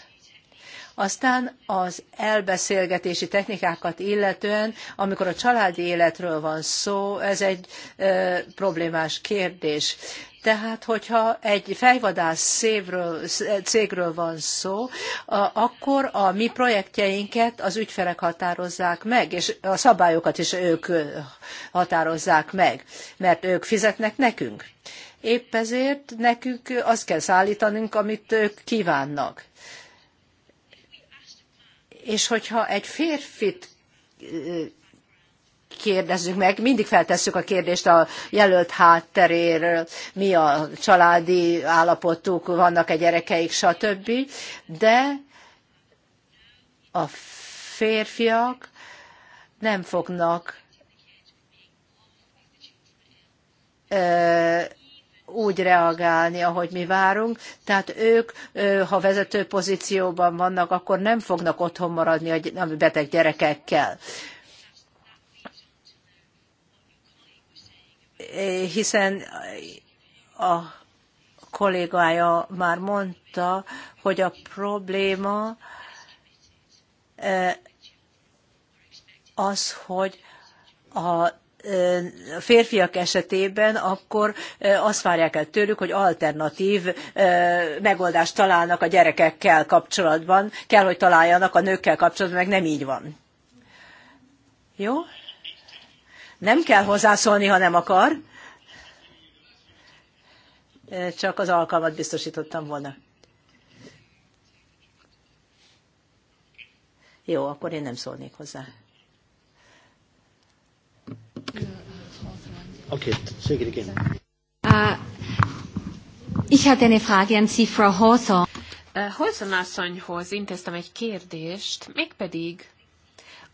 Aztán az elbeszélgetési technikákat illetően, amikor a családi életről van szó, ez egy ö, problémás kérdés. Tehát, hogyha egy fejvadász szévről, cégről van szó, akkor a mi projektjeinket az ügyfelek határozzák meg, és a szabályokat is ők határozzák meg, mert ők fizetnek nekünk. Épp ezért nekünk azt kell szállítanunk, amit ők kívánnak. És hogyha egy férfit kérdezzük meg, mindig feltesszük a kérdést a jelölt hátteréről, mi a családi állapotuk, vannak egy gyerekeik, stb. De a férfiak nem fognak úgy reagálni, ahogy mi várunk. Tehát ők, ha vezető pozícióban vannak, akkor nem fognak otthon maradni a beteg gyerekekkel. Hiszen a kollégája már mondta, hogy a probléma az, hogy a a férfiak esetében, akkor azt várják el tőlük, hogy alternatív megoldást találnak a gyerekekkel kapcsolatban, kell, hogy találjanak a nőkkel kapcsolatban, meg nem így van. Jó? Nem kell hozzászólni, ha nem akar. Csak az alkalmat biztosítottam volna. Jó, akkor én nem szólnék hozzá. Okay, take it again. Uh, ich hatte eine Frage an Sie, Frau Hawthorne. Uh, äh, Hawthorne asszonyhoz intéztem egy kérdést, mégpedig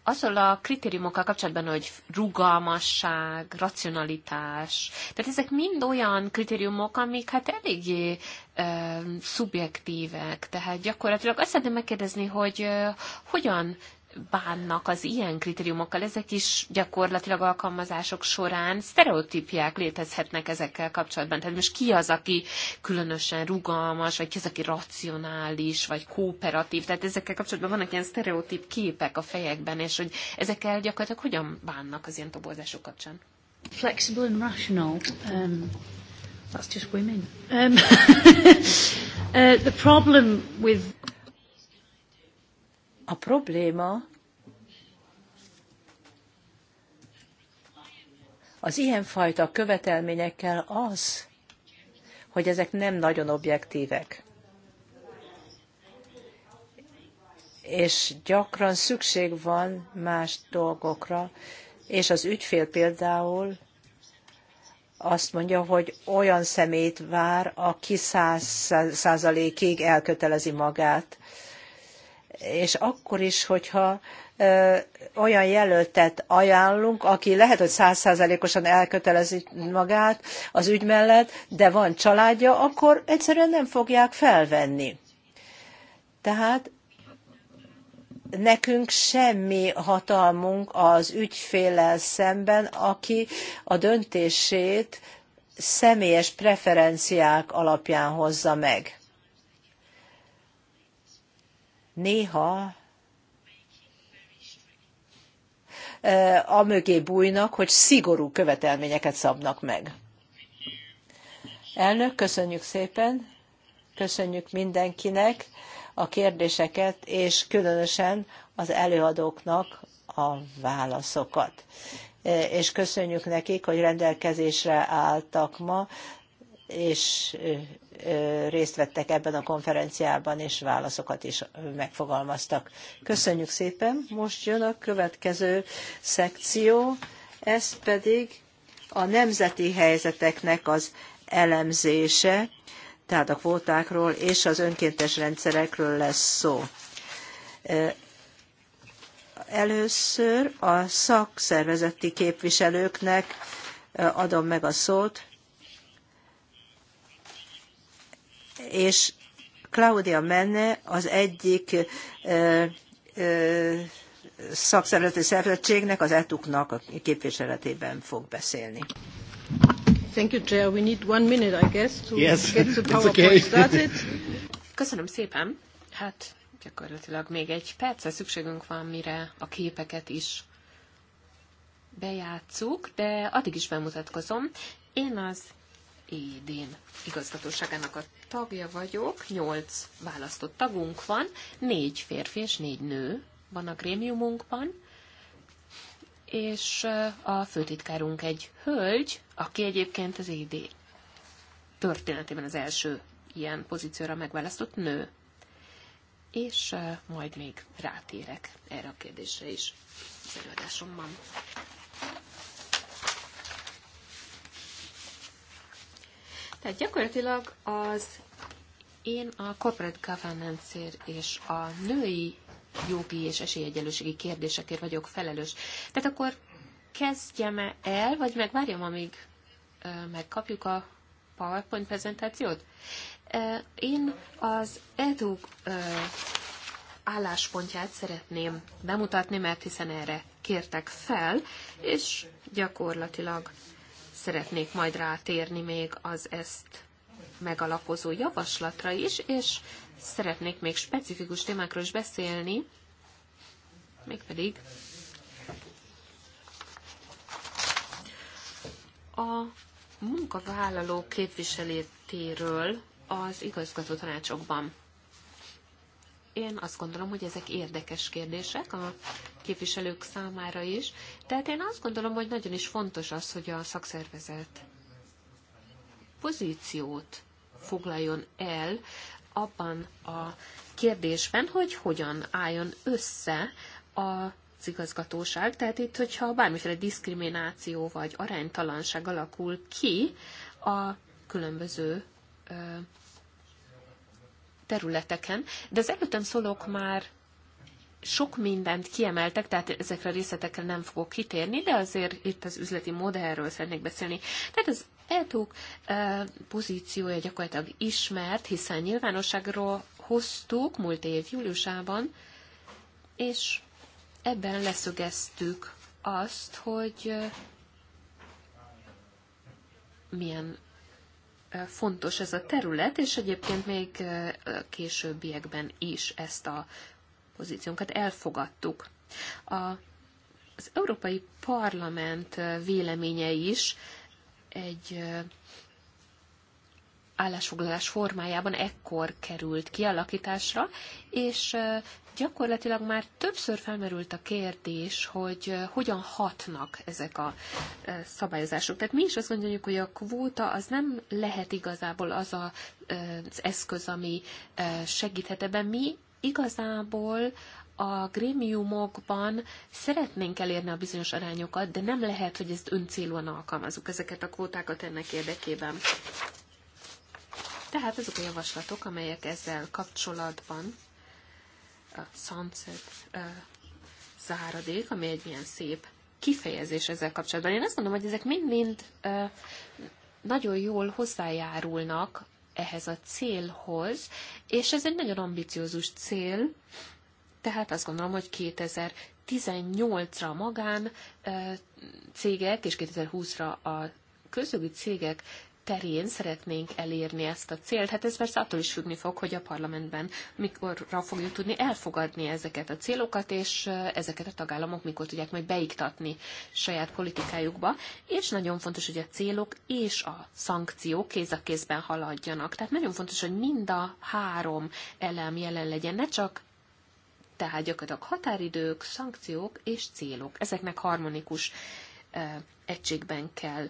azzal a kritériumokkal kapcsolatban, hogy rugalmasság, racionalitás, tehát ezek mind olyan kritériumok, amik hát eléggé e, szubjektívek. Tehát gyakorlatilag azt szeretném megkérdezni, hogy e, hogyan bánnak az ilyen kritériumokkal? Ezek is gyakorlatilag alkalmazások során sztereotípiák létezhetnek ezekkel kapcsolatban. Tehát most ki az, aki különösen rugalmas, vagy ki az, aki racionális, vagy kooperatív? Tehát ezekkel kapcsolatban vannak ilyen sztereotíp képek a fejekben, és hogy ezekkel gyakorlatilag hogyan bánnak az ilyen toborzások kapcsán? Flexible and rational. Um... That's just women. Um, uh, the problem with a probléma az ilyenfajta követelményekkel az, hogy ezek nem nagyon objektívek. És gyakran szükség van más dolgokra, és az ügyfél például azt mondja, hogy olyan szemét vár, aki száz százalékig elkötelezi magát és akkor is, hogyha olyan jelöltet ajánlunk, aki lehet, hogy százszázalékosan elkötelezi magát az ügy mellett, de van családja, akkor egyszerűen nem fogják felvenni. Tehát nekünk semmi hatalmunk az ügyfélel szemben, aki a döntését személyes preferenciák alapján hozza meg néha mögé bújnak, hogy szigorú követelményeket szabnak meg. Elnök, köszönjük szépen, köszönjük mindenkinek a kérdéseket, és különösen az előadóknak a válaszokat. És köszönjük nekik, hogy rendelkezésre álltak ma, és részt vettek ebben a konferenciában, és válaszokat is megfogalmaztak. Köszönjük szépen! Most jön a következő szekció, ez pedig a nemzeti helyzeteknek az elemzése, tehát a kvótákról és az önkéntes rendszerekről lesz szó. Először a szakszervezeti képviselőknek adom meg a szót. és Claudia Menne az egyik szakszervezeti szervezettségnek, az ETUK-nak a képviseletében fog beszélni. Thank you, Chair. We need one minute, I guess, to yes, get the PowerPoint okay. started. Köszönöm szépen. Hát gyakorlatilag még egy percre szükségünk van, mire a képeket is bejátszuk, de addig is bemutatkozom. Én az idén e igazgatóságának a tagja vagyok, nyolc választott tagunk van, négy férfi és négy nő van a grémiumunkban, és a főtitkárunk egy hölgy, aki egyébként az ID e történetében az első ilyen pozícióra megválasztott nő. És majd még rátérek erre a kérdésre is az előadásomban. Tehát gyakorlatilag az én a corporate governance és a női jogi és esélyegyelőségi kérdésekért vagyok felelős. Tehát akkor kezdjem -e el, vagy megvárjam, amíg megkapjuk a PowerPoint prezentációt? Én az EDU álláspontját szeretném bemutatni, mert hiszen erre kértek fel, és gyakorlatilag szeretnék majd rátérni még az ezt megalapozó javaslatra is, és szeretnék még specifikus témákról is beszélni, mégpedig a munkavállalók képviseletéről az igazgató tanácsokban én azt gondolom, hogy ezek érdekes kérdések a képviselők számára is. Tehát én azt gondolom, hogy nagyon is fontos az, hogy a szakszervezet pozíciót foglaljon el abban a kérdésben, hogy hogyan álljon össze a igazgatóság. Tehát itt, hogyha bármiféle diszkrimináció vagy aránytalanság alakul ki a különböző területeken, de az előttem szólók már sok mindent kiemeltek, tehát ezekre a részletekre nem fogok kitérni, de azért itt az üzleti modellről szeretnék beszélni. Tehát az ETUK e, pozíciója gyakorlatilag ismert, hiszen nyilvánosságról hoztuk múlt év júliusában, és ebben leszögeztük azt, hogy e, milyen fontos ez a terület, és egyébként még későbbiekben is ezt a pozíciónkat elfogadtuk. A, az Európai Parlament véleménye is egy állásfoglalás formájában ekkor került kialakításra, és gyakorlatilag már többször felmerült a kérdés, hogy hogyan hatnak ezek a szabályozások. Tehát mi is azt gondoljuk, hogy a kvóta az nem lehet igazából az a, az eszköz, ami segíthet ebben. Mi igazából a grémiumokban szeretnénk elérni a bizonyos arányokat, de nem lehet, hogy ezt öncélúan alkalmazunk ezeket a kvótákat ennek érdekében. Tehát azok a javaslatok, amelyek ezzel kapcsolatban a sunset a záradék, ami egy ilyen szép kifejezés ezzel kapcsolatban. Én azt mondom, hogy ezek mind-mind nagyon jól hozzájárulnak ehhez a célhoz, és ez egy nagyon ambiciózus cél, tehát azt gondolom, hogy 2018-ra magán cégek és 2020-ra a közögi cégek terén szeretnénk elérni ezt a célt. Hát ez persze attól is függni fog, hogy a parlamentben mikorra fogjuk tudni elfogadni ezeket a célokat, és ezeket a tagállamok mikor tudják majd beiktatni saját politikájukba. És nagyon fontos, hogy a célok és a szankciók kéz a kézben haladjanak. Tehát nagyon fontos, hogy mind a három elem jelen legyen, ne csak tehát gyakorlatilag határidők, szankciók és célok. Ezeknek harmonikus egységben kell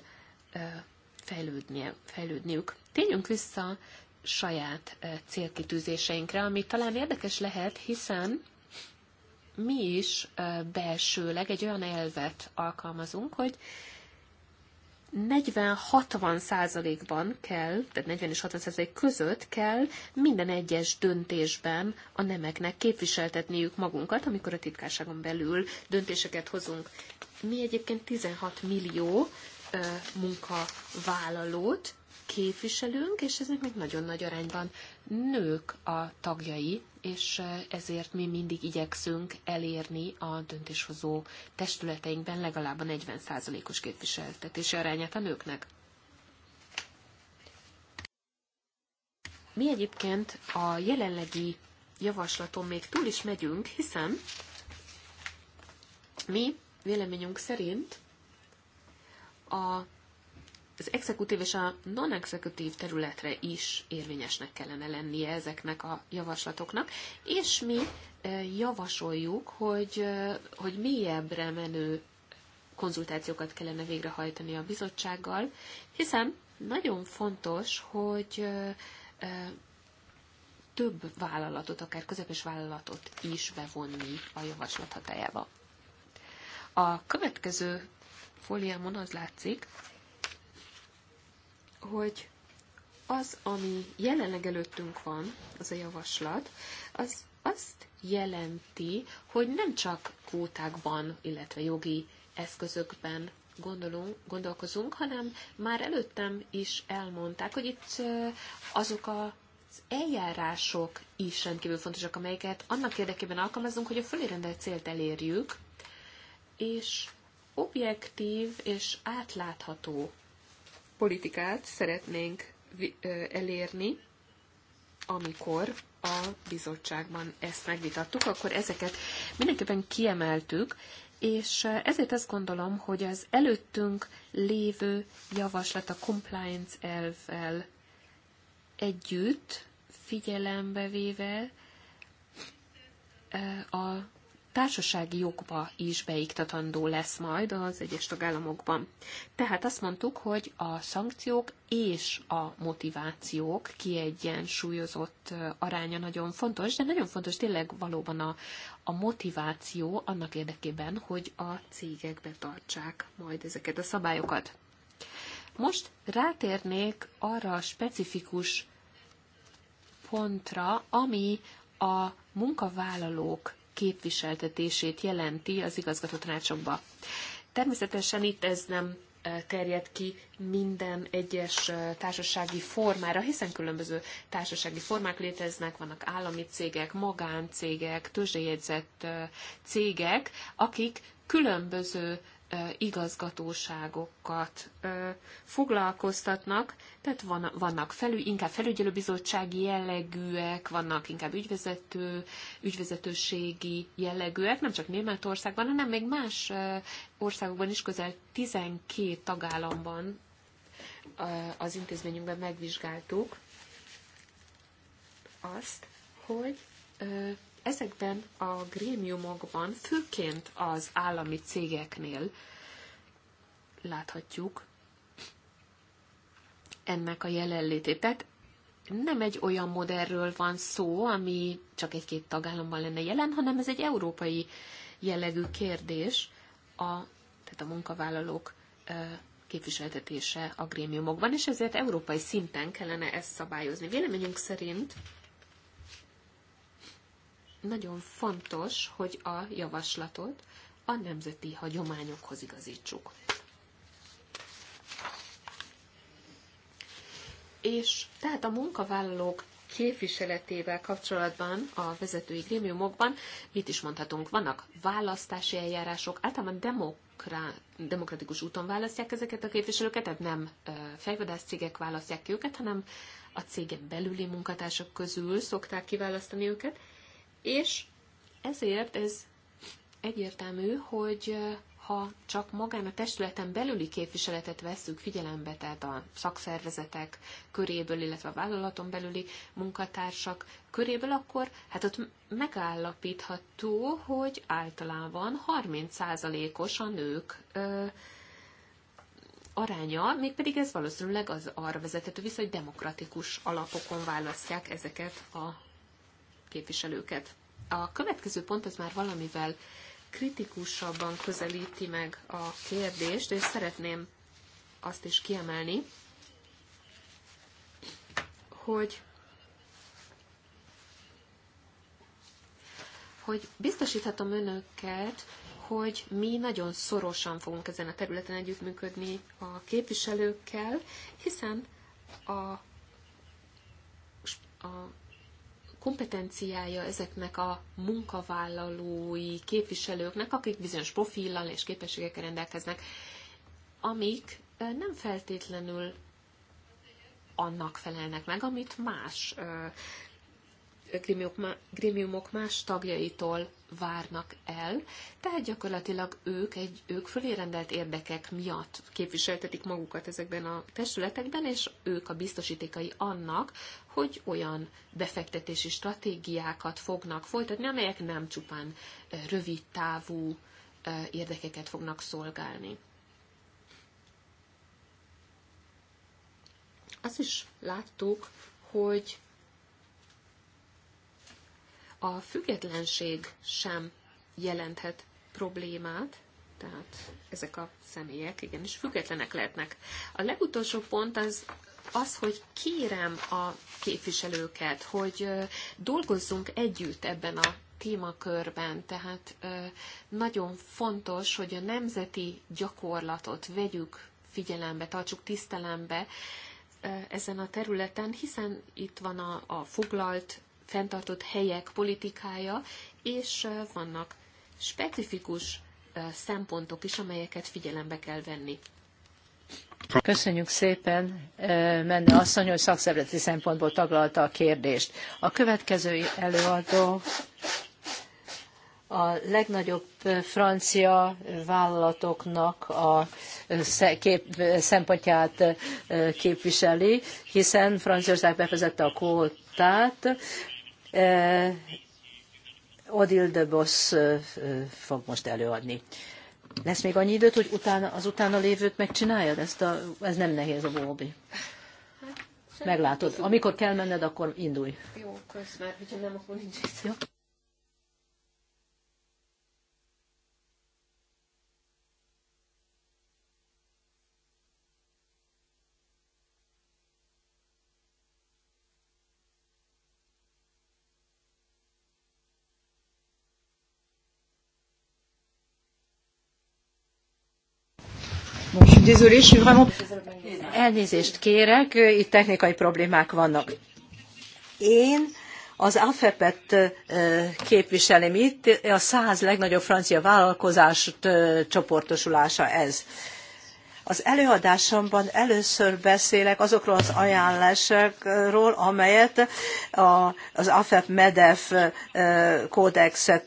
fejlődnie, fejlődniük. Térjünk vissza saját eh, célkitűzéseinkre, ami talán érdekes lehet, hiszen mi is eh, belsőleg egy olyan elvet alkalmazunk, hogy 40-60 százalékban kell, tehát 40 és 60 százalék között kell minden egyes döntésben a nemeknek képviseltetniük magunkat, amikor a titkárságon belül döntéseket hozunk. Mi egyébként 16 millió munkavállalót képviselünk, és ezek még nagyon nagy arányban nők a tagjai, és ezért mi mindig igyekszünk elérni a döntéshozó testületeinkben legalább a 40%-os képviseltetési arányát a nőknek. Mi egyébként a jelenlegi javaslaton még túl is megyünk, hiszen mi véleményünk szerint a az exekutív és a non-exekutív területre is érvényesnek kellene lennie ezeknek a javaslatoknak, és mi e, javasoljuk, hogy, e, hogy mélyebbre menő konzultációkat kellene végrehajtani a bizottsággal, hiszen nagyon fontos, hogy e, több vállalatot, akár közepes vállalatot is bevonni a javaslat hatájába. A következő fóliámon az látszik, hogy az, ami jelenleg előttünk van, az a javaslat, az azt jelenti, hogy nem csak kvótákban, illetve jogi eszközökben gondolunk, gondolkozunk, hanem már előttem is elmondták, hogy itt azok a az eljárások is rendkívül fontosak, amelyeket annak érdekében alkalmazunk, hogy a fölérendelt célt elérjük, és objektív és átlátható politikát szeretnénk elérni, amikor a bizottságban ezt megvitattuk, akkor ezeket mindenképpen kiemeltük, és ezért azt gondolom, hogy az előttünk lévő javaslat a compliance elvvel együtt figyelembe véve a társasági jogba is beiktatandó lesz majd az egyes tagállamokban. Tehát azt mondtuk, hogy a szankciók és a motivációk kiegyensúlyozott aránya nagyon fontos, de nagyon fontos tényleg valóban a, a motiváció annak érdekében, hogy a cégek betartsák majd ezeket a szabályokat. Most rátérnék arra a specifikus pontra, ami a munkavállalók képviseltetését jelenti az igazgató tanácsokba. Természetesen itt ez nem e, terjed ki minden egyes e, társasági formára, hiszen különböző társasági formák léteznek, vannak állami cégek, magáncégek, tőzsdejegyzett e, cégek, akik különböző igazgatóságokat foglalkoztatnak, tehát van, vannak felül, inkább felügyelőbizottsági jellegűek, vannak inkább ügyvezető, ügyvezetőségi jellegűek, nem csak Németországban, hanem még más országokban is, közel 12 tagállamban az intézményünkben megvizsgáltuk azt, hogy ezekben a grémiumokban, főként az állami cégeknél láthatjuk ennek a jelenlétét. Tehát nem egy olyan modellről van szó, ami csak egy-két tagállamban lenne jelen, hanem ez egy európai jellegű kérdés, a, tehát a munkavállalók képviseltetése a grémiumokban, és ezért európai szinten kellene ezt szabályozni. Véleményünk szerint nagyon fontos, hogy a javaslatot a nemzeti hagyományokhoz igazítsuk. És tehát a munkavállalók képviseletével kapcsolatban a vezetői grémiumokban mit is mondhatunk? Vannak választási eljárások, általában demokra, demokratikus úton választják ezeket a képviselőket, tehát nem fejvadász cégek választják ki őket, hanem a cégen belüli munkatársak közül szokták kiválasztani őket, és ezért ez egyértelmű, hogy ha csak magán a testületen belüli képviseletet vesszük figyelembe, tehát a szakszervezetek köréből, illetve a vállalaton belüli munkatársak köréből, akkor hát ott megállapítható, hogy általában 30%-os a nők ö, aránya, mégpedig ez valószínűleg az arra vezethető vissza, hogy demokratikus alapokon választják ezeket a képviselőket. A következő pont az már valamivel kritikusabban közelíti meg a kérdést, és szeretném azt is kiemelni, hogy hogy biztosíthatom önöket, hogy mi nagyon szorosan fogunk ezen a területen együttműködni a képviselőkkel, hiszen a, a kompetenciája ezeknek a munkavállalói képviselőknek, akik bizonyos profillal és képességekkel rendelkeznek, amik nem feltétlenül annak felelnek meg, amit más grémiumok más tagjaitól várnak el, tehát gyakorlatilag ők, egy, ők fölé rendelt érdekek miatt képviseltetik magukat ezekben a testületekben, és ők a biztosítékai annak, hogy olyan befektetési stratégiákat fognak folytatni, amelyek nem csupán rövid távú érdekeket fognak szolgálni. Azt is láttuk, hogy a függetlenség sem jelenthet problémát, tehát ezek a személyek igenis függetlenek lehetnek. A legutolsó pont az az, hogy kérem a képviselőket, hogy dolgozzunk együtt ebben a témakörben, tehát nagyon fontos, hogy a nemzeti gyakorlatot vegyük figyelembe, tartsuk tisztelembe ezen a területen, hiszen itt van a, a foglalt fenntartott helyek politikája, és vannak specifikus szempontok is, amelyeket figyelembe kell venni. Köszönjük szépen, Menne asszony, hogy szakszervezeti szempontból taglalta a kérdést. A következő előadó a legnagyobb francia vállalatoknak a kép, szempontját képviseli, hiszen Franciaország bevezette a kótát, Odil de Boss fog most előadni. Lesz még annyi időt, hogy utána, az utána lévőt megcsináljad? Ezt a, ez nem nehéz a bóbi. Hát, Meglátod. Amikor kell menned, akkor indulj. Jó, kösz már, hogyha nem, akkor nincs Elnézést kérek, itt technikai problémák vannak. Én az AFEP-et képviselem itt, a száz legnagyobb francia vállalkozás csoportosulása ez. Az előadásomban először beszélek azokról az ajánlásokról, amelyet az AFEP-MEDEF kódexet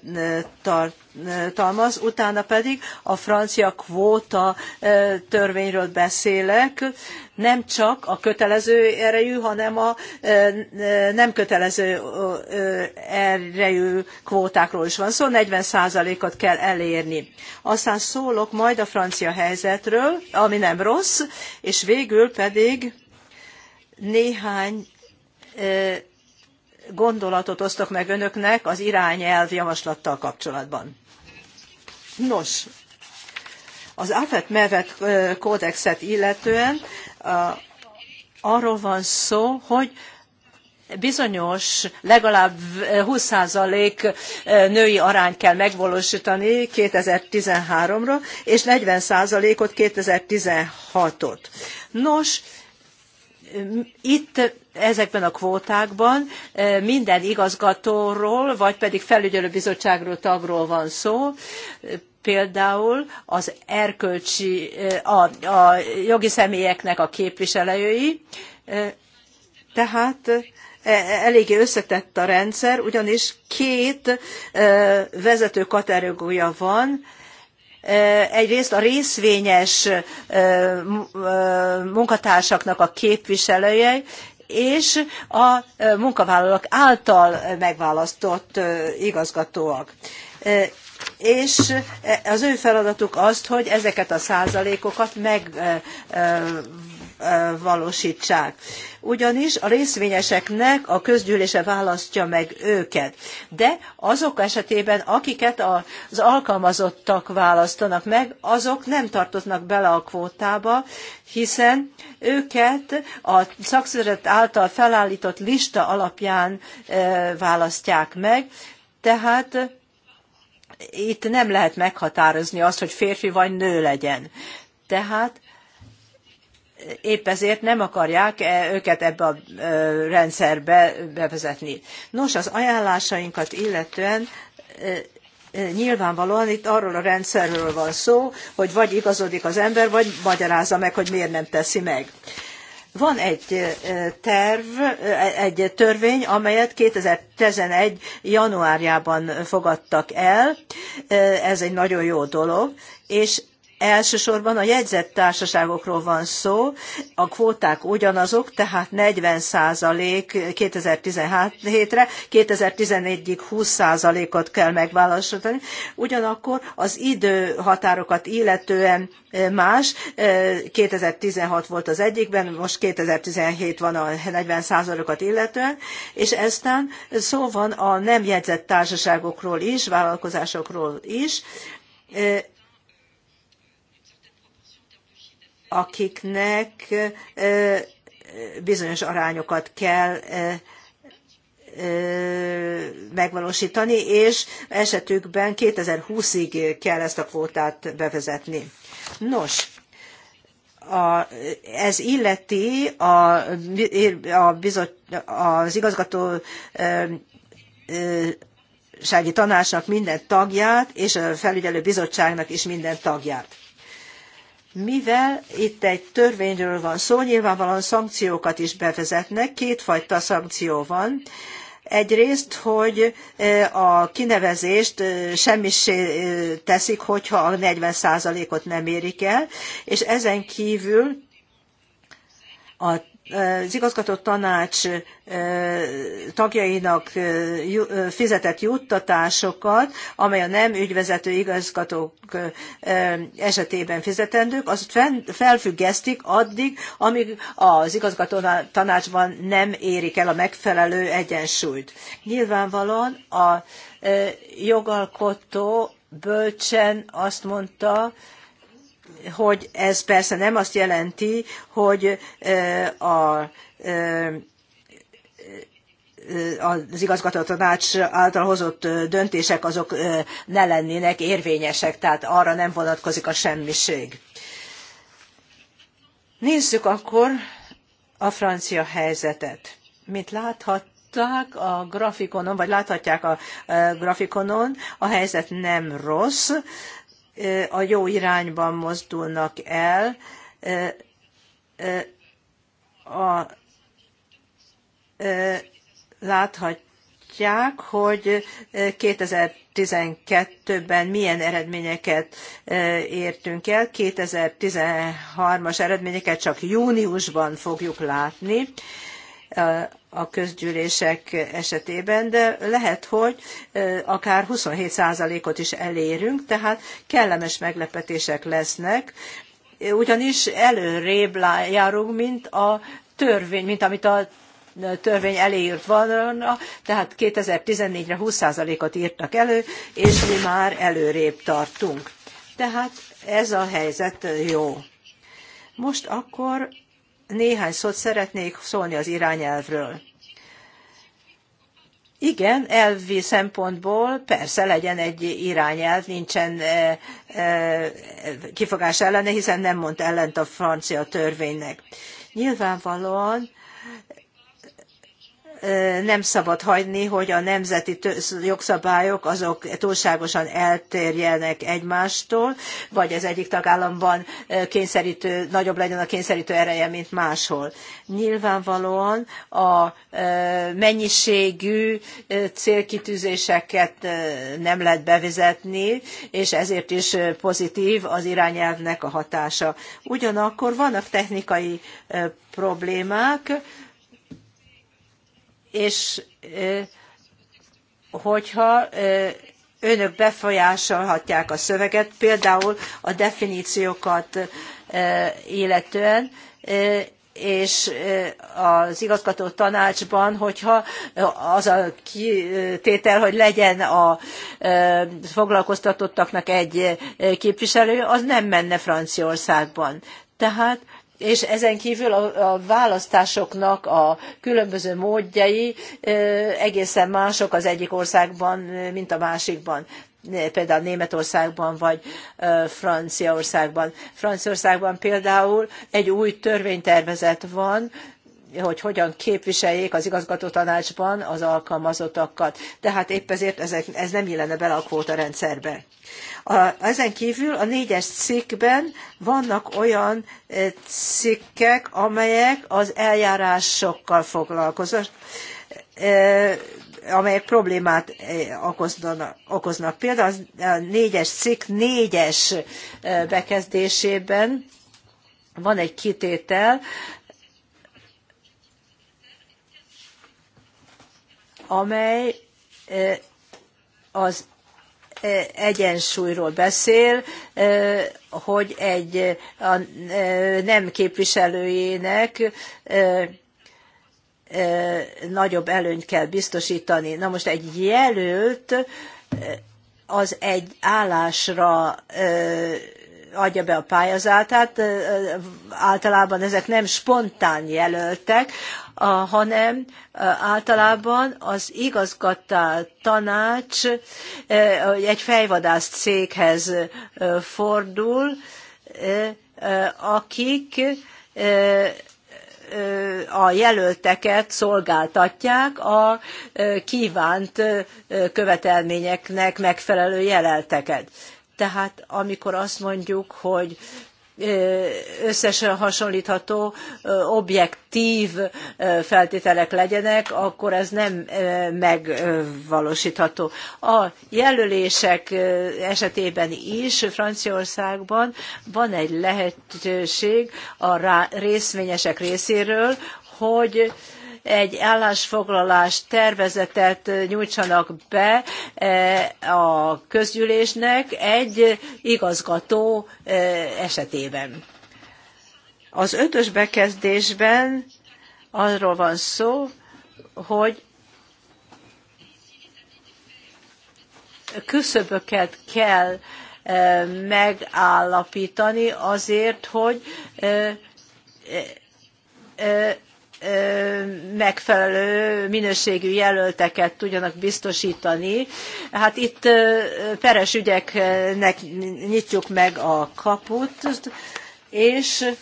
tart tartalmaz, utána pedig a francia kvóta e, törvényről beszélek, nem csak a kötelező erejű, hanem a e, e, nem kötelező erejű kvótákról is van szó, szóval 40%-ot kell elérni. Aztán szólok majd a francia helyzetről, ami nem rossz, és végül pedig néhány gondolatot osztok meg önöknek az irányelv javaslattal kapcsolatban. Nos, az AFET mevet kódexet illetően arról van szó, hogy bizonyos, legalább 20% női arányt kell megvalósítani 2013-ra, és 40%-ot 2016-ot. Nos, itt ezekben a kvótákban e, minden igazgatóról, vagy pedig felügyelőbizottságról tagról van szó, például az erkölcsi, e, a, a jogi személyeknek a képviselői, e, tehát eléggé összetett a rendszer, ugyanis két vezető kategória van, egyrészt a részvényes munkatársaknak a képviselője, és a munkavállalók által megválasztott igazgatóak és az ő feladatuk az, hogy ezeket a százalékokat meg megvalósítsák. Ugyanis a részvényeseknek a közgyűlése választja meg őket. De azok esetében, akiket az alkalmazottak választanak meg, azok nem tartoznak bele a kvótába, hiszen őket a szakszervezet által felállított lista alapján választják meg, tehát itt nem lehet meghatározni azt, hogy férfi vagy nő legyen. Tehát épp ezért nem akarják e őket ebbe a rendszerbe bevezetni. Nos, az ajánlásainkat illetően nyilvánvalóan itt arról a rendszerről van szó, hogy vagy igazodik az ember, vagy magyarázza meg, hogy miért nem teszi meg. Van egy terv, egy törvény, amelyet 2011. januárjában fogadtak el, ez egy nagyon jó dolog, és Elsősorban a jegyzett társaságokról van szó, a kvóták ugyanazok, tehát 40 százalék 2017-re, 2014-ig 20 százalékot kell megválasztani. Ugyanakkor az időhatárokat illetően eh, más, 2016 eh, volt az egyikben, most 2017 van a 40 százalékot illetően, és eztán szó van a nem jegyzett társaságokról is, vállalkozásokról is, eh, akiknek bizonyos arányokat kell megvalósítani, és esetükben 2020-ig kell ezt a kvótát bevezetni. Nos, a, ez illeti a, a bizot, az igazgató tanácsnak minden tagját, és a felügyelő bizottságnak is minden tagját. Mivel itt egy törvényről van szó, nyilvánvalóan szankciókat is bevezetnek, kétfajta szankció van. Egyrészt, hogy e, a kinevezést e, semmisé e, teszik, hogyha a 40%-ot nem érik el, és ezen kívül a az igazgató tanács tagjainak fizetett juttatásokat, amely a nem ügyvezető igazgatók esetében fizetendők, azt felfüggesztik addig, amíg az igazgató tanácsban nem érik el a megfelelő egyensúlyt. Nyilvánvalóan a jogalkotó bölcsen azt mondta, hogy ez persze nem azt jelenti, hogy a az igazgatótanács által hozott döntések azok ne lennének érvényesek, tehát arra nem vonatkozik a semmiség. Nézzük akkor a francia helyzetet. Mint láthatták a grafikonon, vagy láthatják a grafikonon, a helyzet nem rossz, a jó irányban mozdulnak el. A, láthatják, hogy 2012-ben milyen eredményeket értünk el, 2013-as eredményeket csak júniusban fogjuk látni a közgyűlések esetében, de lehet, hogy akár 27%-ot is elérünk, tehát kellemes meglepetések lesznek, ugyanis előrébb járunk, mint a törvény, mint amit a törvény elírt van, tehát 2014-re 20%-ot írtak elő, és mi már előrébb tartunk. Tehát ez a helyzet jó. Most akkor néhány szót szeretnék szólni az irányelvről. Igen, elvi szempontból persze legyen egy irányelv, nincsen e, e, kifogás ellene, hiszen nem mond ellent a francia törvénynek. Nyilvánvalóan nem szabad hagyni, hogy a nemzeti jogszabályok azok túlságosan eltérjenek egymástól, vagy az egyik tagállamban kényszerítő, nagyobb legyen a kényszerítő ereje, mint máshol. Nyilvánvalóan a mennyiségű célkitűzéseket nem lehet bevezetni, és ezért is pozitív az irányelvnek a hatása. Ugyanakkor vannak technikai problémák, és hogyha önök befolyásolhatják a szöveget, például a definíciókat illetően, és az igazgató tanácsban, hogyha az a kitétel, hogy legyen a foglalkoztatottaknak egy képviselő, az nem menne Franciaországban. Tehát és ezen kívül a, a választásoknak a különböző módjai egészen mások az egyik országban, mint a másikban például Németországban vagy Franciaországban. Franciaországban például egy új törvénytervezet van, hogy hogyan képviseljék az igazgató tanácsban az alkalmazottakat. Tehát épp ezért ez, nem illene bele a kvóta rendszerbe. A, ezen kívül a négyes cikkben vannak olyan e, cikkek, amelyek az eljárásokkal foglalkoznak e, amelyek problémát e, okoznak. Például a négyes cikk négyes bekezdésében van egy kitétel, amely e, az e, egyensúlyról beszél, e, hogy egy a nem képviselőjének nagyobb előnyt kell biztosítani. Na most egy jelölt az egy állásra adja be a pályázatát. Általában ezek nem spontán jelöltek, hanem általában az igazgatá tanács egy fejvadász céghez fordul, akik a jelölteket szolgáltatják a kívánt követelményeknek megfelelő jelölteket. Tehát amikor azt mondjuk, hogy összesen hasonlítható objektív feltételek legyenek, akkor ez nem megvalósítható. A jelölések esetében is Franciaországban van egy lehetőség a részvényesek részéről, hogy egy állásfoglalás tervezetet nyújtsanak be eh, a közgyűlésnek egy igazgató eh, esetében. Az ötös bekezdésben arról van szó, hogy küszöböket kell eh, megállapítani azért, hogy megfelelő minőségű jelölteket tudjanak biztosítani. Hát itt peres ügyeknek nyitjuk meg a kaput, és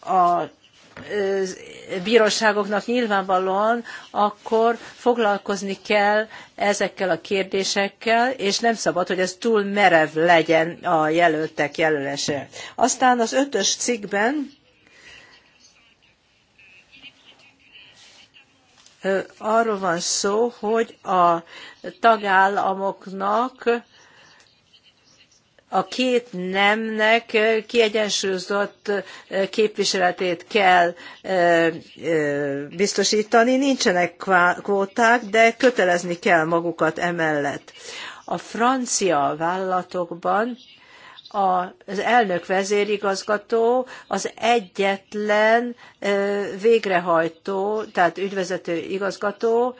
a bíróságoknak nyilvánvalóan akkor foglalkozni kell ezekkel a kérdésekkel, és nem szabad, hogy ez túl merev legyen a jelöltek jelölése. Aztán az ötös cikkben arról van szó, hogy a tagállamoknak a két nemnek kiegyensúlyozott képviseletét kell biztosítani. Nincsenek kvóták, de kötelezni kell magukat emellett. A francia vállalatokban az elnök vezérigazgató az egyetlen végrehajtó, tehát ügyvezető igazgató,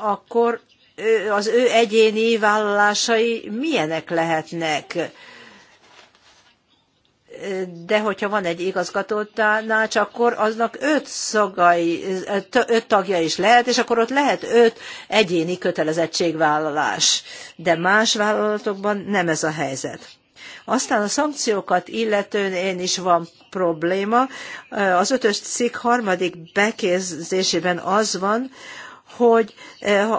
akkor az ő egyéni vállalásai milyenek lehetnek. De hogyha van egy igazgatótanács, akkor aznak öt, szagai, öt tagja is lehet, és akkor ott lehet öt egyéni kötelezettségvállalás. De más vállalatokban nem ez a helyzet. Aztán a szankciókat illetően én is van probléma. Az ötös cikk harmadik bekézdésében az van, hogy eh,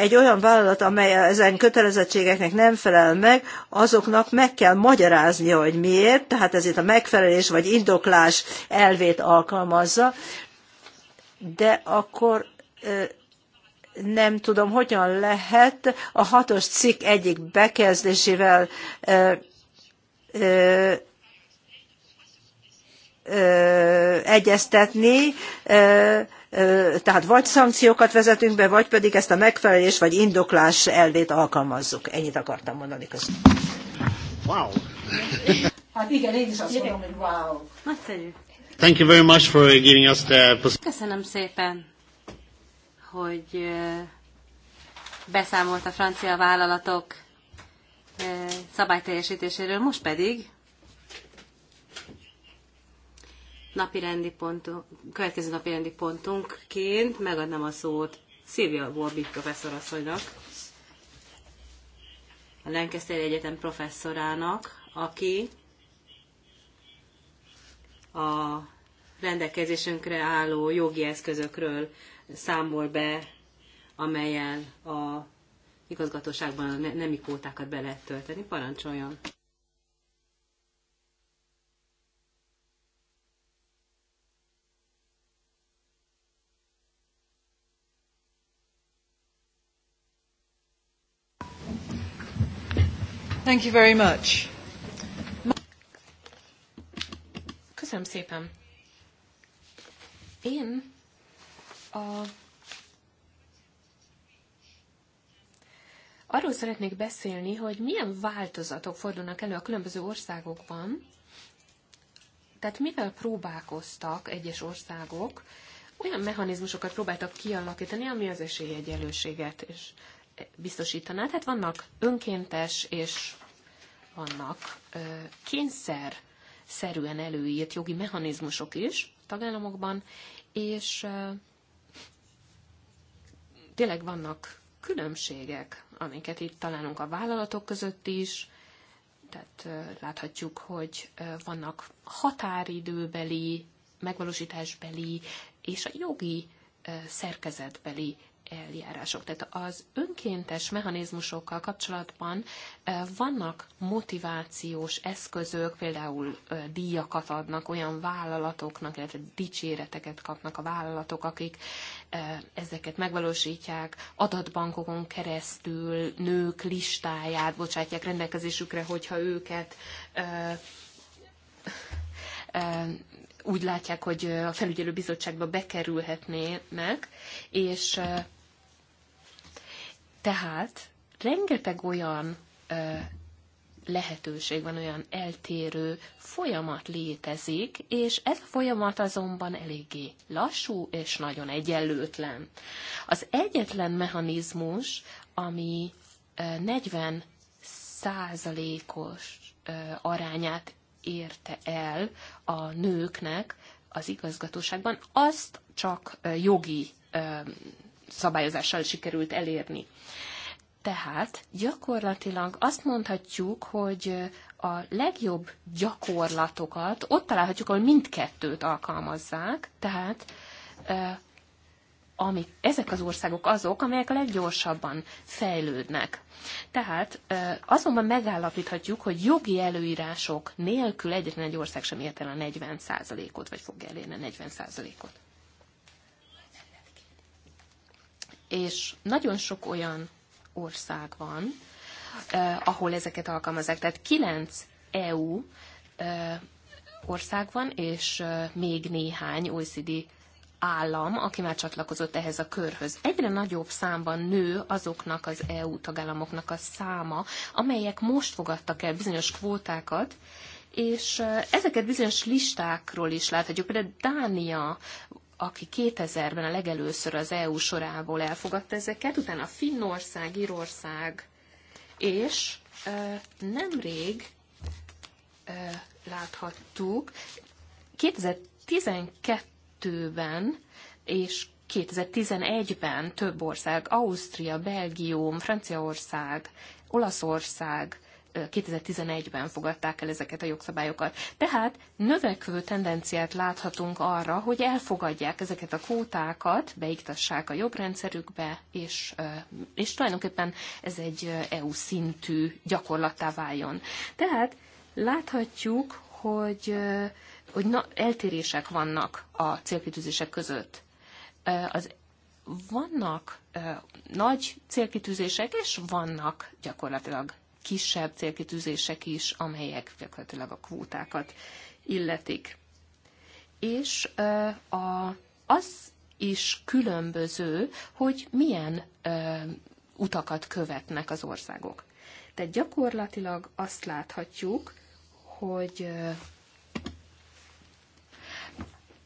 egy olyan vállalat, amely ezen kötelezettségeknek nem felel meg, azoknak meg kell magyarázni, hogy miért, tehát ez itt a megfelelés vagy indoklás elvét alkalmazza, de akkor eh, nem tudom, hogyan lehet a hatos cikk egyik bekezdésével eh, egyeztetni, tehát vagy szankciókat vezetünk be, vagy pedig ezt a megfelelés vagy indoklás elvét alkalmazzuk. Ennyit akartam mondani Köszönöm. Wow! Hát igen, én is azt mondom, hogy wow! Nagyszerű. Thank you very much for giving us the... Köszönöm szépen, hogy beszámolt a francia vállalatok szabályteljesítéséről, most pedig napi rendi pontunk, következő napi rendi pontunkként megadnám a szót Szilvia Wolbik professzorasszonynak, a Lancaster Egyetem professzorának, aki a rendelkezésünkre álló jogi eszközökről számol be, amelyen a igazgatóságban a nemi kvótákat be lehet tölteni. Parancsoljon! Thank you very much. Köszönöm szépen. Én a arról szeretnék beszélni, hogy milyen változatok fordulnak elő a különböző országokban, tehát mivel próbálkoztak egyes országok, olyan mechanizmusokat próbáltak kialakítani, ami az esélyegyenlőséget és biztosítaná. Tehát vannak önkéntes és vannak kényszer szerűen előírt jogi mechanizmusok is tagállamokban, és tényleg vannak különbségek, amiket itt találunk a vállalatok között is, tehát láthatjuk, hogy vannak határidőbeli, megvalósításbeli és a jogi szerkezetbeli eljárások. Tehát az önkéntes mechanizmusokkal kapcsolatban eh, vannak motivációs eszközök, például eh, díjakat adnak olyan vállalatoknak, illetve dicséreteket kapnak a vállalatok, akik eh, ezeket megvalósítják, adatbankokon keresztül nők listáját bocsátják rendelkezésükre, hogyha őket úgy látják, hogy a felügyelő bizottságba bekerülhetnének, és tehát rengeteg olyan lehetőség van, olyan eltérő folyamat létezik, és ez a folyamat azonban eléggé lassú és nagyon egyenlőtlen. Az egyetlen mechanizmus, ami 40 százalékos arányát érte el a nőknek az igazgatóságban, azt csak jogi szabályozással sikerült elérni. Tehát gyakorlatilag azt mondhatjuk, hogy a legjobb gyakorlatokat ott találhatjuk, ahol mindkettőt alkalmazzák, tehát amik, ezek az országok azok, amelyek a leggyorsabban fejlődnek. Tehát azonban megállapíthatjuk, hogy jogi előírások nélkül egyetlen egy ország sem ért el a 40%-ot, vagy fogja elérni a 40%-ot. és nagyon sok olyan ország van, eh, ahol ezeket alkalmazzák. Tehát kilenc EU eh, ország van, és eh, még néhány OECD állam, aki már csatlakozott ehhez a körhöz. Egyre nagyobb számban nő azoknak az EU tagállamoknak a száma, amelyek most fogadtak el bizonyos kvótákat, és ezeket bizonyos listákról is láthatjuk. Például Dánia aki 2000-ben a legelőször az EU sorából elfogadta ezeket, utána Finnország, Írország, és nemrég láthattuk, 2012-ben és 2011-ben több ország, Ausztria, Belgium, Franciaország, Olaszország 2011-ben fogadták el ezeket a jogszabályokat. Tehát növekvő tendenciát láthatunk arra, hogy elfogadják ezeket a kótákat, beiktassák a jogrendszerükbe, és, és tulajdonképpen ez egy EU szintű gyakorlattá váljon. Tehát láthatjuk, hogy, hogy na, eltérések vannak a célkitűzések között. Az vannak nagy célkitűzések, és vannak gyakorlatilag kisebb célkitűzések is, amelyek gyakorlatilag a kvótákat illetik. És a, az is különböző, hogy milyen ö, utakat követnek az országok. Tehát gyakorlatilag azt láthatjuk, hogy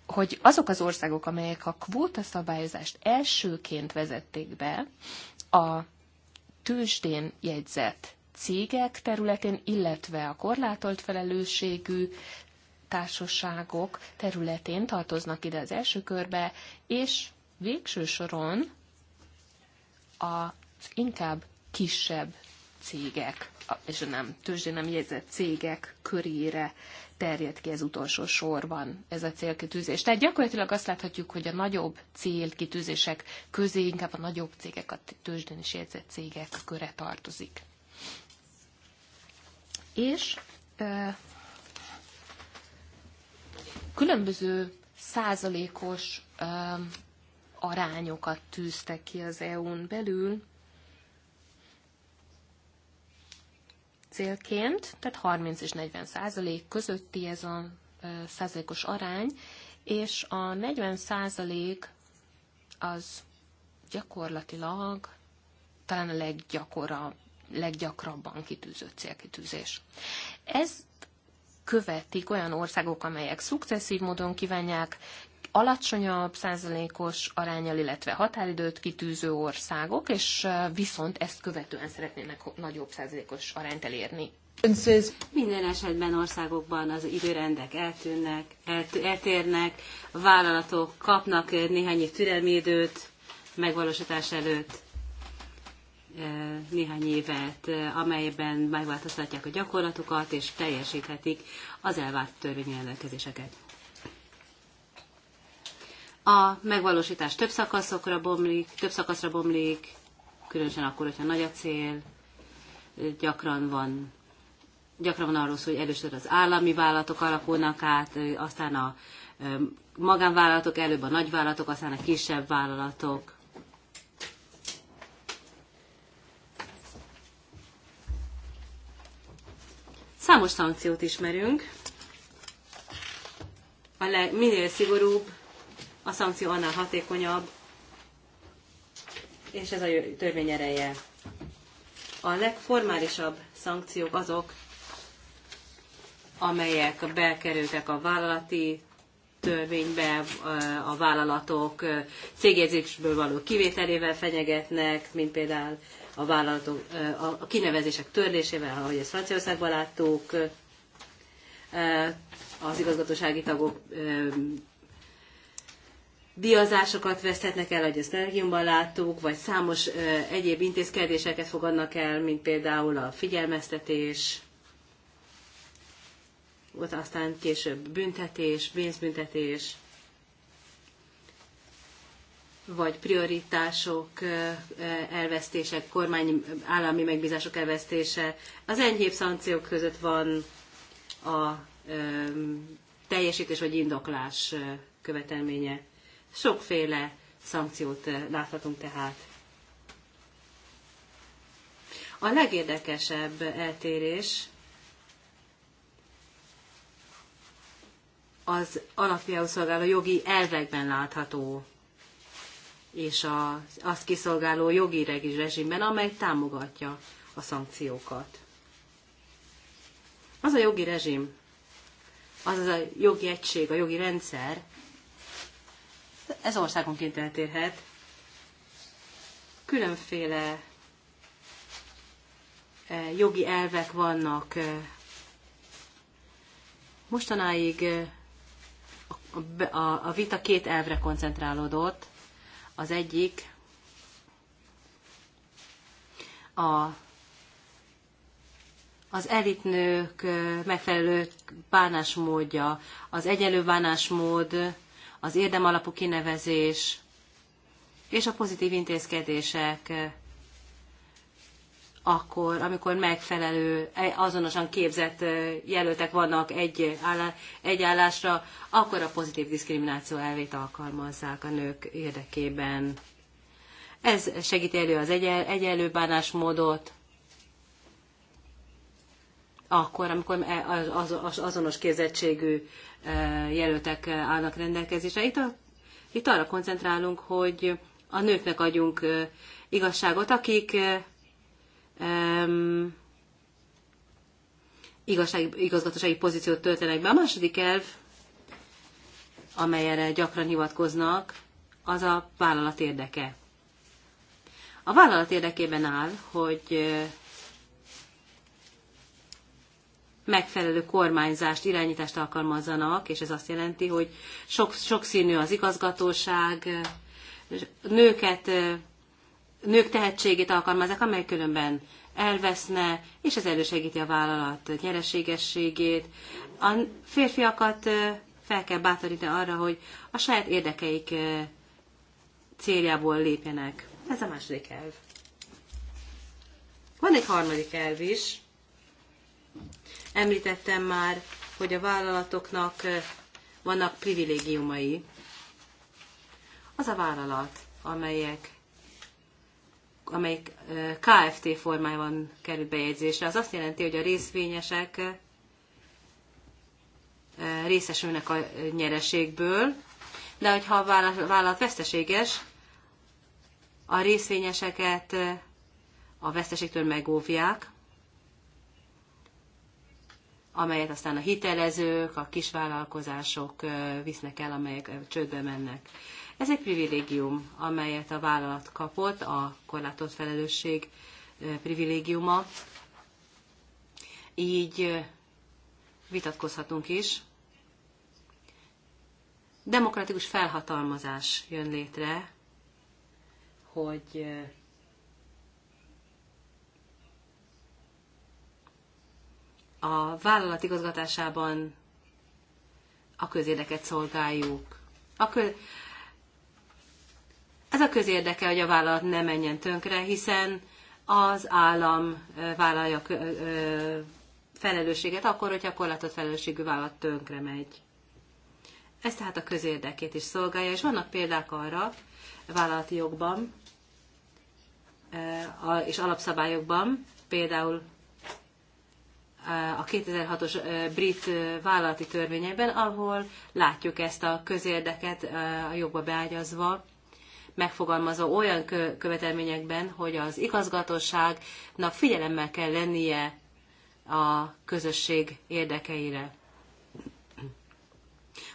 hogy azok az országok, amelyek a kvóta szabályozást elsőként vezették be, a tőzsdén jegyzett cégek területén, illetve a korlátolt felelősségű társaságok területén tartoznak ide az első körbe, és végső soron a inkább kisebb cégek, és nem tőzsdén nem jegyzett cégek körére terjed ki ez utolsó sorban ez a célkitűzés. Tehát gyakorlatilag azt láthatjuk, hogy a nagyobb célkitűzések közé inkább a nagyobb cégek, a tőzsdén is jegyzett cégek köre tartozik és ö, különböző százalékos ö, arányokat tűztek ki az EU-n belül célként, tehát 30 és 40 százalék közötti ez a ö, százalékos arány, és a 40 százalék az gyakorlatilag talán a leggyakorabb leggyakrabban kitűzött célkitűzés. Ez követik olyan országok, amelyek szukcesszív módon kívánják alacsonyabb százalékos arányal, illetve határidőt kitűző országok, és viszont ezt követően szeretnének nagyobb százalékos arányt elérni. Minden esetben országokban az időrendek eltűnnek, elt, eltérnek, vállalatok kapnak néhány év türelmi időt megvalósítás előtt. Eh, néhány évet, eh, amelyben megváltoztatják a gyakorlatokat, és teljesíthetik az elvárt törvényi rendelkezéseket. A megvalósítás több szakaszokra bomlik, több szakaszra bomlik, különösen akkor, hogyha nagy a cél, eh, gyakran van gyakran van arról szó, hogy először az állami vállalatok alakulnak át, aztán a magánvállalatok, előbb a nagyvállalatok, aztán a kisebb vállalatok, Számos szankciót ismerünk. A le, minél szigorúbb, a szankció annál hatékonyabb, és ez a törvény ereje. A legformálisabb szankciók azok, amelyek bekerültek a vállalati törvénybe, a vállalatok cégjegyzésből való kivételével fenyegetnek, mint például a vállalatok, a kinevezések törlésével, ahogy ezt Franciaországban láttuk, az igazgatósági tagok diazásokat veszthetnek el, ahogy ezt Belgiumban láttuk, vagy számos egyéb intézkedéseket fogadnak el, mint például a figyelmeztetés, ott aztán később büntetés, pénzbüntetés, vagy prioritások elvesztése, kormány állami megbízások elvesztése. Az enyhébb szankciók között van a teljesítés vagy indoklás követelménye. Sokféle szankciót láthatunk tehát. A legérdekesebb eltérés az alapjául szolgáló jogi elvekben látható és az azt kiszolgáló jogi rezsimben, amely támogatja a szankciókat. Az a jogi rezsim, az az a jogi egység, a jogi rendszer, ez országonként eltérhet, különféle eh, jogi elvek vannak. Eh, mostanáig eh, a vita két elvre koncentrálódott, az egyik a, az elitnők megfelelő bánásmódja, az egyenlő bánásmód, az érdemalapú kinevezés és a pozitív intézkedések akkor, amikor megfelelő, e, azonosan képzett e, jelöltek vannak egy, állá, egy állásra, akkor a pozitív diszkrimináció elvét alkalmazzák a nők érdekében. Ez segíti elő az egyen, egyenlő bánásmódot, akkor, amikor e, az, az, azonos képzettségű jelöltek állnak rendelkezésre. Itt, a, itt arra koncentrálunk, hogy a nőknek adjunk igazságot, akik um, igazság, igazgatósági pozíciót töltenek be. A második elv, amelyre gyakran hivatkoznak, az a vállalat érdeke. A vállalat érdekében áll, hogy megfelelő kormányzást, irányítást alkalmazzanak, és ez azt jelenti, hogy sok, sokszínű az igazgatóság, nőket nők tehetségét alkalmazzák, amely különben elveszne, és ez elősegíti a vállalat nyereségességét. A férfiakat fel kell bátorítani arra, hogy a saját érdekeik céljából lépjenek. Ez a második elv. Van egy harmadik elv is. Említettem már, hogy a vállalatoknak vannak privilégiumai. Az a vállalat, amelyek amelyik KFT formájában került bejegyzésre. Az azt jelenti, hogy a részvényesek részesülnek a nyereségből, de hogyha a vállalat veszteséges, a részvényeseket a veszteségtől megóvják, amelyet aztán a hitelezők, a kisvállalkozások visznek el, amelyek csődbe mennek. Ez egy privilégium, amelyet a vállalat kapott, a korlátolt felelősség privilégiuma. Így vitatkozhatunk is. Demokratikus felhatalmazás jön létre, hogy a vállalat igazgatásában a közérdeket szolgáljuk. A kö- ez a közérdeke, hogy a vállalat ne menjen tönkre, hiszen az állam vállalja felelősséget akkor, hogyha a korlátott felelősségű vállalat tönkre megy. Ez tehát a közérdekét is szolgálja, és vannak példák arra vállalati jogban és alapszabályokban, például a 2006-os brit vállalati törvényeiben, ahol látjuk ezt a közérdeket a jogba beágyazva, megfogalmazva olyan követelményekben, hogy az igazgatóságnak figyelemmel kell lennie a közösség érdekeire.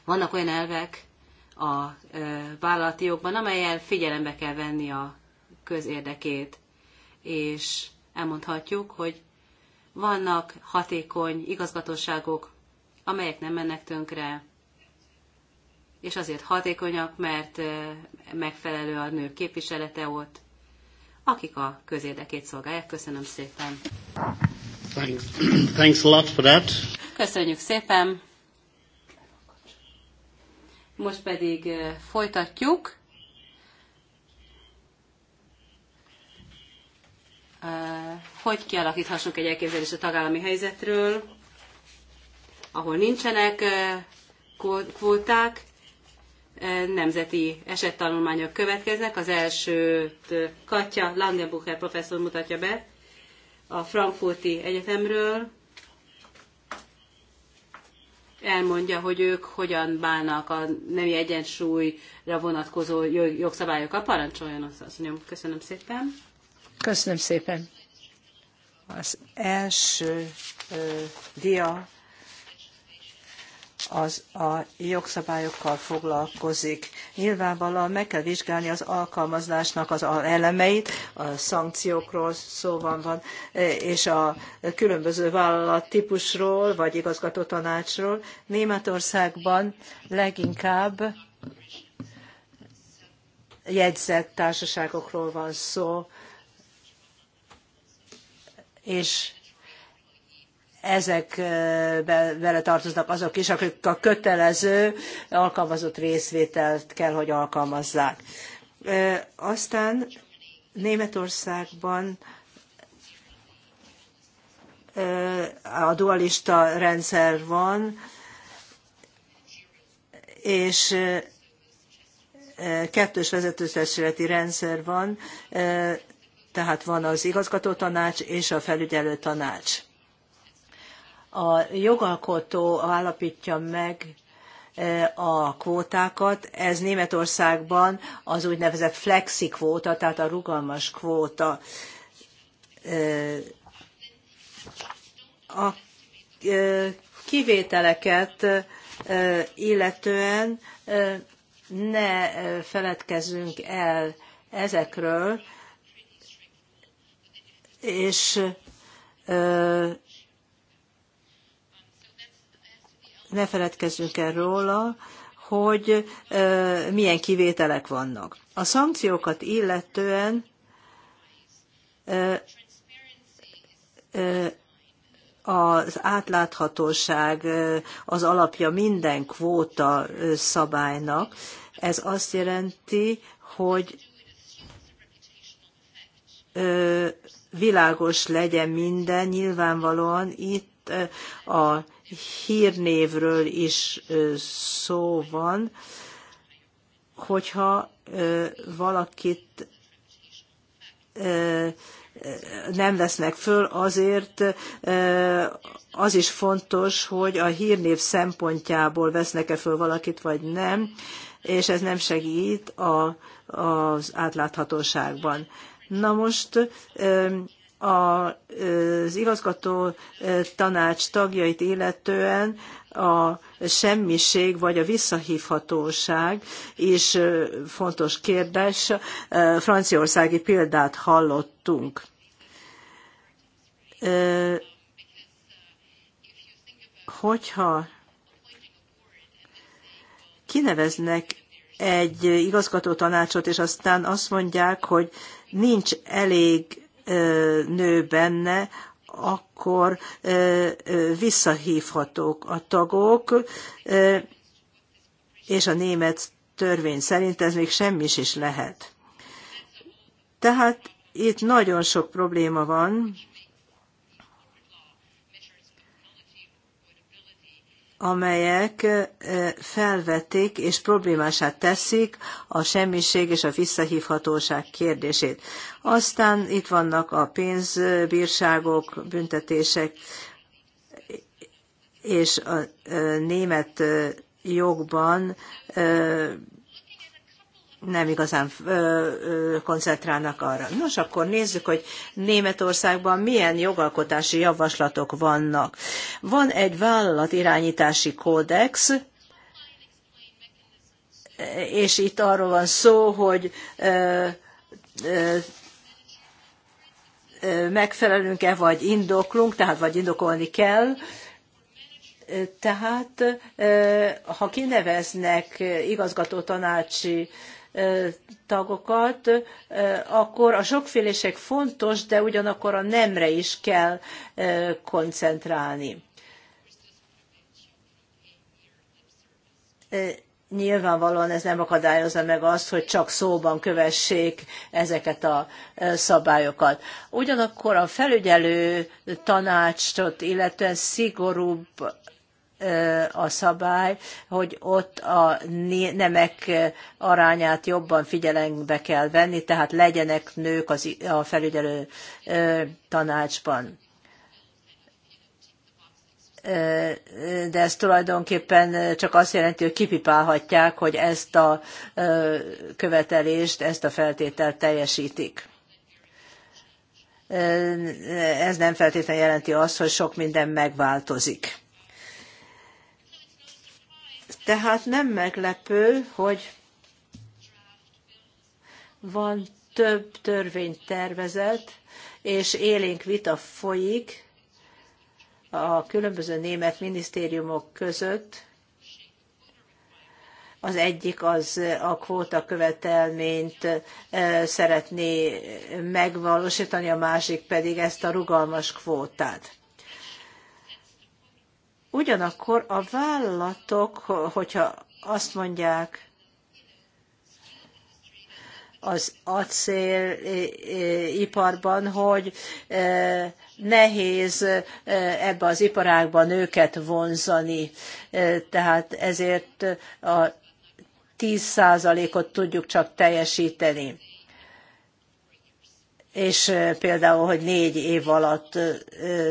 Vannak olyan elvek a vállalati jogban, amelyen figyelembe kell venni a közérdekét, és elmondhatjuk, hogy vannak hatékony igazgatóságok, amelyek nem mennek tönkre, és azért hatékonyak, mert megfelelő a nők képviselete ott, akik a közérdekét szolgálják. Köszönöm szépen. Thanks. Thanks a lot for that. Köszönjük szépen. Most pedig folytatjuk. Hogy kialakíthassunk egy elképzelést a tagállami helyzetről, ahol nincsenek kvóták, E, nemzeti esettanulmányok következnek. Az elsőt e, Katja Langenbucher professzor mutatja be a Frankfurti Egyetemről. Elmondja, hogy ők hogyan bánnak a nemi egyensúlyra vonatkozó jogszabályokkal. Parancsoljon azt, asszonyom. Köszönöm szépen. Köszönöm szépen. Az első ö, dia az a jogszabályokkal foglalkozik. Nyilvánvalóan meg kell vizsgálni az alkalmazásnak az elemeit, a szankciókról szó van, van és a különböző típusról, vagy igazgatótanácsról. Németországban leginkább jegyzett társaságokról van szó, és ezek vele tartoznak azok is, akik a kötelező alkalmazott részvételt kell, hogy alkalmazzák. Aztán Németországban a dualista rendszer van, és kettős vezetőtestületi rendszer van, tehát van az igazgatótanács és a felügyelő tanács a jogalkotó állapítja meg e, a kvótákat. Ez Németországban az úgynevezett flexi kvóta, tehát a rugalmas kvóta. E, a e, kivételeket illetően ne feledkezzünk el ezekről, és ne feledkezzünk el róla, hogy milyen kivételek vannak. A szankciókat illetően az átláthatóság az alapja minden kvóta szabálynak. Ez azt jelenti, hogy világos legyen minden, nyilvánvalóan itt a hírnévről is szó van, hogyha valakit nem vesznek föl, azért az is fontos, hogy a hírnév szempontjából vesznek-e föl valakit, vagy nem, és ez nem segít a, az átláthatóságban. Na most az igazgató tanács tagjait illetően a semmiség vagy a visszahívhatóság is fontos kérdés. Franciaországi példát hallottunk. Hogyha kineveznek egy igazgató tanácsot, és aztán azt mondják, hogy nincs elég nő benne, akkor visszahívhatók a tagok, és a német törvény szerint ez még semmi is lehet. Tehát itt nagyon sok probléma van, amelyek felvetik és problémását teszik a semmiség és a visszahívhatóság kérdését. Aztán itt vannak a pénzbírságok, büntetések, és a német jogban nem igazán koncentrálnak arra. Nos, akkor nézzük, hogy Németországban milyen jogalkotási javaslatok vannak. Van egy vállalatirányítási kódex, és itt arról van szó, hogy megfelelünk-e, vagy indoklunk, tehát vagy indokolni kell, tehát ha kineveznek igazgató tanácsi tagokat, akkor a sokféleség fontos, de ugyanakkor a nemre is kell koncentrálni. Nyilvánvalóan ez nem akadályozza meg azt, hogy csak szóban kövessék ezeket a szabályokat. Ugyanakkor a felügyelő tanácsot, illetően szigorúbb a szabály, hogy ott a nemek arányát jobban figyelembe kell venni, tehát legyenek nők az, a felügyelő tanácsban de ez tulajdonképpen csak azt jelenti, hogy kipipálhatják, hogy ezt a követelést, ezt a feltételt teljesítik. Ez nem feltétlenül jelenti azt, hogy sok minden megváltozik. Tehát nem meglepő, hogy van több törvénytervezet, és élénk vita folyik a különböző német minisztériumok között. Az egyik az a kvóta követelményt szeretné megvalósítani, a másik pedig ezt a rugalmas kvótát. Ugyanakkor a vállalatok, hogyha azt mondják, az acéliparban, hogy e, nehéz e, ebbe az iparágban őket vonzani. E, tehát ezért a 10%-ot tudjuk csak teljesíteni. És például, hogy négy év alatt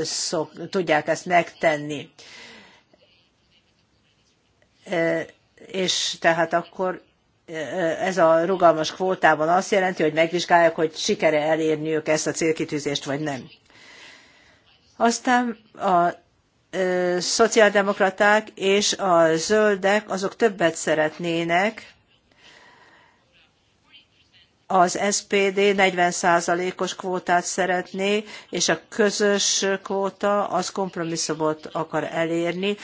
szok, tudják ezt megtenni és tehát akkor ez a rugalmas kvótában azt jelenti, hogy megvizsgálják, hogy sikere elérniük ezt a célkitűzést, vagy nem. Aztán a szociáldemokraták és a zöldek azok többet szeretnének, az SPD 40%-os kvótát szeretné, és a közös kvóta az kompromisszumot akar elérni,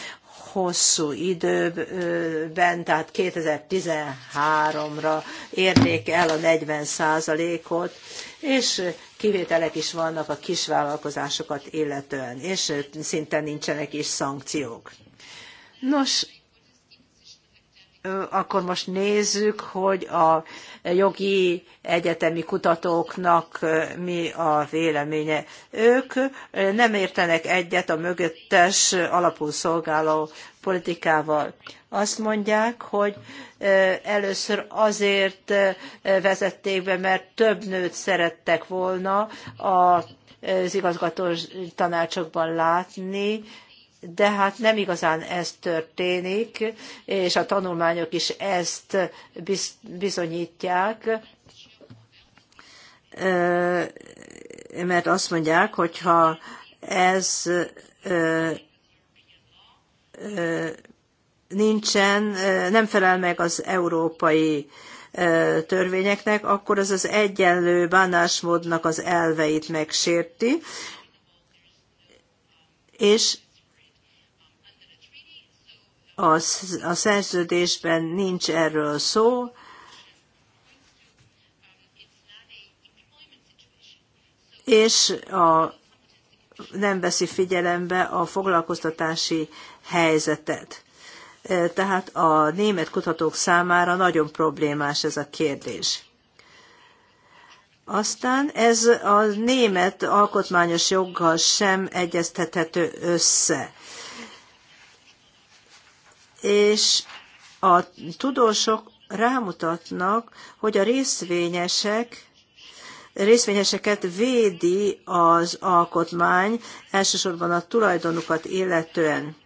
hosszú időben, tehát 2013-ra érnék el a 40 százalékot, és kivételek is vannak a kisvállalkozásokat illetően, és szinte nincsenek is szankciók. Nos, akkor most nézzük, hogy a jogi egyetemi kutatóknak mi a véleménye. Ők nem értenek egyet a mögöttes alapú szolgáló politikával. Azt mondják, hogy először azért vezették be, mert több nőt szerettek volna az igazgató tanácsokban látni, de hát nem igazán ez történik, és a tanulmányok is ezt bizonyítják, mert azt mondják, hogyha ez nincsen, nem felel meg az európai törvényeknek, akkor ez az egyenlő bánásmódnak az elveit megsérti, és a, a szerződésben nincs erről szó, és a, nem veszi figyelembe a foglalkoztatási helyzetet. E, tehát a német kutatók számára nagyon problémás ez a kérdés. Aztán ez a német alkotmányos joggal sem egyeztethető össze és a tudósok rámutatnak, hogy a részvényesek részvényeseket védi az alkotmány, elsősorban a tulajdonukat illetően.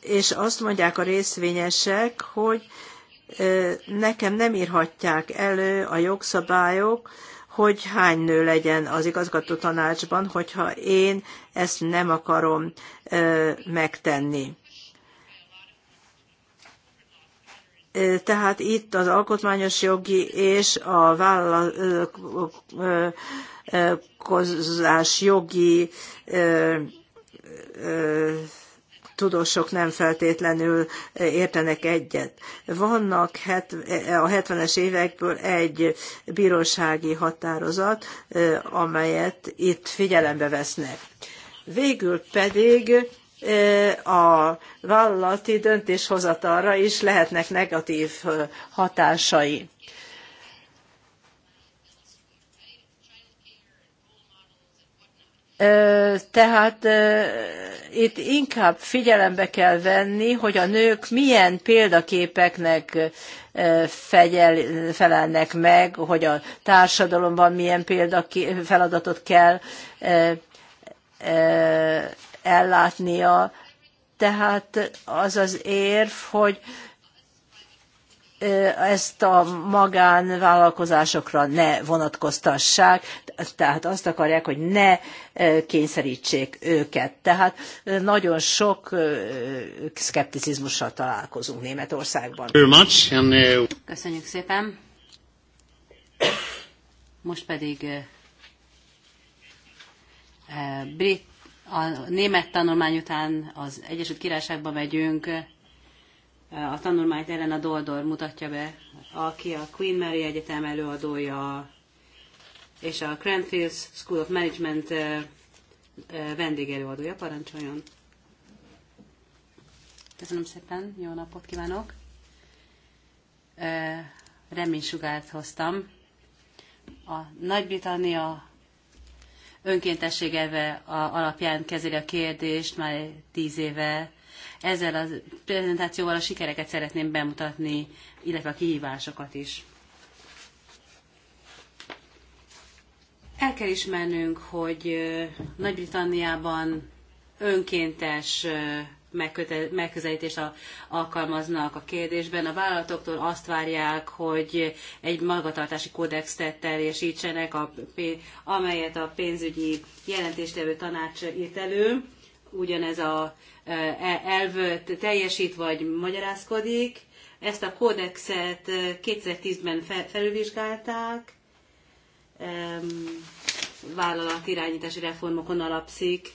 És azt mondják a részvényesek, hogy nekem nem írhatják elő a jogszabályok, hogy hány nő legyen az igazgató tanácsban, hogyha én ezt nem akarom megtenni. Tehát itt az alkotmányos jogi és a vállalkozás jogi tudósok nem feltétlenül értenek egyet. Vannak a 70-es évekből egy bírósági határozat, amelyet itt figyelembe vesznek. Végül pedig eh, a vállalati döntéshozatalra is lehetnek negatív eh, hatásai Tehát itt inkább figyelembe kell venni, hogy a nők milyen példaképeknek fegyel, felelnek meg, hogy a társadalomban milyen példaké, feladatot kell ellátnia. Tehát az az érv, hogy ezt a magánvállalkozásokra ne vonatkoztassák, tehát azt akarják, hogy ne kényszerítsék őket. Tehát nagyon sok szkepticizmussal találkozunk Németországban. Köszönjük szépen. Most pedig brit, a német tanulmány után az Egyesült Királyságba megyünk. A tanulmányt Elena Doldor mutatja be, aki a Queen Mary Egyetem előadója és a Cranfield School of Management vendégelőadója. Parancsoljon! Köszönöm szépen, jó napot kívánok! Reménysugárt hoztam. A Nagy-Britannia önkéntesség alapján kezeli a kérdést már tíz éve, ezzel a prezentációval a sikereket szeretném bemutatni, illetve a kihívásokat is. El kell ismernünk, hogy Nagy-Britanniában önkéntes megközelítést alkalmaznak a kérdésben. A vállalatoktól azt várják, hogy egy magatartási kódexet teljesítsenek, amelyet a pénzügyi jelentéstevő tanács írt elő ugyanez a e, e, elv teljesít vagy magyarázkodik. Ezt a kódexet 2010-ben felülvizsgálták, vállalat irányítási reformokon alapszik.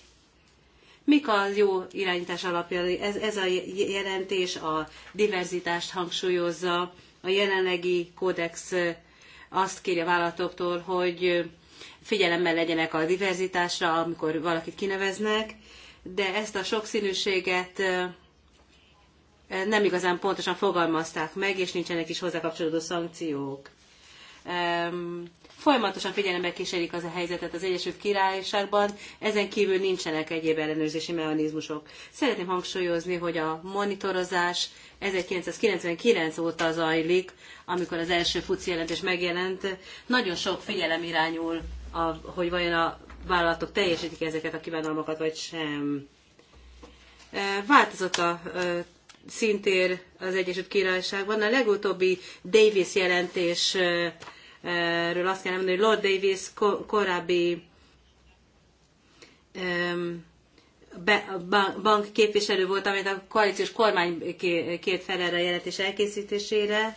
Mik az jó irányítás alapja? Ez, ez a jelentés a diverzitást hangsúlyozza. A jelenlegi kódex azt kéri a vállalatoktól, hogy figyelemmel legyenek a diverzitásra, amikor valakit kineveznek, de ezt a sokszínűséget nem igazán pontosan fogalmazták meg, és nincsenek is hozzá kapcsolódó szankciók. Folyamatosan figyelembe kísérik az a helyzetet az Egyesült Királyságban, ezen kívül nincsenek egyéb ellenőrzési mechanizmusok. Szeretném hangsúlyozni, hogy a monitorozás 1999 óta zajlik, amikor az első FUCI jelentés megjelent. Nagyon sok figyelem irányul, a, hogy vajon a vállalatok teljesítik ezeket a kívánalmakat, vagy sem. E, változott a e, szintér az Egyesült Királyságban. A legutóbbi Davis jelentésről e, azt kell mondani, hogy Lord Davis korábbi bank képviselő volt, amit a koalíciós kormány két felelre jelentés elkészítésére.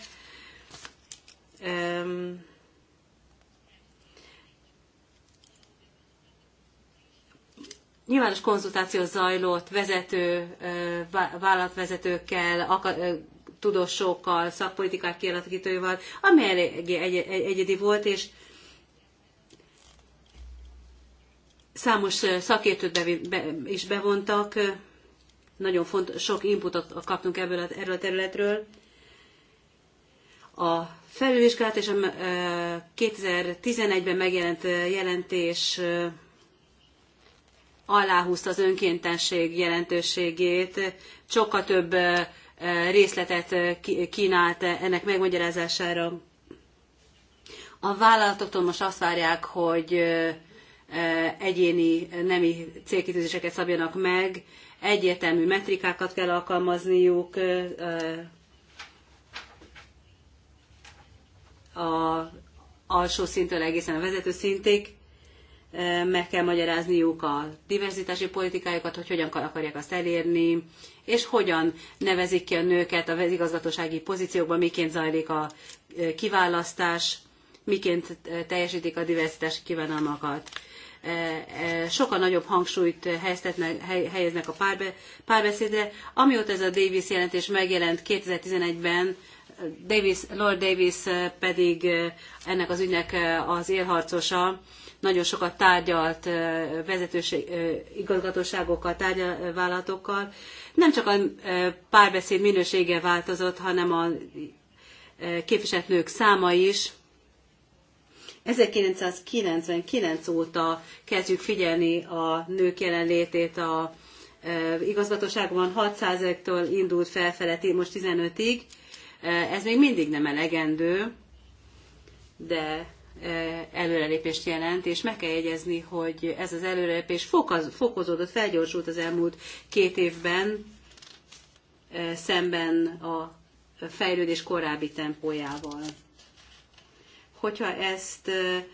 Nyilvános konzultáció zajlott vezető, vállalatvezetőkkel, tudósokkal, szakpolitikák kialakítóival, ami elég egyedi volt, és számos szakértőt is bevontak, nagyon fontos, sok inputot kaptunk ebből a, erről a területről. A felülvizsgálat és a 2011-ben megjelent jelentés aláhúzta az önkéntesség jelentőségét, sokkal több részletet kínált ennek megmagyarázására. A vállalatoktól most azt várják, hogy egyéni nemi célkitűzéseket szabjanak meg, egyértelmű metrikákat kell alkalmazniuk, a alsó szintől egészen a vezető szintig, meg kell magyarázniuk a diverzitási politikájukat, hogy hogyan akarják azt elérni, és hogyan nevezik ki a nőket a igazgatósági pozíciókban, miként zajlik a kiválasztás, miként teljesítik a diverzitási kívánalmakat. Sokkal nagyobb hangsúlyt helyeznek a párbe, párbeszédre. Amióta ez a Davis jelentés megjelent 2011-ben, Davis, Lord Davis pedig ennek az ügynek az élharcosa, nagyon sokat tárgyalt vezetőség, igazgatóságokkal, tárgyalvállalatokkal. Nem csak a párbeszéd minősége változott, hanem a képviselt nők száma is. 1999 óta kezdjük figyelni a nők jelenlétét a igazgatóságban 600 tól indult felfele, most 15-ig. Ez még mindig nem elegendő, de Eh, előrelépést jelent, és meg kell jegyezni, hogy ez az előrelépés fokozódott, felgyorsult az elmúlt két évben eh, szemben a fejlődés korábbi tempójával. Hogyha ezt eh,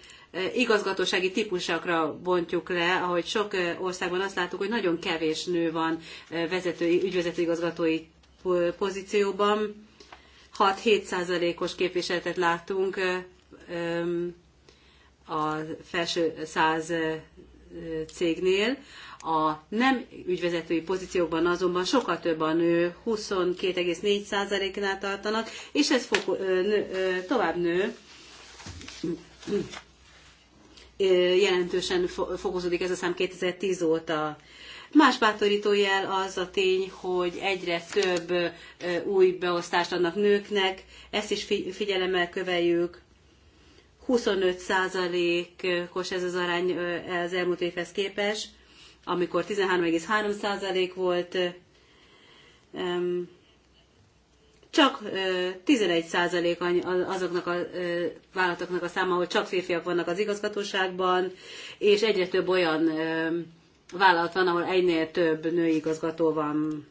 igazgatósági típusokra bontjuk le, ahogy sok országban azt látjuk, hogy nagyon kevés nő van vezetői, ügyvezető igazgatói pozícióban, 6-7 százalékos képviseletet látunk a felső száz cégnél. A nem ügyvezetői pozíciókban azonban sokkal több a nő, 22,4%-nál tartanak, és ez fog, nő, tovább nő. Jelentősen fokozódik ez a szám 2010 óta. Más bátorító jel az a tény, hogy egyre több új beosztást adnak nőknek, ezt is figyelemmel köveljük 25%-os ez az arány az elmúlt évhez képes, amikor 13,3% volt, csak 11% azoknak a vállalatoknak a száma, ahol csak férfiak vannak az igazgatóságban, és egyre több olyan vállalat van, ahol egynél több női igazgató van.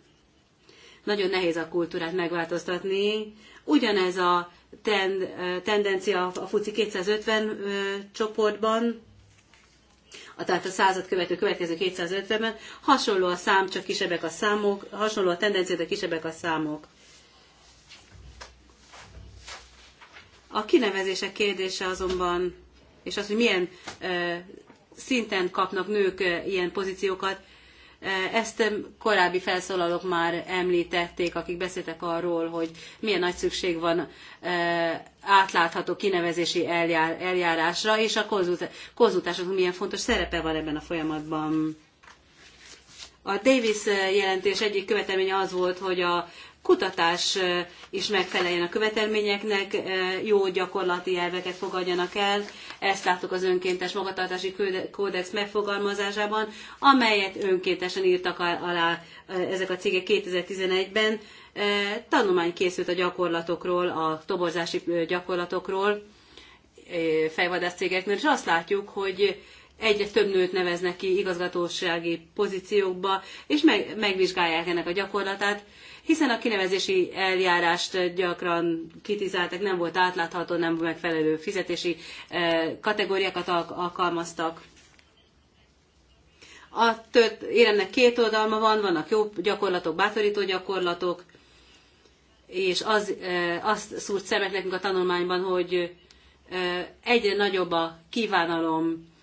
Nagyon nehéz a kultúrát megváltoztatni. Ugyanez a ten, tendencia a FUCI 250 csoportban, tehát a század követő következő 250-ben, hasonló a szám, csak kisebbek a számok, hasonló a tendencia, de kisebbek a számok. A kinevezések kérdése azonban, és az, hogy milyen szinten kapnak nők ilyen pozíciókat, ezt korábbi felszólalók már említették, akik beszéltek arról, hogy milyen nagy szükség van e, átlátható kinevezési eljár, eljárásra, és a konzultásoknak milyen fontos szerepe van ebben a folyamatban. A Davis jelentés egyik követelménye az volt, hogy a kutatás is megfeleljen a követelményeknek, jó gyakorlati elveket fogadjanak el. Ezt láttuk az önkéntes magatartási kódex megfogalmazásában, amelyet önkéntesen írtak alá ezek a cégek 2011-ben. Tanulmány készült a gyakorlatokról, a toborzási gyakorlatokról fejvadász cégeknél, és azt látjuk, hogy egyre több nőt neveznek ki igazgatósági pozíciókba, és meg, megvizsgálják ennek a gyakorlatát hiszen a kinevezési eljárást gyakran kritizálták, nem volt átlátható, nem megfelelő fizetési eh, kategóriákat alkalmaztak. A tört éremnek két oldalma van, vannak jó gyakorlatok, bátorító gyakorlatok, és az, eh, azt szúrt szemek nekünk a tanulmányban, hogy eh, egyre nagyobb a kívánalom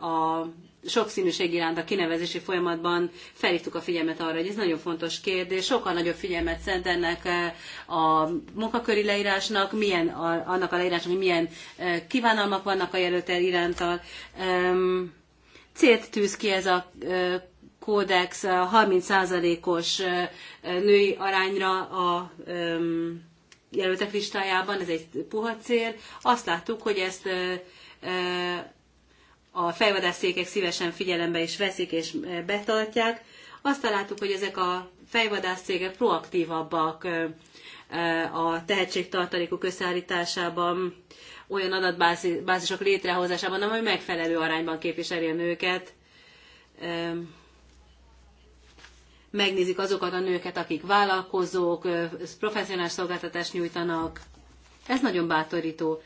a sokszínűség iránt a kinevezési folyamatban felhívtuk a figyelmet arra, hogy ez nagyon fontos kérdés, sokkal nagyobb figyelmet szentelnek eh, a munkaköri leírásnak, milyen, annak a leírásnak, hogy milyen eh, kívánalmak vannak a jelöltel irántal. Célt tűz ki ez a eh, kódex 30%-os női arányra a jelöltek listájában, ez egy puha cél. Azt láttuk, hogy ezt a fejvadászékek szívesen figyelembe is veszik és eh, betartják. Azt láttuk, hogy ezek a fejvadászcégek proaktívabbak eh, eh, a tehetségtartalékok összeállításában, olyan adatbázisok létrehozásában, amely megfelelő arányban képviseli a nőket. Megnézik azokat a nőket, akik vállalkozók, professzionális szolgáltatást nyújtanak. Ez nagyon bátorító.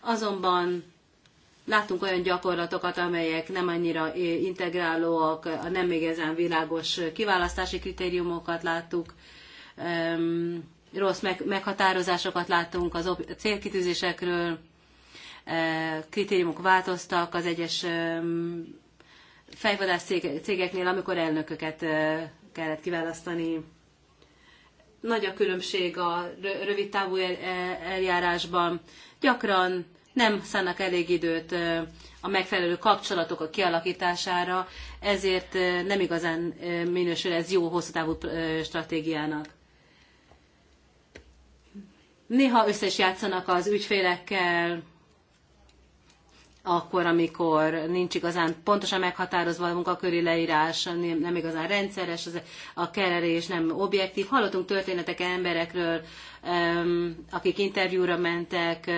Azonban Látunk olyan gyakorlatokat, amelyek nem annyira integrálóak, a nem igazán világos kiválasztási kritériumokat láttuk, rossz meghatározásokat láttunk az célkitűzésekről, kritériumok változtak az egyes fejvadász cégeknél, amikor elnököket kellett kiválasztani. Nagy a különbség a rövidtávú eljárásban. Gyakran nem szánnak elég időt a megfelelő kapcsolatok a kialakítására, ezért nem igazán minősül ez jó hosszú távú stratégiának. Néha össze is játszanak az ügyfélekkel, akkor, amikor nincs igazán pontosan meghatározva a munkaköri leírás, nem igazán rendszeres a kerelés nem objektív. Hallottunk történetek emberekről, akik interjúra mentek,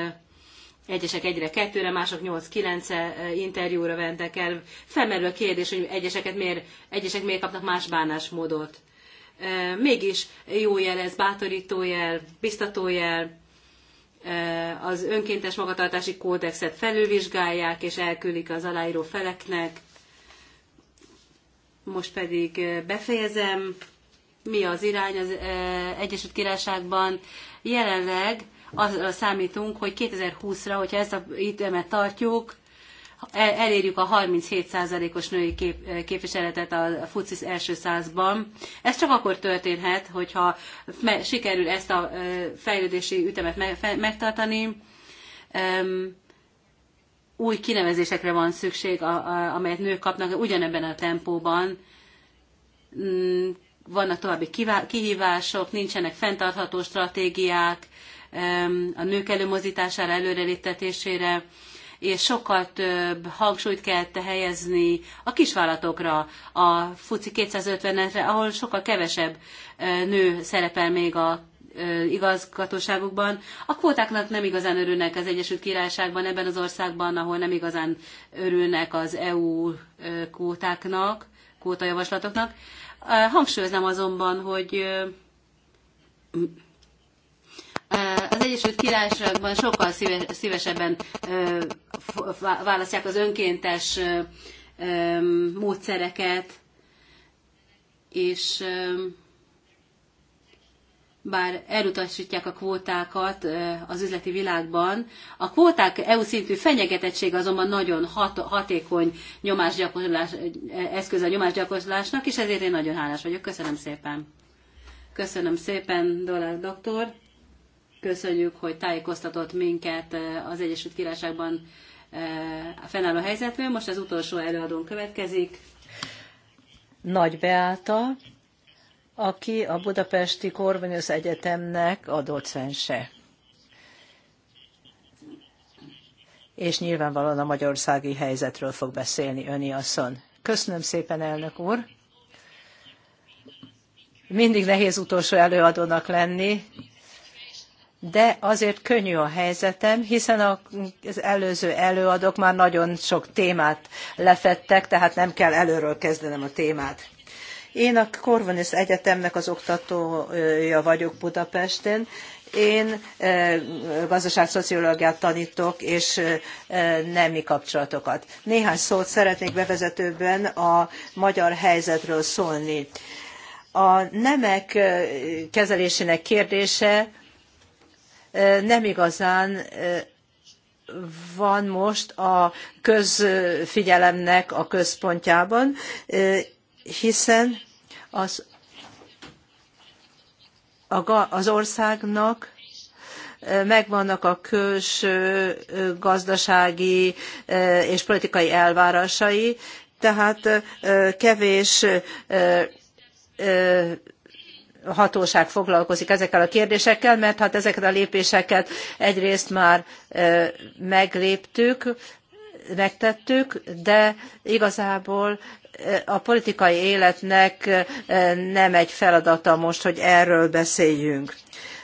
Egyesek egyre kettőre, mások nyolc 9 eh, interjúra ventek el. Felmerül a kérdés, hogy egyeseket miért, egyesek miért kapnak más bánásmódot. Eh, mégis jó jel ez, bátorító jel, biztató jel, eh, az önkéntes magatartási kódexet felülvizsgálják és elküldik az aláíró feleknek. Most pedig befejezem, mi az irány az Egyesült Királyságban. Jelenleg az számítunk, hogy 2020-ra, hogyha ezt a időmet tartjuk, elérjük a 37%-os női kép, képviseletet a FUCIS első százban. Ez csak akkor történhet, hogyha me, sikerül ezt a fejlődési ütemet me, fe, megtartani. Um, új kinevezésekre van szükség, a, a, amelyet nők kapnak ugyanebben a tempóban. Um, vannak további kihívások, nincsenek fenntartható stratégiák, a nők előmozítására, előreléptetésére, és sokkal több hangsúlyt kell helyezni a kisvállalatokra, a FUCI 250-re, ahol sokkal kevesebb nő szerepel még a igazgatóságokban. A kvótáknak nem igazán örülnek az Egyesült Királyságban, ebben az országban, ahol nem igazán örülnek az EU kvótáknak, kvótajavaslatoknak. Hangsúlyoznám azonban, hogy az Egyesült Királyságban sokkal szívesebben választják az önkéntes módszereket, és bár elutasítják a kvótákat az üzleti világban. A kvóták EU szintű fenyegetettség azonban nagyon hat, hatékony nyomásgyakorlás, eszköz a nyomásgyakorlásnak, és ezért én nagyon hálás vagyok. Köszönöm szépen. Köszönöm szépen, Dolár doktor. Köszönjük, hogy tájékoztatott minket eh, az Egyesült Királyságban eh, a fennálló helyzetről. Most az utolsó előadón következik. Nagy Beáta, aki a Budapesti Korvonyos Egyetemnek a docense. És nyilvánvalóan a magyarországi helyzetről fog beszélni Öni Asszon. Köszönöm szépen, elnök úr! Mindig nehéz utolsó előadónak lenni, de azért könnyű a helyzetem, hiszen az előző előadók már nagyon sok témát lefettek, tehát nem kell előről kezdenem a témát. Én a Corvinus Egyetemnek az oktatója vagyok Budapesten, én e, gazdaságszociológiát tanítok, és e, nemi kapcsolatokat. Néhány szót szeretnék bevezetőben a magyar helyzetről szólni. A nemek e, kezelésének kérdése nem igazán van most a közfigyelemnek a központjában, hiszen az, az országnak megvannak a külső gazdasági és politikai elvárásai, tehát kevés hatóság foglalkozik ezekkel a kérdésekkel, mert hát ezeket a lépéseket egyrészt már megléptük, megtettük, de igazából a politikai életnek nem egy feladata most, hogy erről beszéljünk.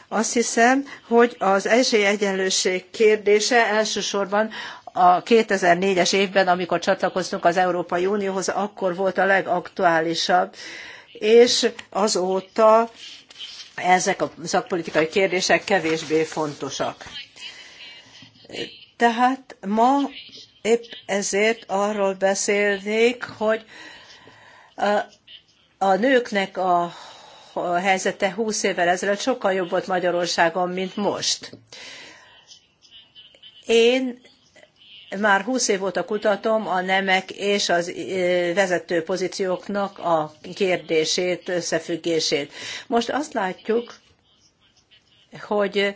Azt hiszem, hogy az esélyegyenlőség kérdése elsősorban a 2004-es évben, amikor csatlakoztunk az Európai Unióhoz, akkor volt a legaktuálisabb és azóta ezek a szakpolitikai kérdések kevésbé fontosak. Tehát ma épp ezért arról beszélnék, hogy a nőknek a helyzete 20 évvel ezelőtt sokkal jobb volt Magyarországon, mint most. Én már 20 év óta kutatom a nemek és az vezető pozícióknak a kérdését, összefüggését. Most azt látjuk, hogy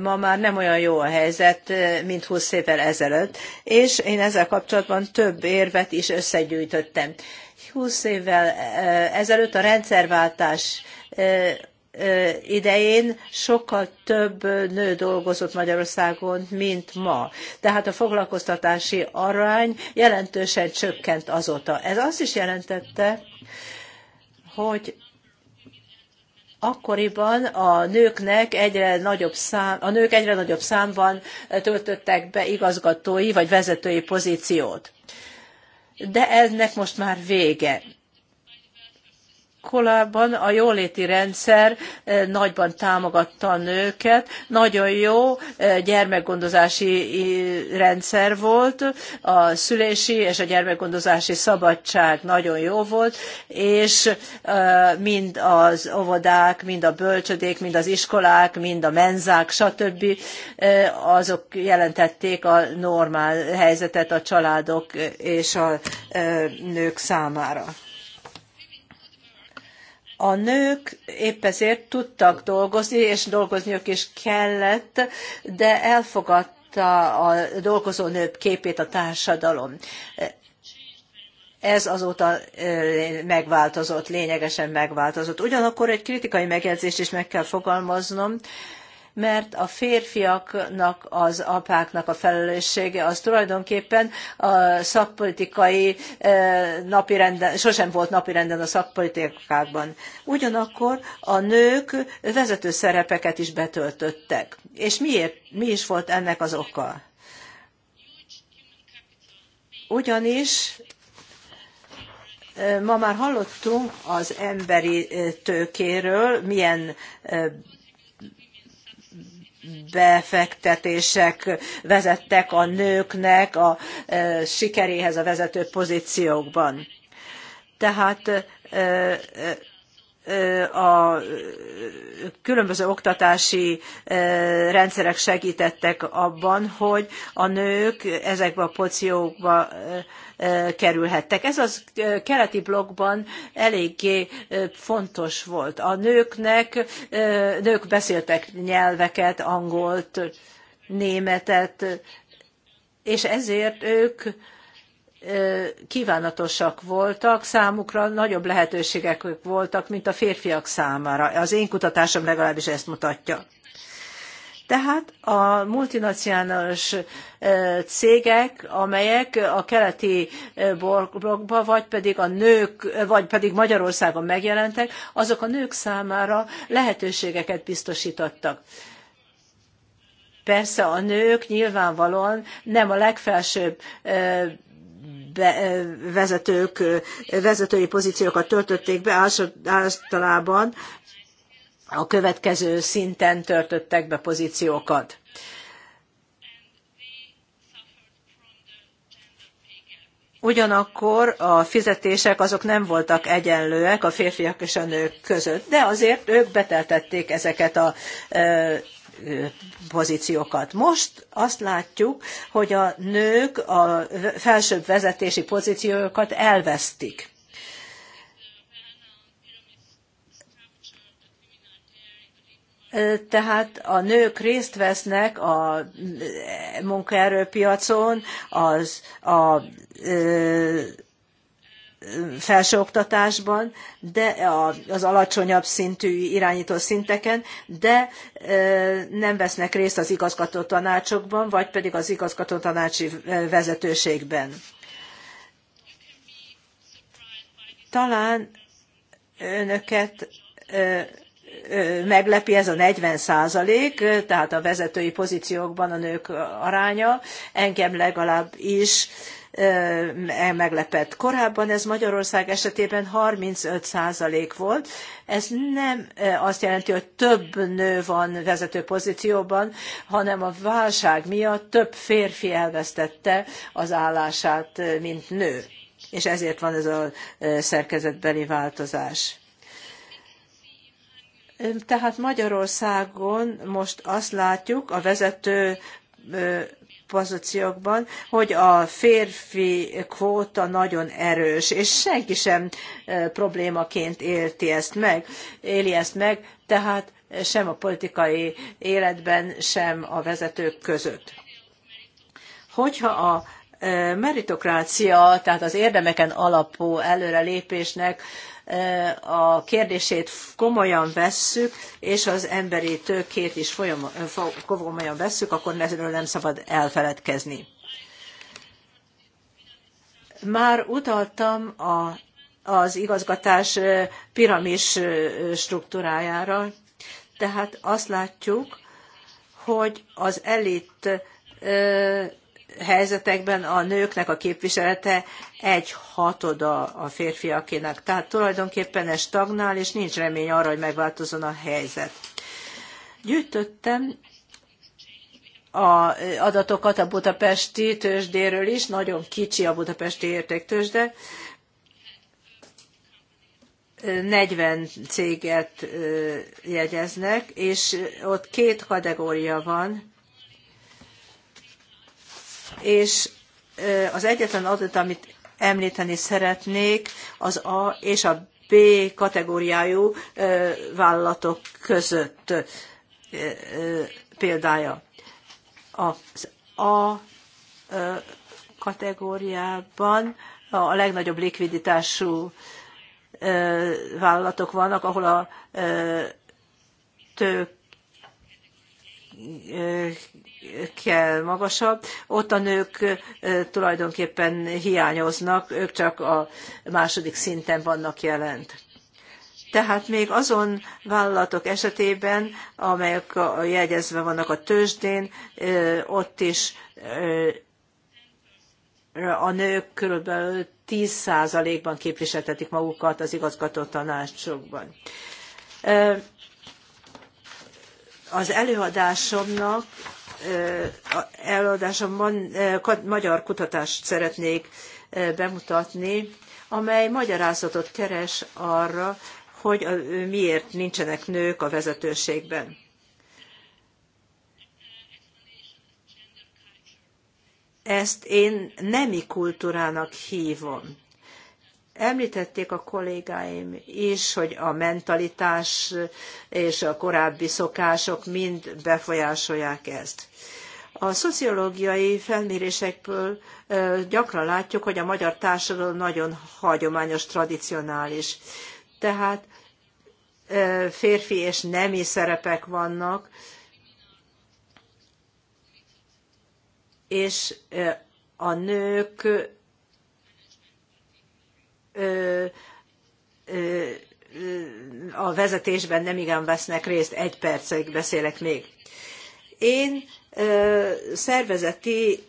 ma már nem olyan jó a helyzet, mint 20 évvel ezelőtt, és én ezzel kapcsolatban több érvet is összegyűjtöttem. 20 évvel ezelőtt a rendszerváltás idején sokkal több nő dolgozott Magyarországon, mint ma. Tehát a foglalkoztatási arány jelentősen csökkent azóta. Ez azt is jelentette, hogy akkoriban a nőknek egyre nagyobb szám, a nők egyre nagyobb számban töltöttek be igazgatói vagy vezetői pozíciót. De ennek most már vége iskolában a jóléti rendszer eh, nagyban támogatta a nőket. Nagyon jó eh, gyermekgondozási rendszer volt, a szülési és a gyermekgondozási szabadság nagyon jó volt, és eh, mind az óvodák, mind a bölcsödék, mind az iskolák, mind a menzák, stb. azok jelentették a normál helyzetet a családok és a nők számára. A nők épp ezért tudtak dolgozni, és dolgozniuk is kellett, de elfogadta a dolgozó nők képét a társadalom. Ez azóta megváltozott, lényegesen megváltozott. Ugyanakkor egy kritikai megjegyzést is meg kell fogalmaznom, mert a férfiaknak, az apáknak a felelőssége az tulajdonképpen a szakpolitikai eh, napirenden, sosem volt napirenden a szakpolitikákban. Ugyanakkor a nők vezető szerepeket is betöltöttek. És miért, mi is volt ennek az oka? Ugyanis eh, Ma már hallottunk az emberi eh, tőkéről, milyen befektetések vezettek a nőknek a e, sikeréhez a vezető pozíciókban. Tehát e, e, a különböző oktatási rendszerek segítettek abban, hogy a nők ezekbe a pozíciókba kerülhettek. Ez az keleti blokkban eléggé fontos volt. A nőknek, nők beszéltek nyelveket, angolt, németet, és ezért ők kívánatosak voltak, számukra nagyobb lehetőségek voltak, mint a férfiak számára. Az én kutatásom legalábbis ezt mutatja. Tehát a multinacionális cégek, amelyek a keleti blokkba, vagy pedig a nők, vagy pedig Magyarországon megjelentek, azok a nők számára lehetőségeket biztosítottak. Persze a nők nyilvánvalóan nem a legfelsőbb vezetők, vezetői pozíciókat töltötték be általában, a következő szinten törtöttek be pozíciókat. Ugyanakkor a fizetések azok nem voltak egyenlőek a férfiak és a nők között, de azért ők beteltették ezeket a pozíciókat. Most azt látjuk, hogy a nők a felsőbb vezetési pozíciókat elvesztik. Tehát a nők részt vesznek a mm, munkaerőpiacon, az, a felsőoktatásban, de az alacsonyabb szintű irányító szinteken, de nem vesznek részt az igazgató tanácsokban, vagy pedig az igazgató tanácsi vezetőségben. Talán önöket meglepi ez a 40 százalék, tehát a vezetői pozíciókban a nők aránya. Engem legalább is eh, meglepett. Korábban ez Magyarország esetében 35 százalék volt. Ez nem eh, azt jelenti, hogy több nő van vezető pozícióban, hanem a válság miatt több férfi elvesztette az állását, eh, mint nő. És ezért van ez a szerkezetbeli változás. Tehát Magyarországon most azt látjuk a vezető pozíciókban, hogy a férfi kvóta nagyon erős, és senki sem problémaként élti ezt meg, éli ezt meg, tehát sem a politikai életben, sem a vezetők között. Hogyha a meritokrácia, tehát az érdemeken alapú előrelépésnek a kérdését komolyan vesszük, és az emberi tőkét is folyam, komolyan vesszük, akkor ezről nem szabad elfeledkezni. Már utaltam a, az igazgatás piramis struktúrájára, tehát azt látjuk, hogy az elit helyzetekben a nőknek a képviselete egy hatoda a férfiakének. Tehát tulajdonképpen ez stagnál, és nincs remény arra, hogy megváltozon a helyzet. Gyűjtöttem a adatokat a budapesti tőzsdéről is, nagyon kicsi a budapesti értéktőzsde, 40 céget jegyeznek, és ott két kategória van, és az egyetlen adat, amit említeni szeretnék, az A és a B kategóriájú vállalatok között példája. Az A kategóriában a legnagyobb likviditású vállalatok vannak, ahol a tők kell magasabb, ott a nők tulajdonképpen hiányoznak, ők csak a második szinten vannak jelent. Tehát még azon vállalatok esetében, amelyek jegyezve vannak a tőzsdén, ott is a nők körülbelül 10%-ban képviseltetik magukat az igazgató tanácsokban. Az előadásomnak előadásomban magyar kutatást szeretnék bemutatni, amely magyarázatot keres arra, hogy miért nincsenek nők a vezetőségben. Ezt én nemi kultúrának hívom Említették a kollégáim is, hogy a mentalitás és a korábbi szokások mind befolyásolják ezt. A szociológiai felmérésekből gyakran látjuk, hogy a magyar társadalom nagyon hagyományos, tradicionális. Tehát férfi és nemi szerepek vannak, és a nők a vezetésben nem igen vesznek részt, egy percig beszélek még. Én szervezeti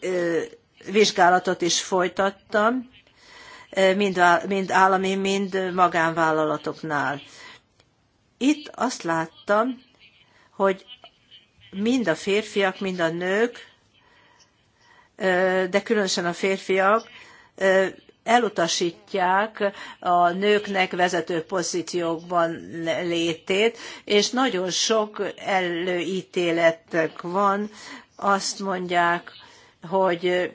vizsgálatot is folytattam, mind, állami, mind magánvállalatoknál. Itt azt láttam, hogy mind a férfiak, mind a nők, de különösen a férfiak elutasítják a nőknek vezető pozíciókban létét, és nagyon sok előítéletek van, azt mondják, hogy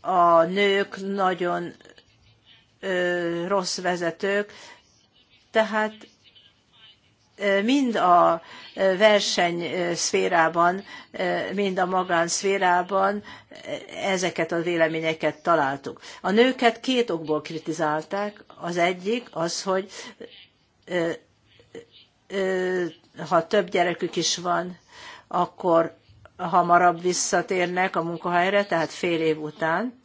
a nők nagyon rossz vezetők, tehát mind a versenyszférában, mind a magánszférában ezeket a véleményeket találtuk. A nőket két okból kritizálták. Az egyik az, hogy ha több gyerekük is van, akkor hamarabb visszatérnek a munkahelyre, tehát fél év után.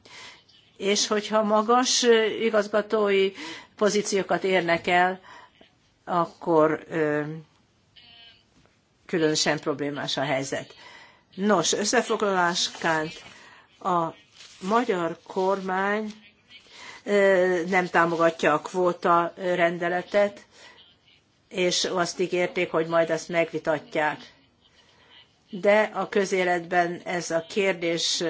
És hogyha magas igazgatói pozíciókat érnek el, akkor különösen problémás a helyzet. Nos, összefoglalásként a magyar kormány nem támogatja a kvóta rendeletet, és azt ígérték, hogy majd azt megvitatják. De a közéletben ez a kérdés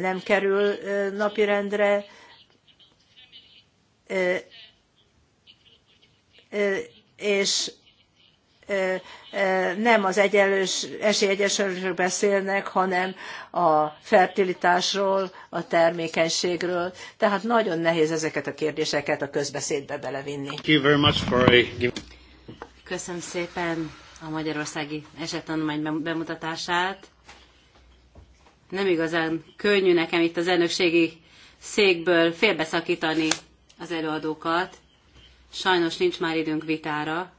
nem kerül napirendre és nem az egyenlős, esélyegyenlőségről beszélnek, hanem a fertilitásról, a termékenységről. Tehát nagyon nehéz ezeket a kérdéseket a közbeszédbe belevinni. Köszönöm szépen a magyarországi esettanulmány bemutatását. Nem igazán könnyű nekem itt az elnökségi székből félbeszakítani az előadókat, Sajnos nincs már időnk vitára.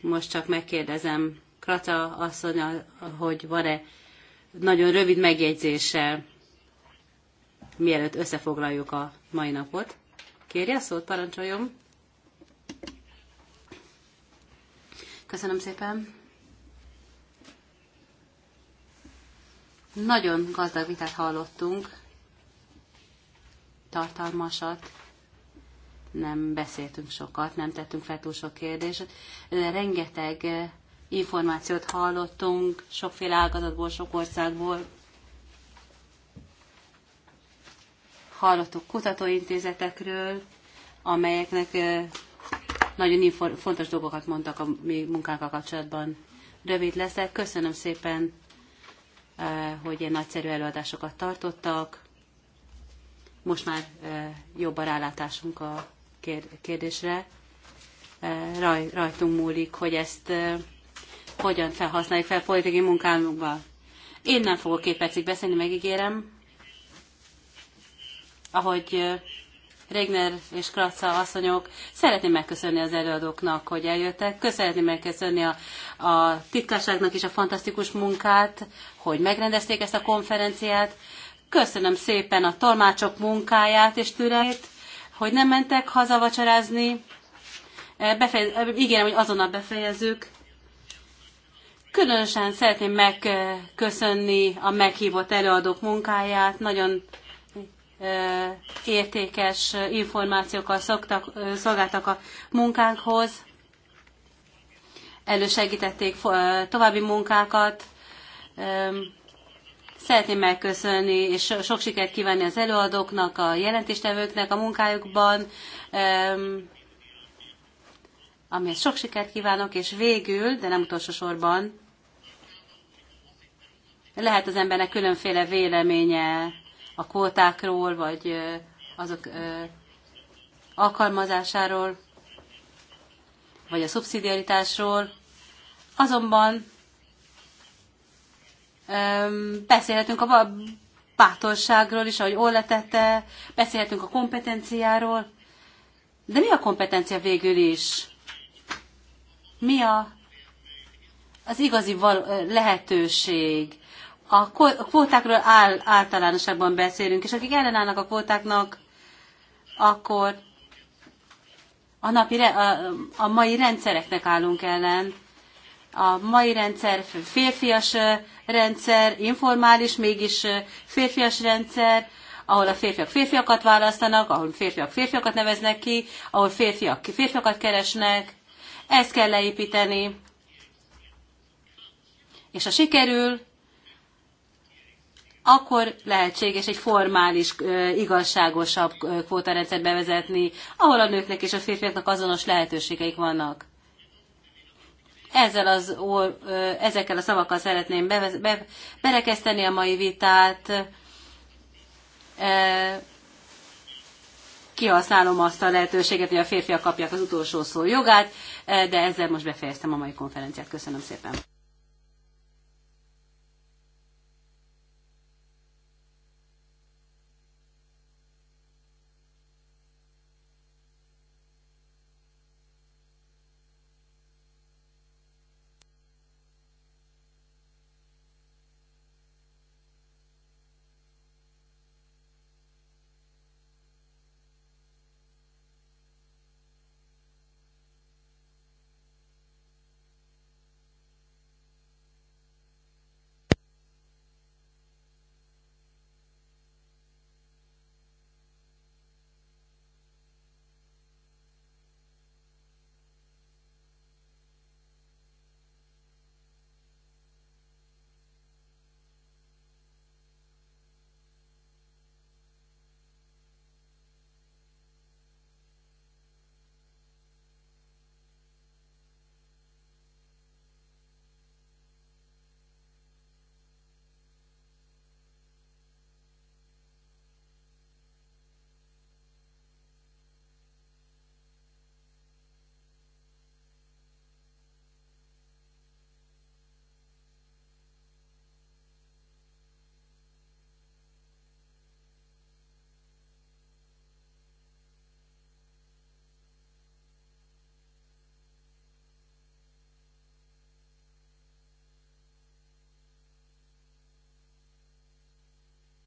Most csak megkérdezem Krata asszony, hogy van-e nagyon rövid megjegyzéssel, mielőtt összefoglaljuk a mai napot. Kérje a szót, parancsoljon. Köszönöm szépen. Nagyon gazdag vitát hallottunk, tartalmasat nem beszéltünk sokat, nem tettünk fel túl sok kérdést, de rengeteg eh, információt hallottunk, sokféle ágazatból, sok országból. Hallottuk kutatóintézetekről, amelyeknek eh, nagyon fontos dolgokat mondtak a mi munkánkkal kapcsolatban. Rövid leszek. Köszönöm szépen, eh, hogy ilyen nagyszerű előadásokat tartottak. Most már jobb a rálátásunk a kérdésre e, raj, rajtunk múlik, hogy ezt e, hogyan felhasználjuk fel politikai munkánkban. Én nem fogok két percig beszélni, megígérem. Ahogy e, Regner és Kratza asszonyok, szeretném megköszönni az előadóknak, hogy eljöttek. Szeretném megköszönni a, a titkárságnak is a fantasztikus munkát, hogy megrendezték ezt a konferenciát. Köszönöm szépen a tolmácsok munkáját és türelmét hogy nem mentek haza vacsorázni. E, Befejez, ígérem, hogy azonnal befejezzük. Különösen szeretném megköszönni a meghívott előadók munkáját. Nagyon e, értékes információkkal szoktak, e, szolgáltak a munkánkhoz. Elősegítették további munkákat Szeretném megköszönni, és sok sikert kívánni az előadóknak, a jelentéstevőknek a munkájukban, amihez sok sikert kívánok, és végül, de nem utolsó sorban, lehet az embernek különféle véleménye a kvótákról, vagy azok alkalmazásáról, vagy a szubszidiaritásról. Azonban Beszélhetünk a bátorságról is, ahogy Olle tette, beszélhetünk a kompetenciáról, de mi a kompetencia végül is? Mi a, az igazi val- lehetőség? A kvótákról áll, általánosságban beszélünk, és akik ellenállnak a kvótáknak, akkor a, napi, a, a mai rendszereknek állunk ellen, a mai rendszer férfias rendszer, informális, mégis férfias rendszer, ahol a férfiak férfiakat választanak, ahol férfiak férfiakat neveznek ki, ahol férfiak férfiakat keresnek. Ezt kell leépíteni. És ha sikerül, akkor lehetséges egy formális, igazságosabb kvótarendszert bevezetni, ahol a nőknek és a férfiaknak azonos lehetőségeik vannak. Ezzel az, ezekkel a szavakkal szeretném berekeszteni a mai vitát. Kihasználom azt a lehetőséget, hogy a férfiak kapják az utolsó szó jogát, de ezzel most befejeztem a mai konferenciát. Köszönöm szépen.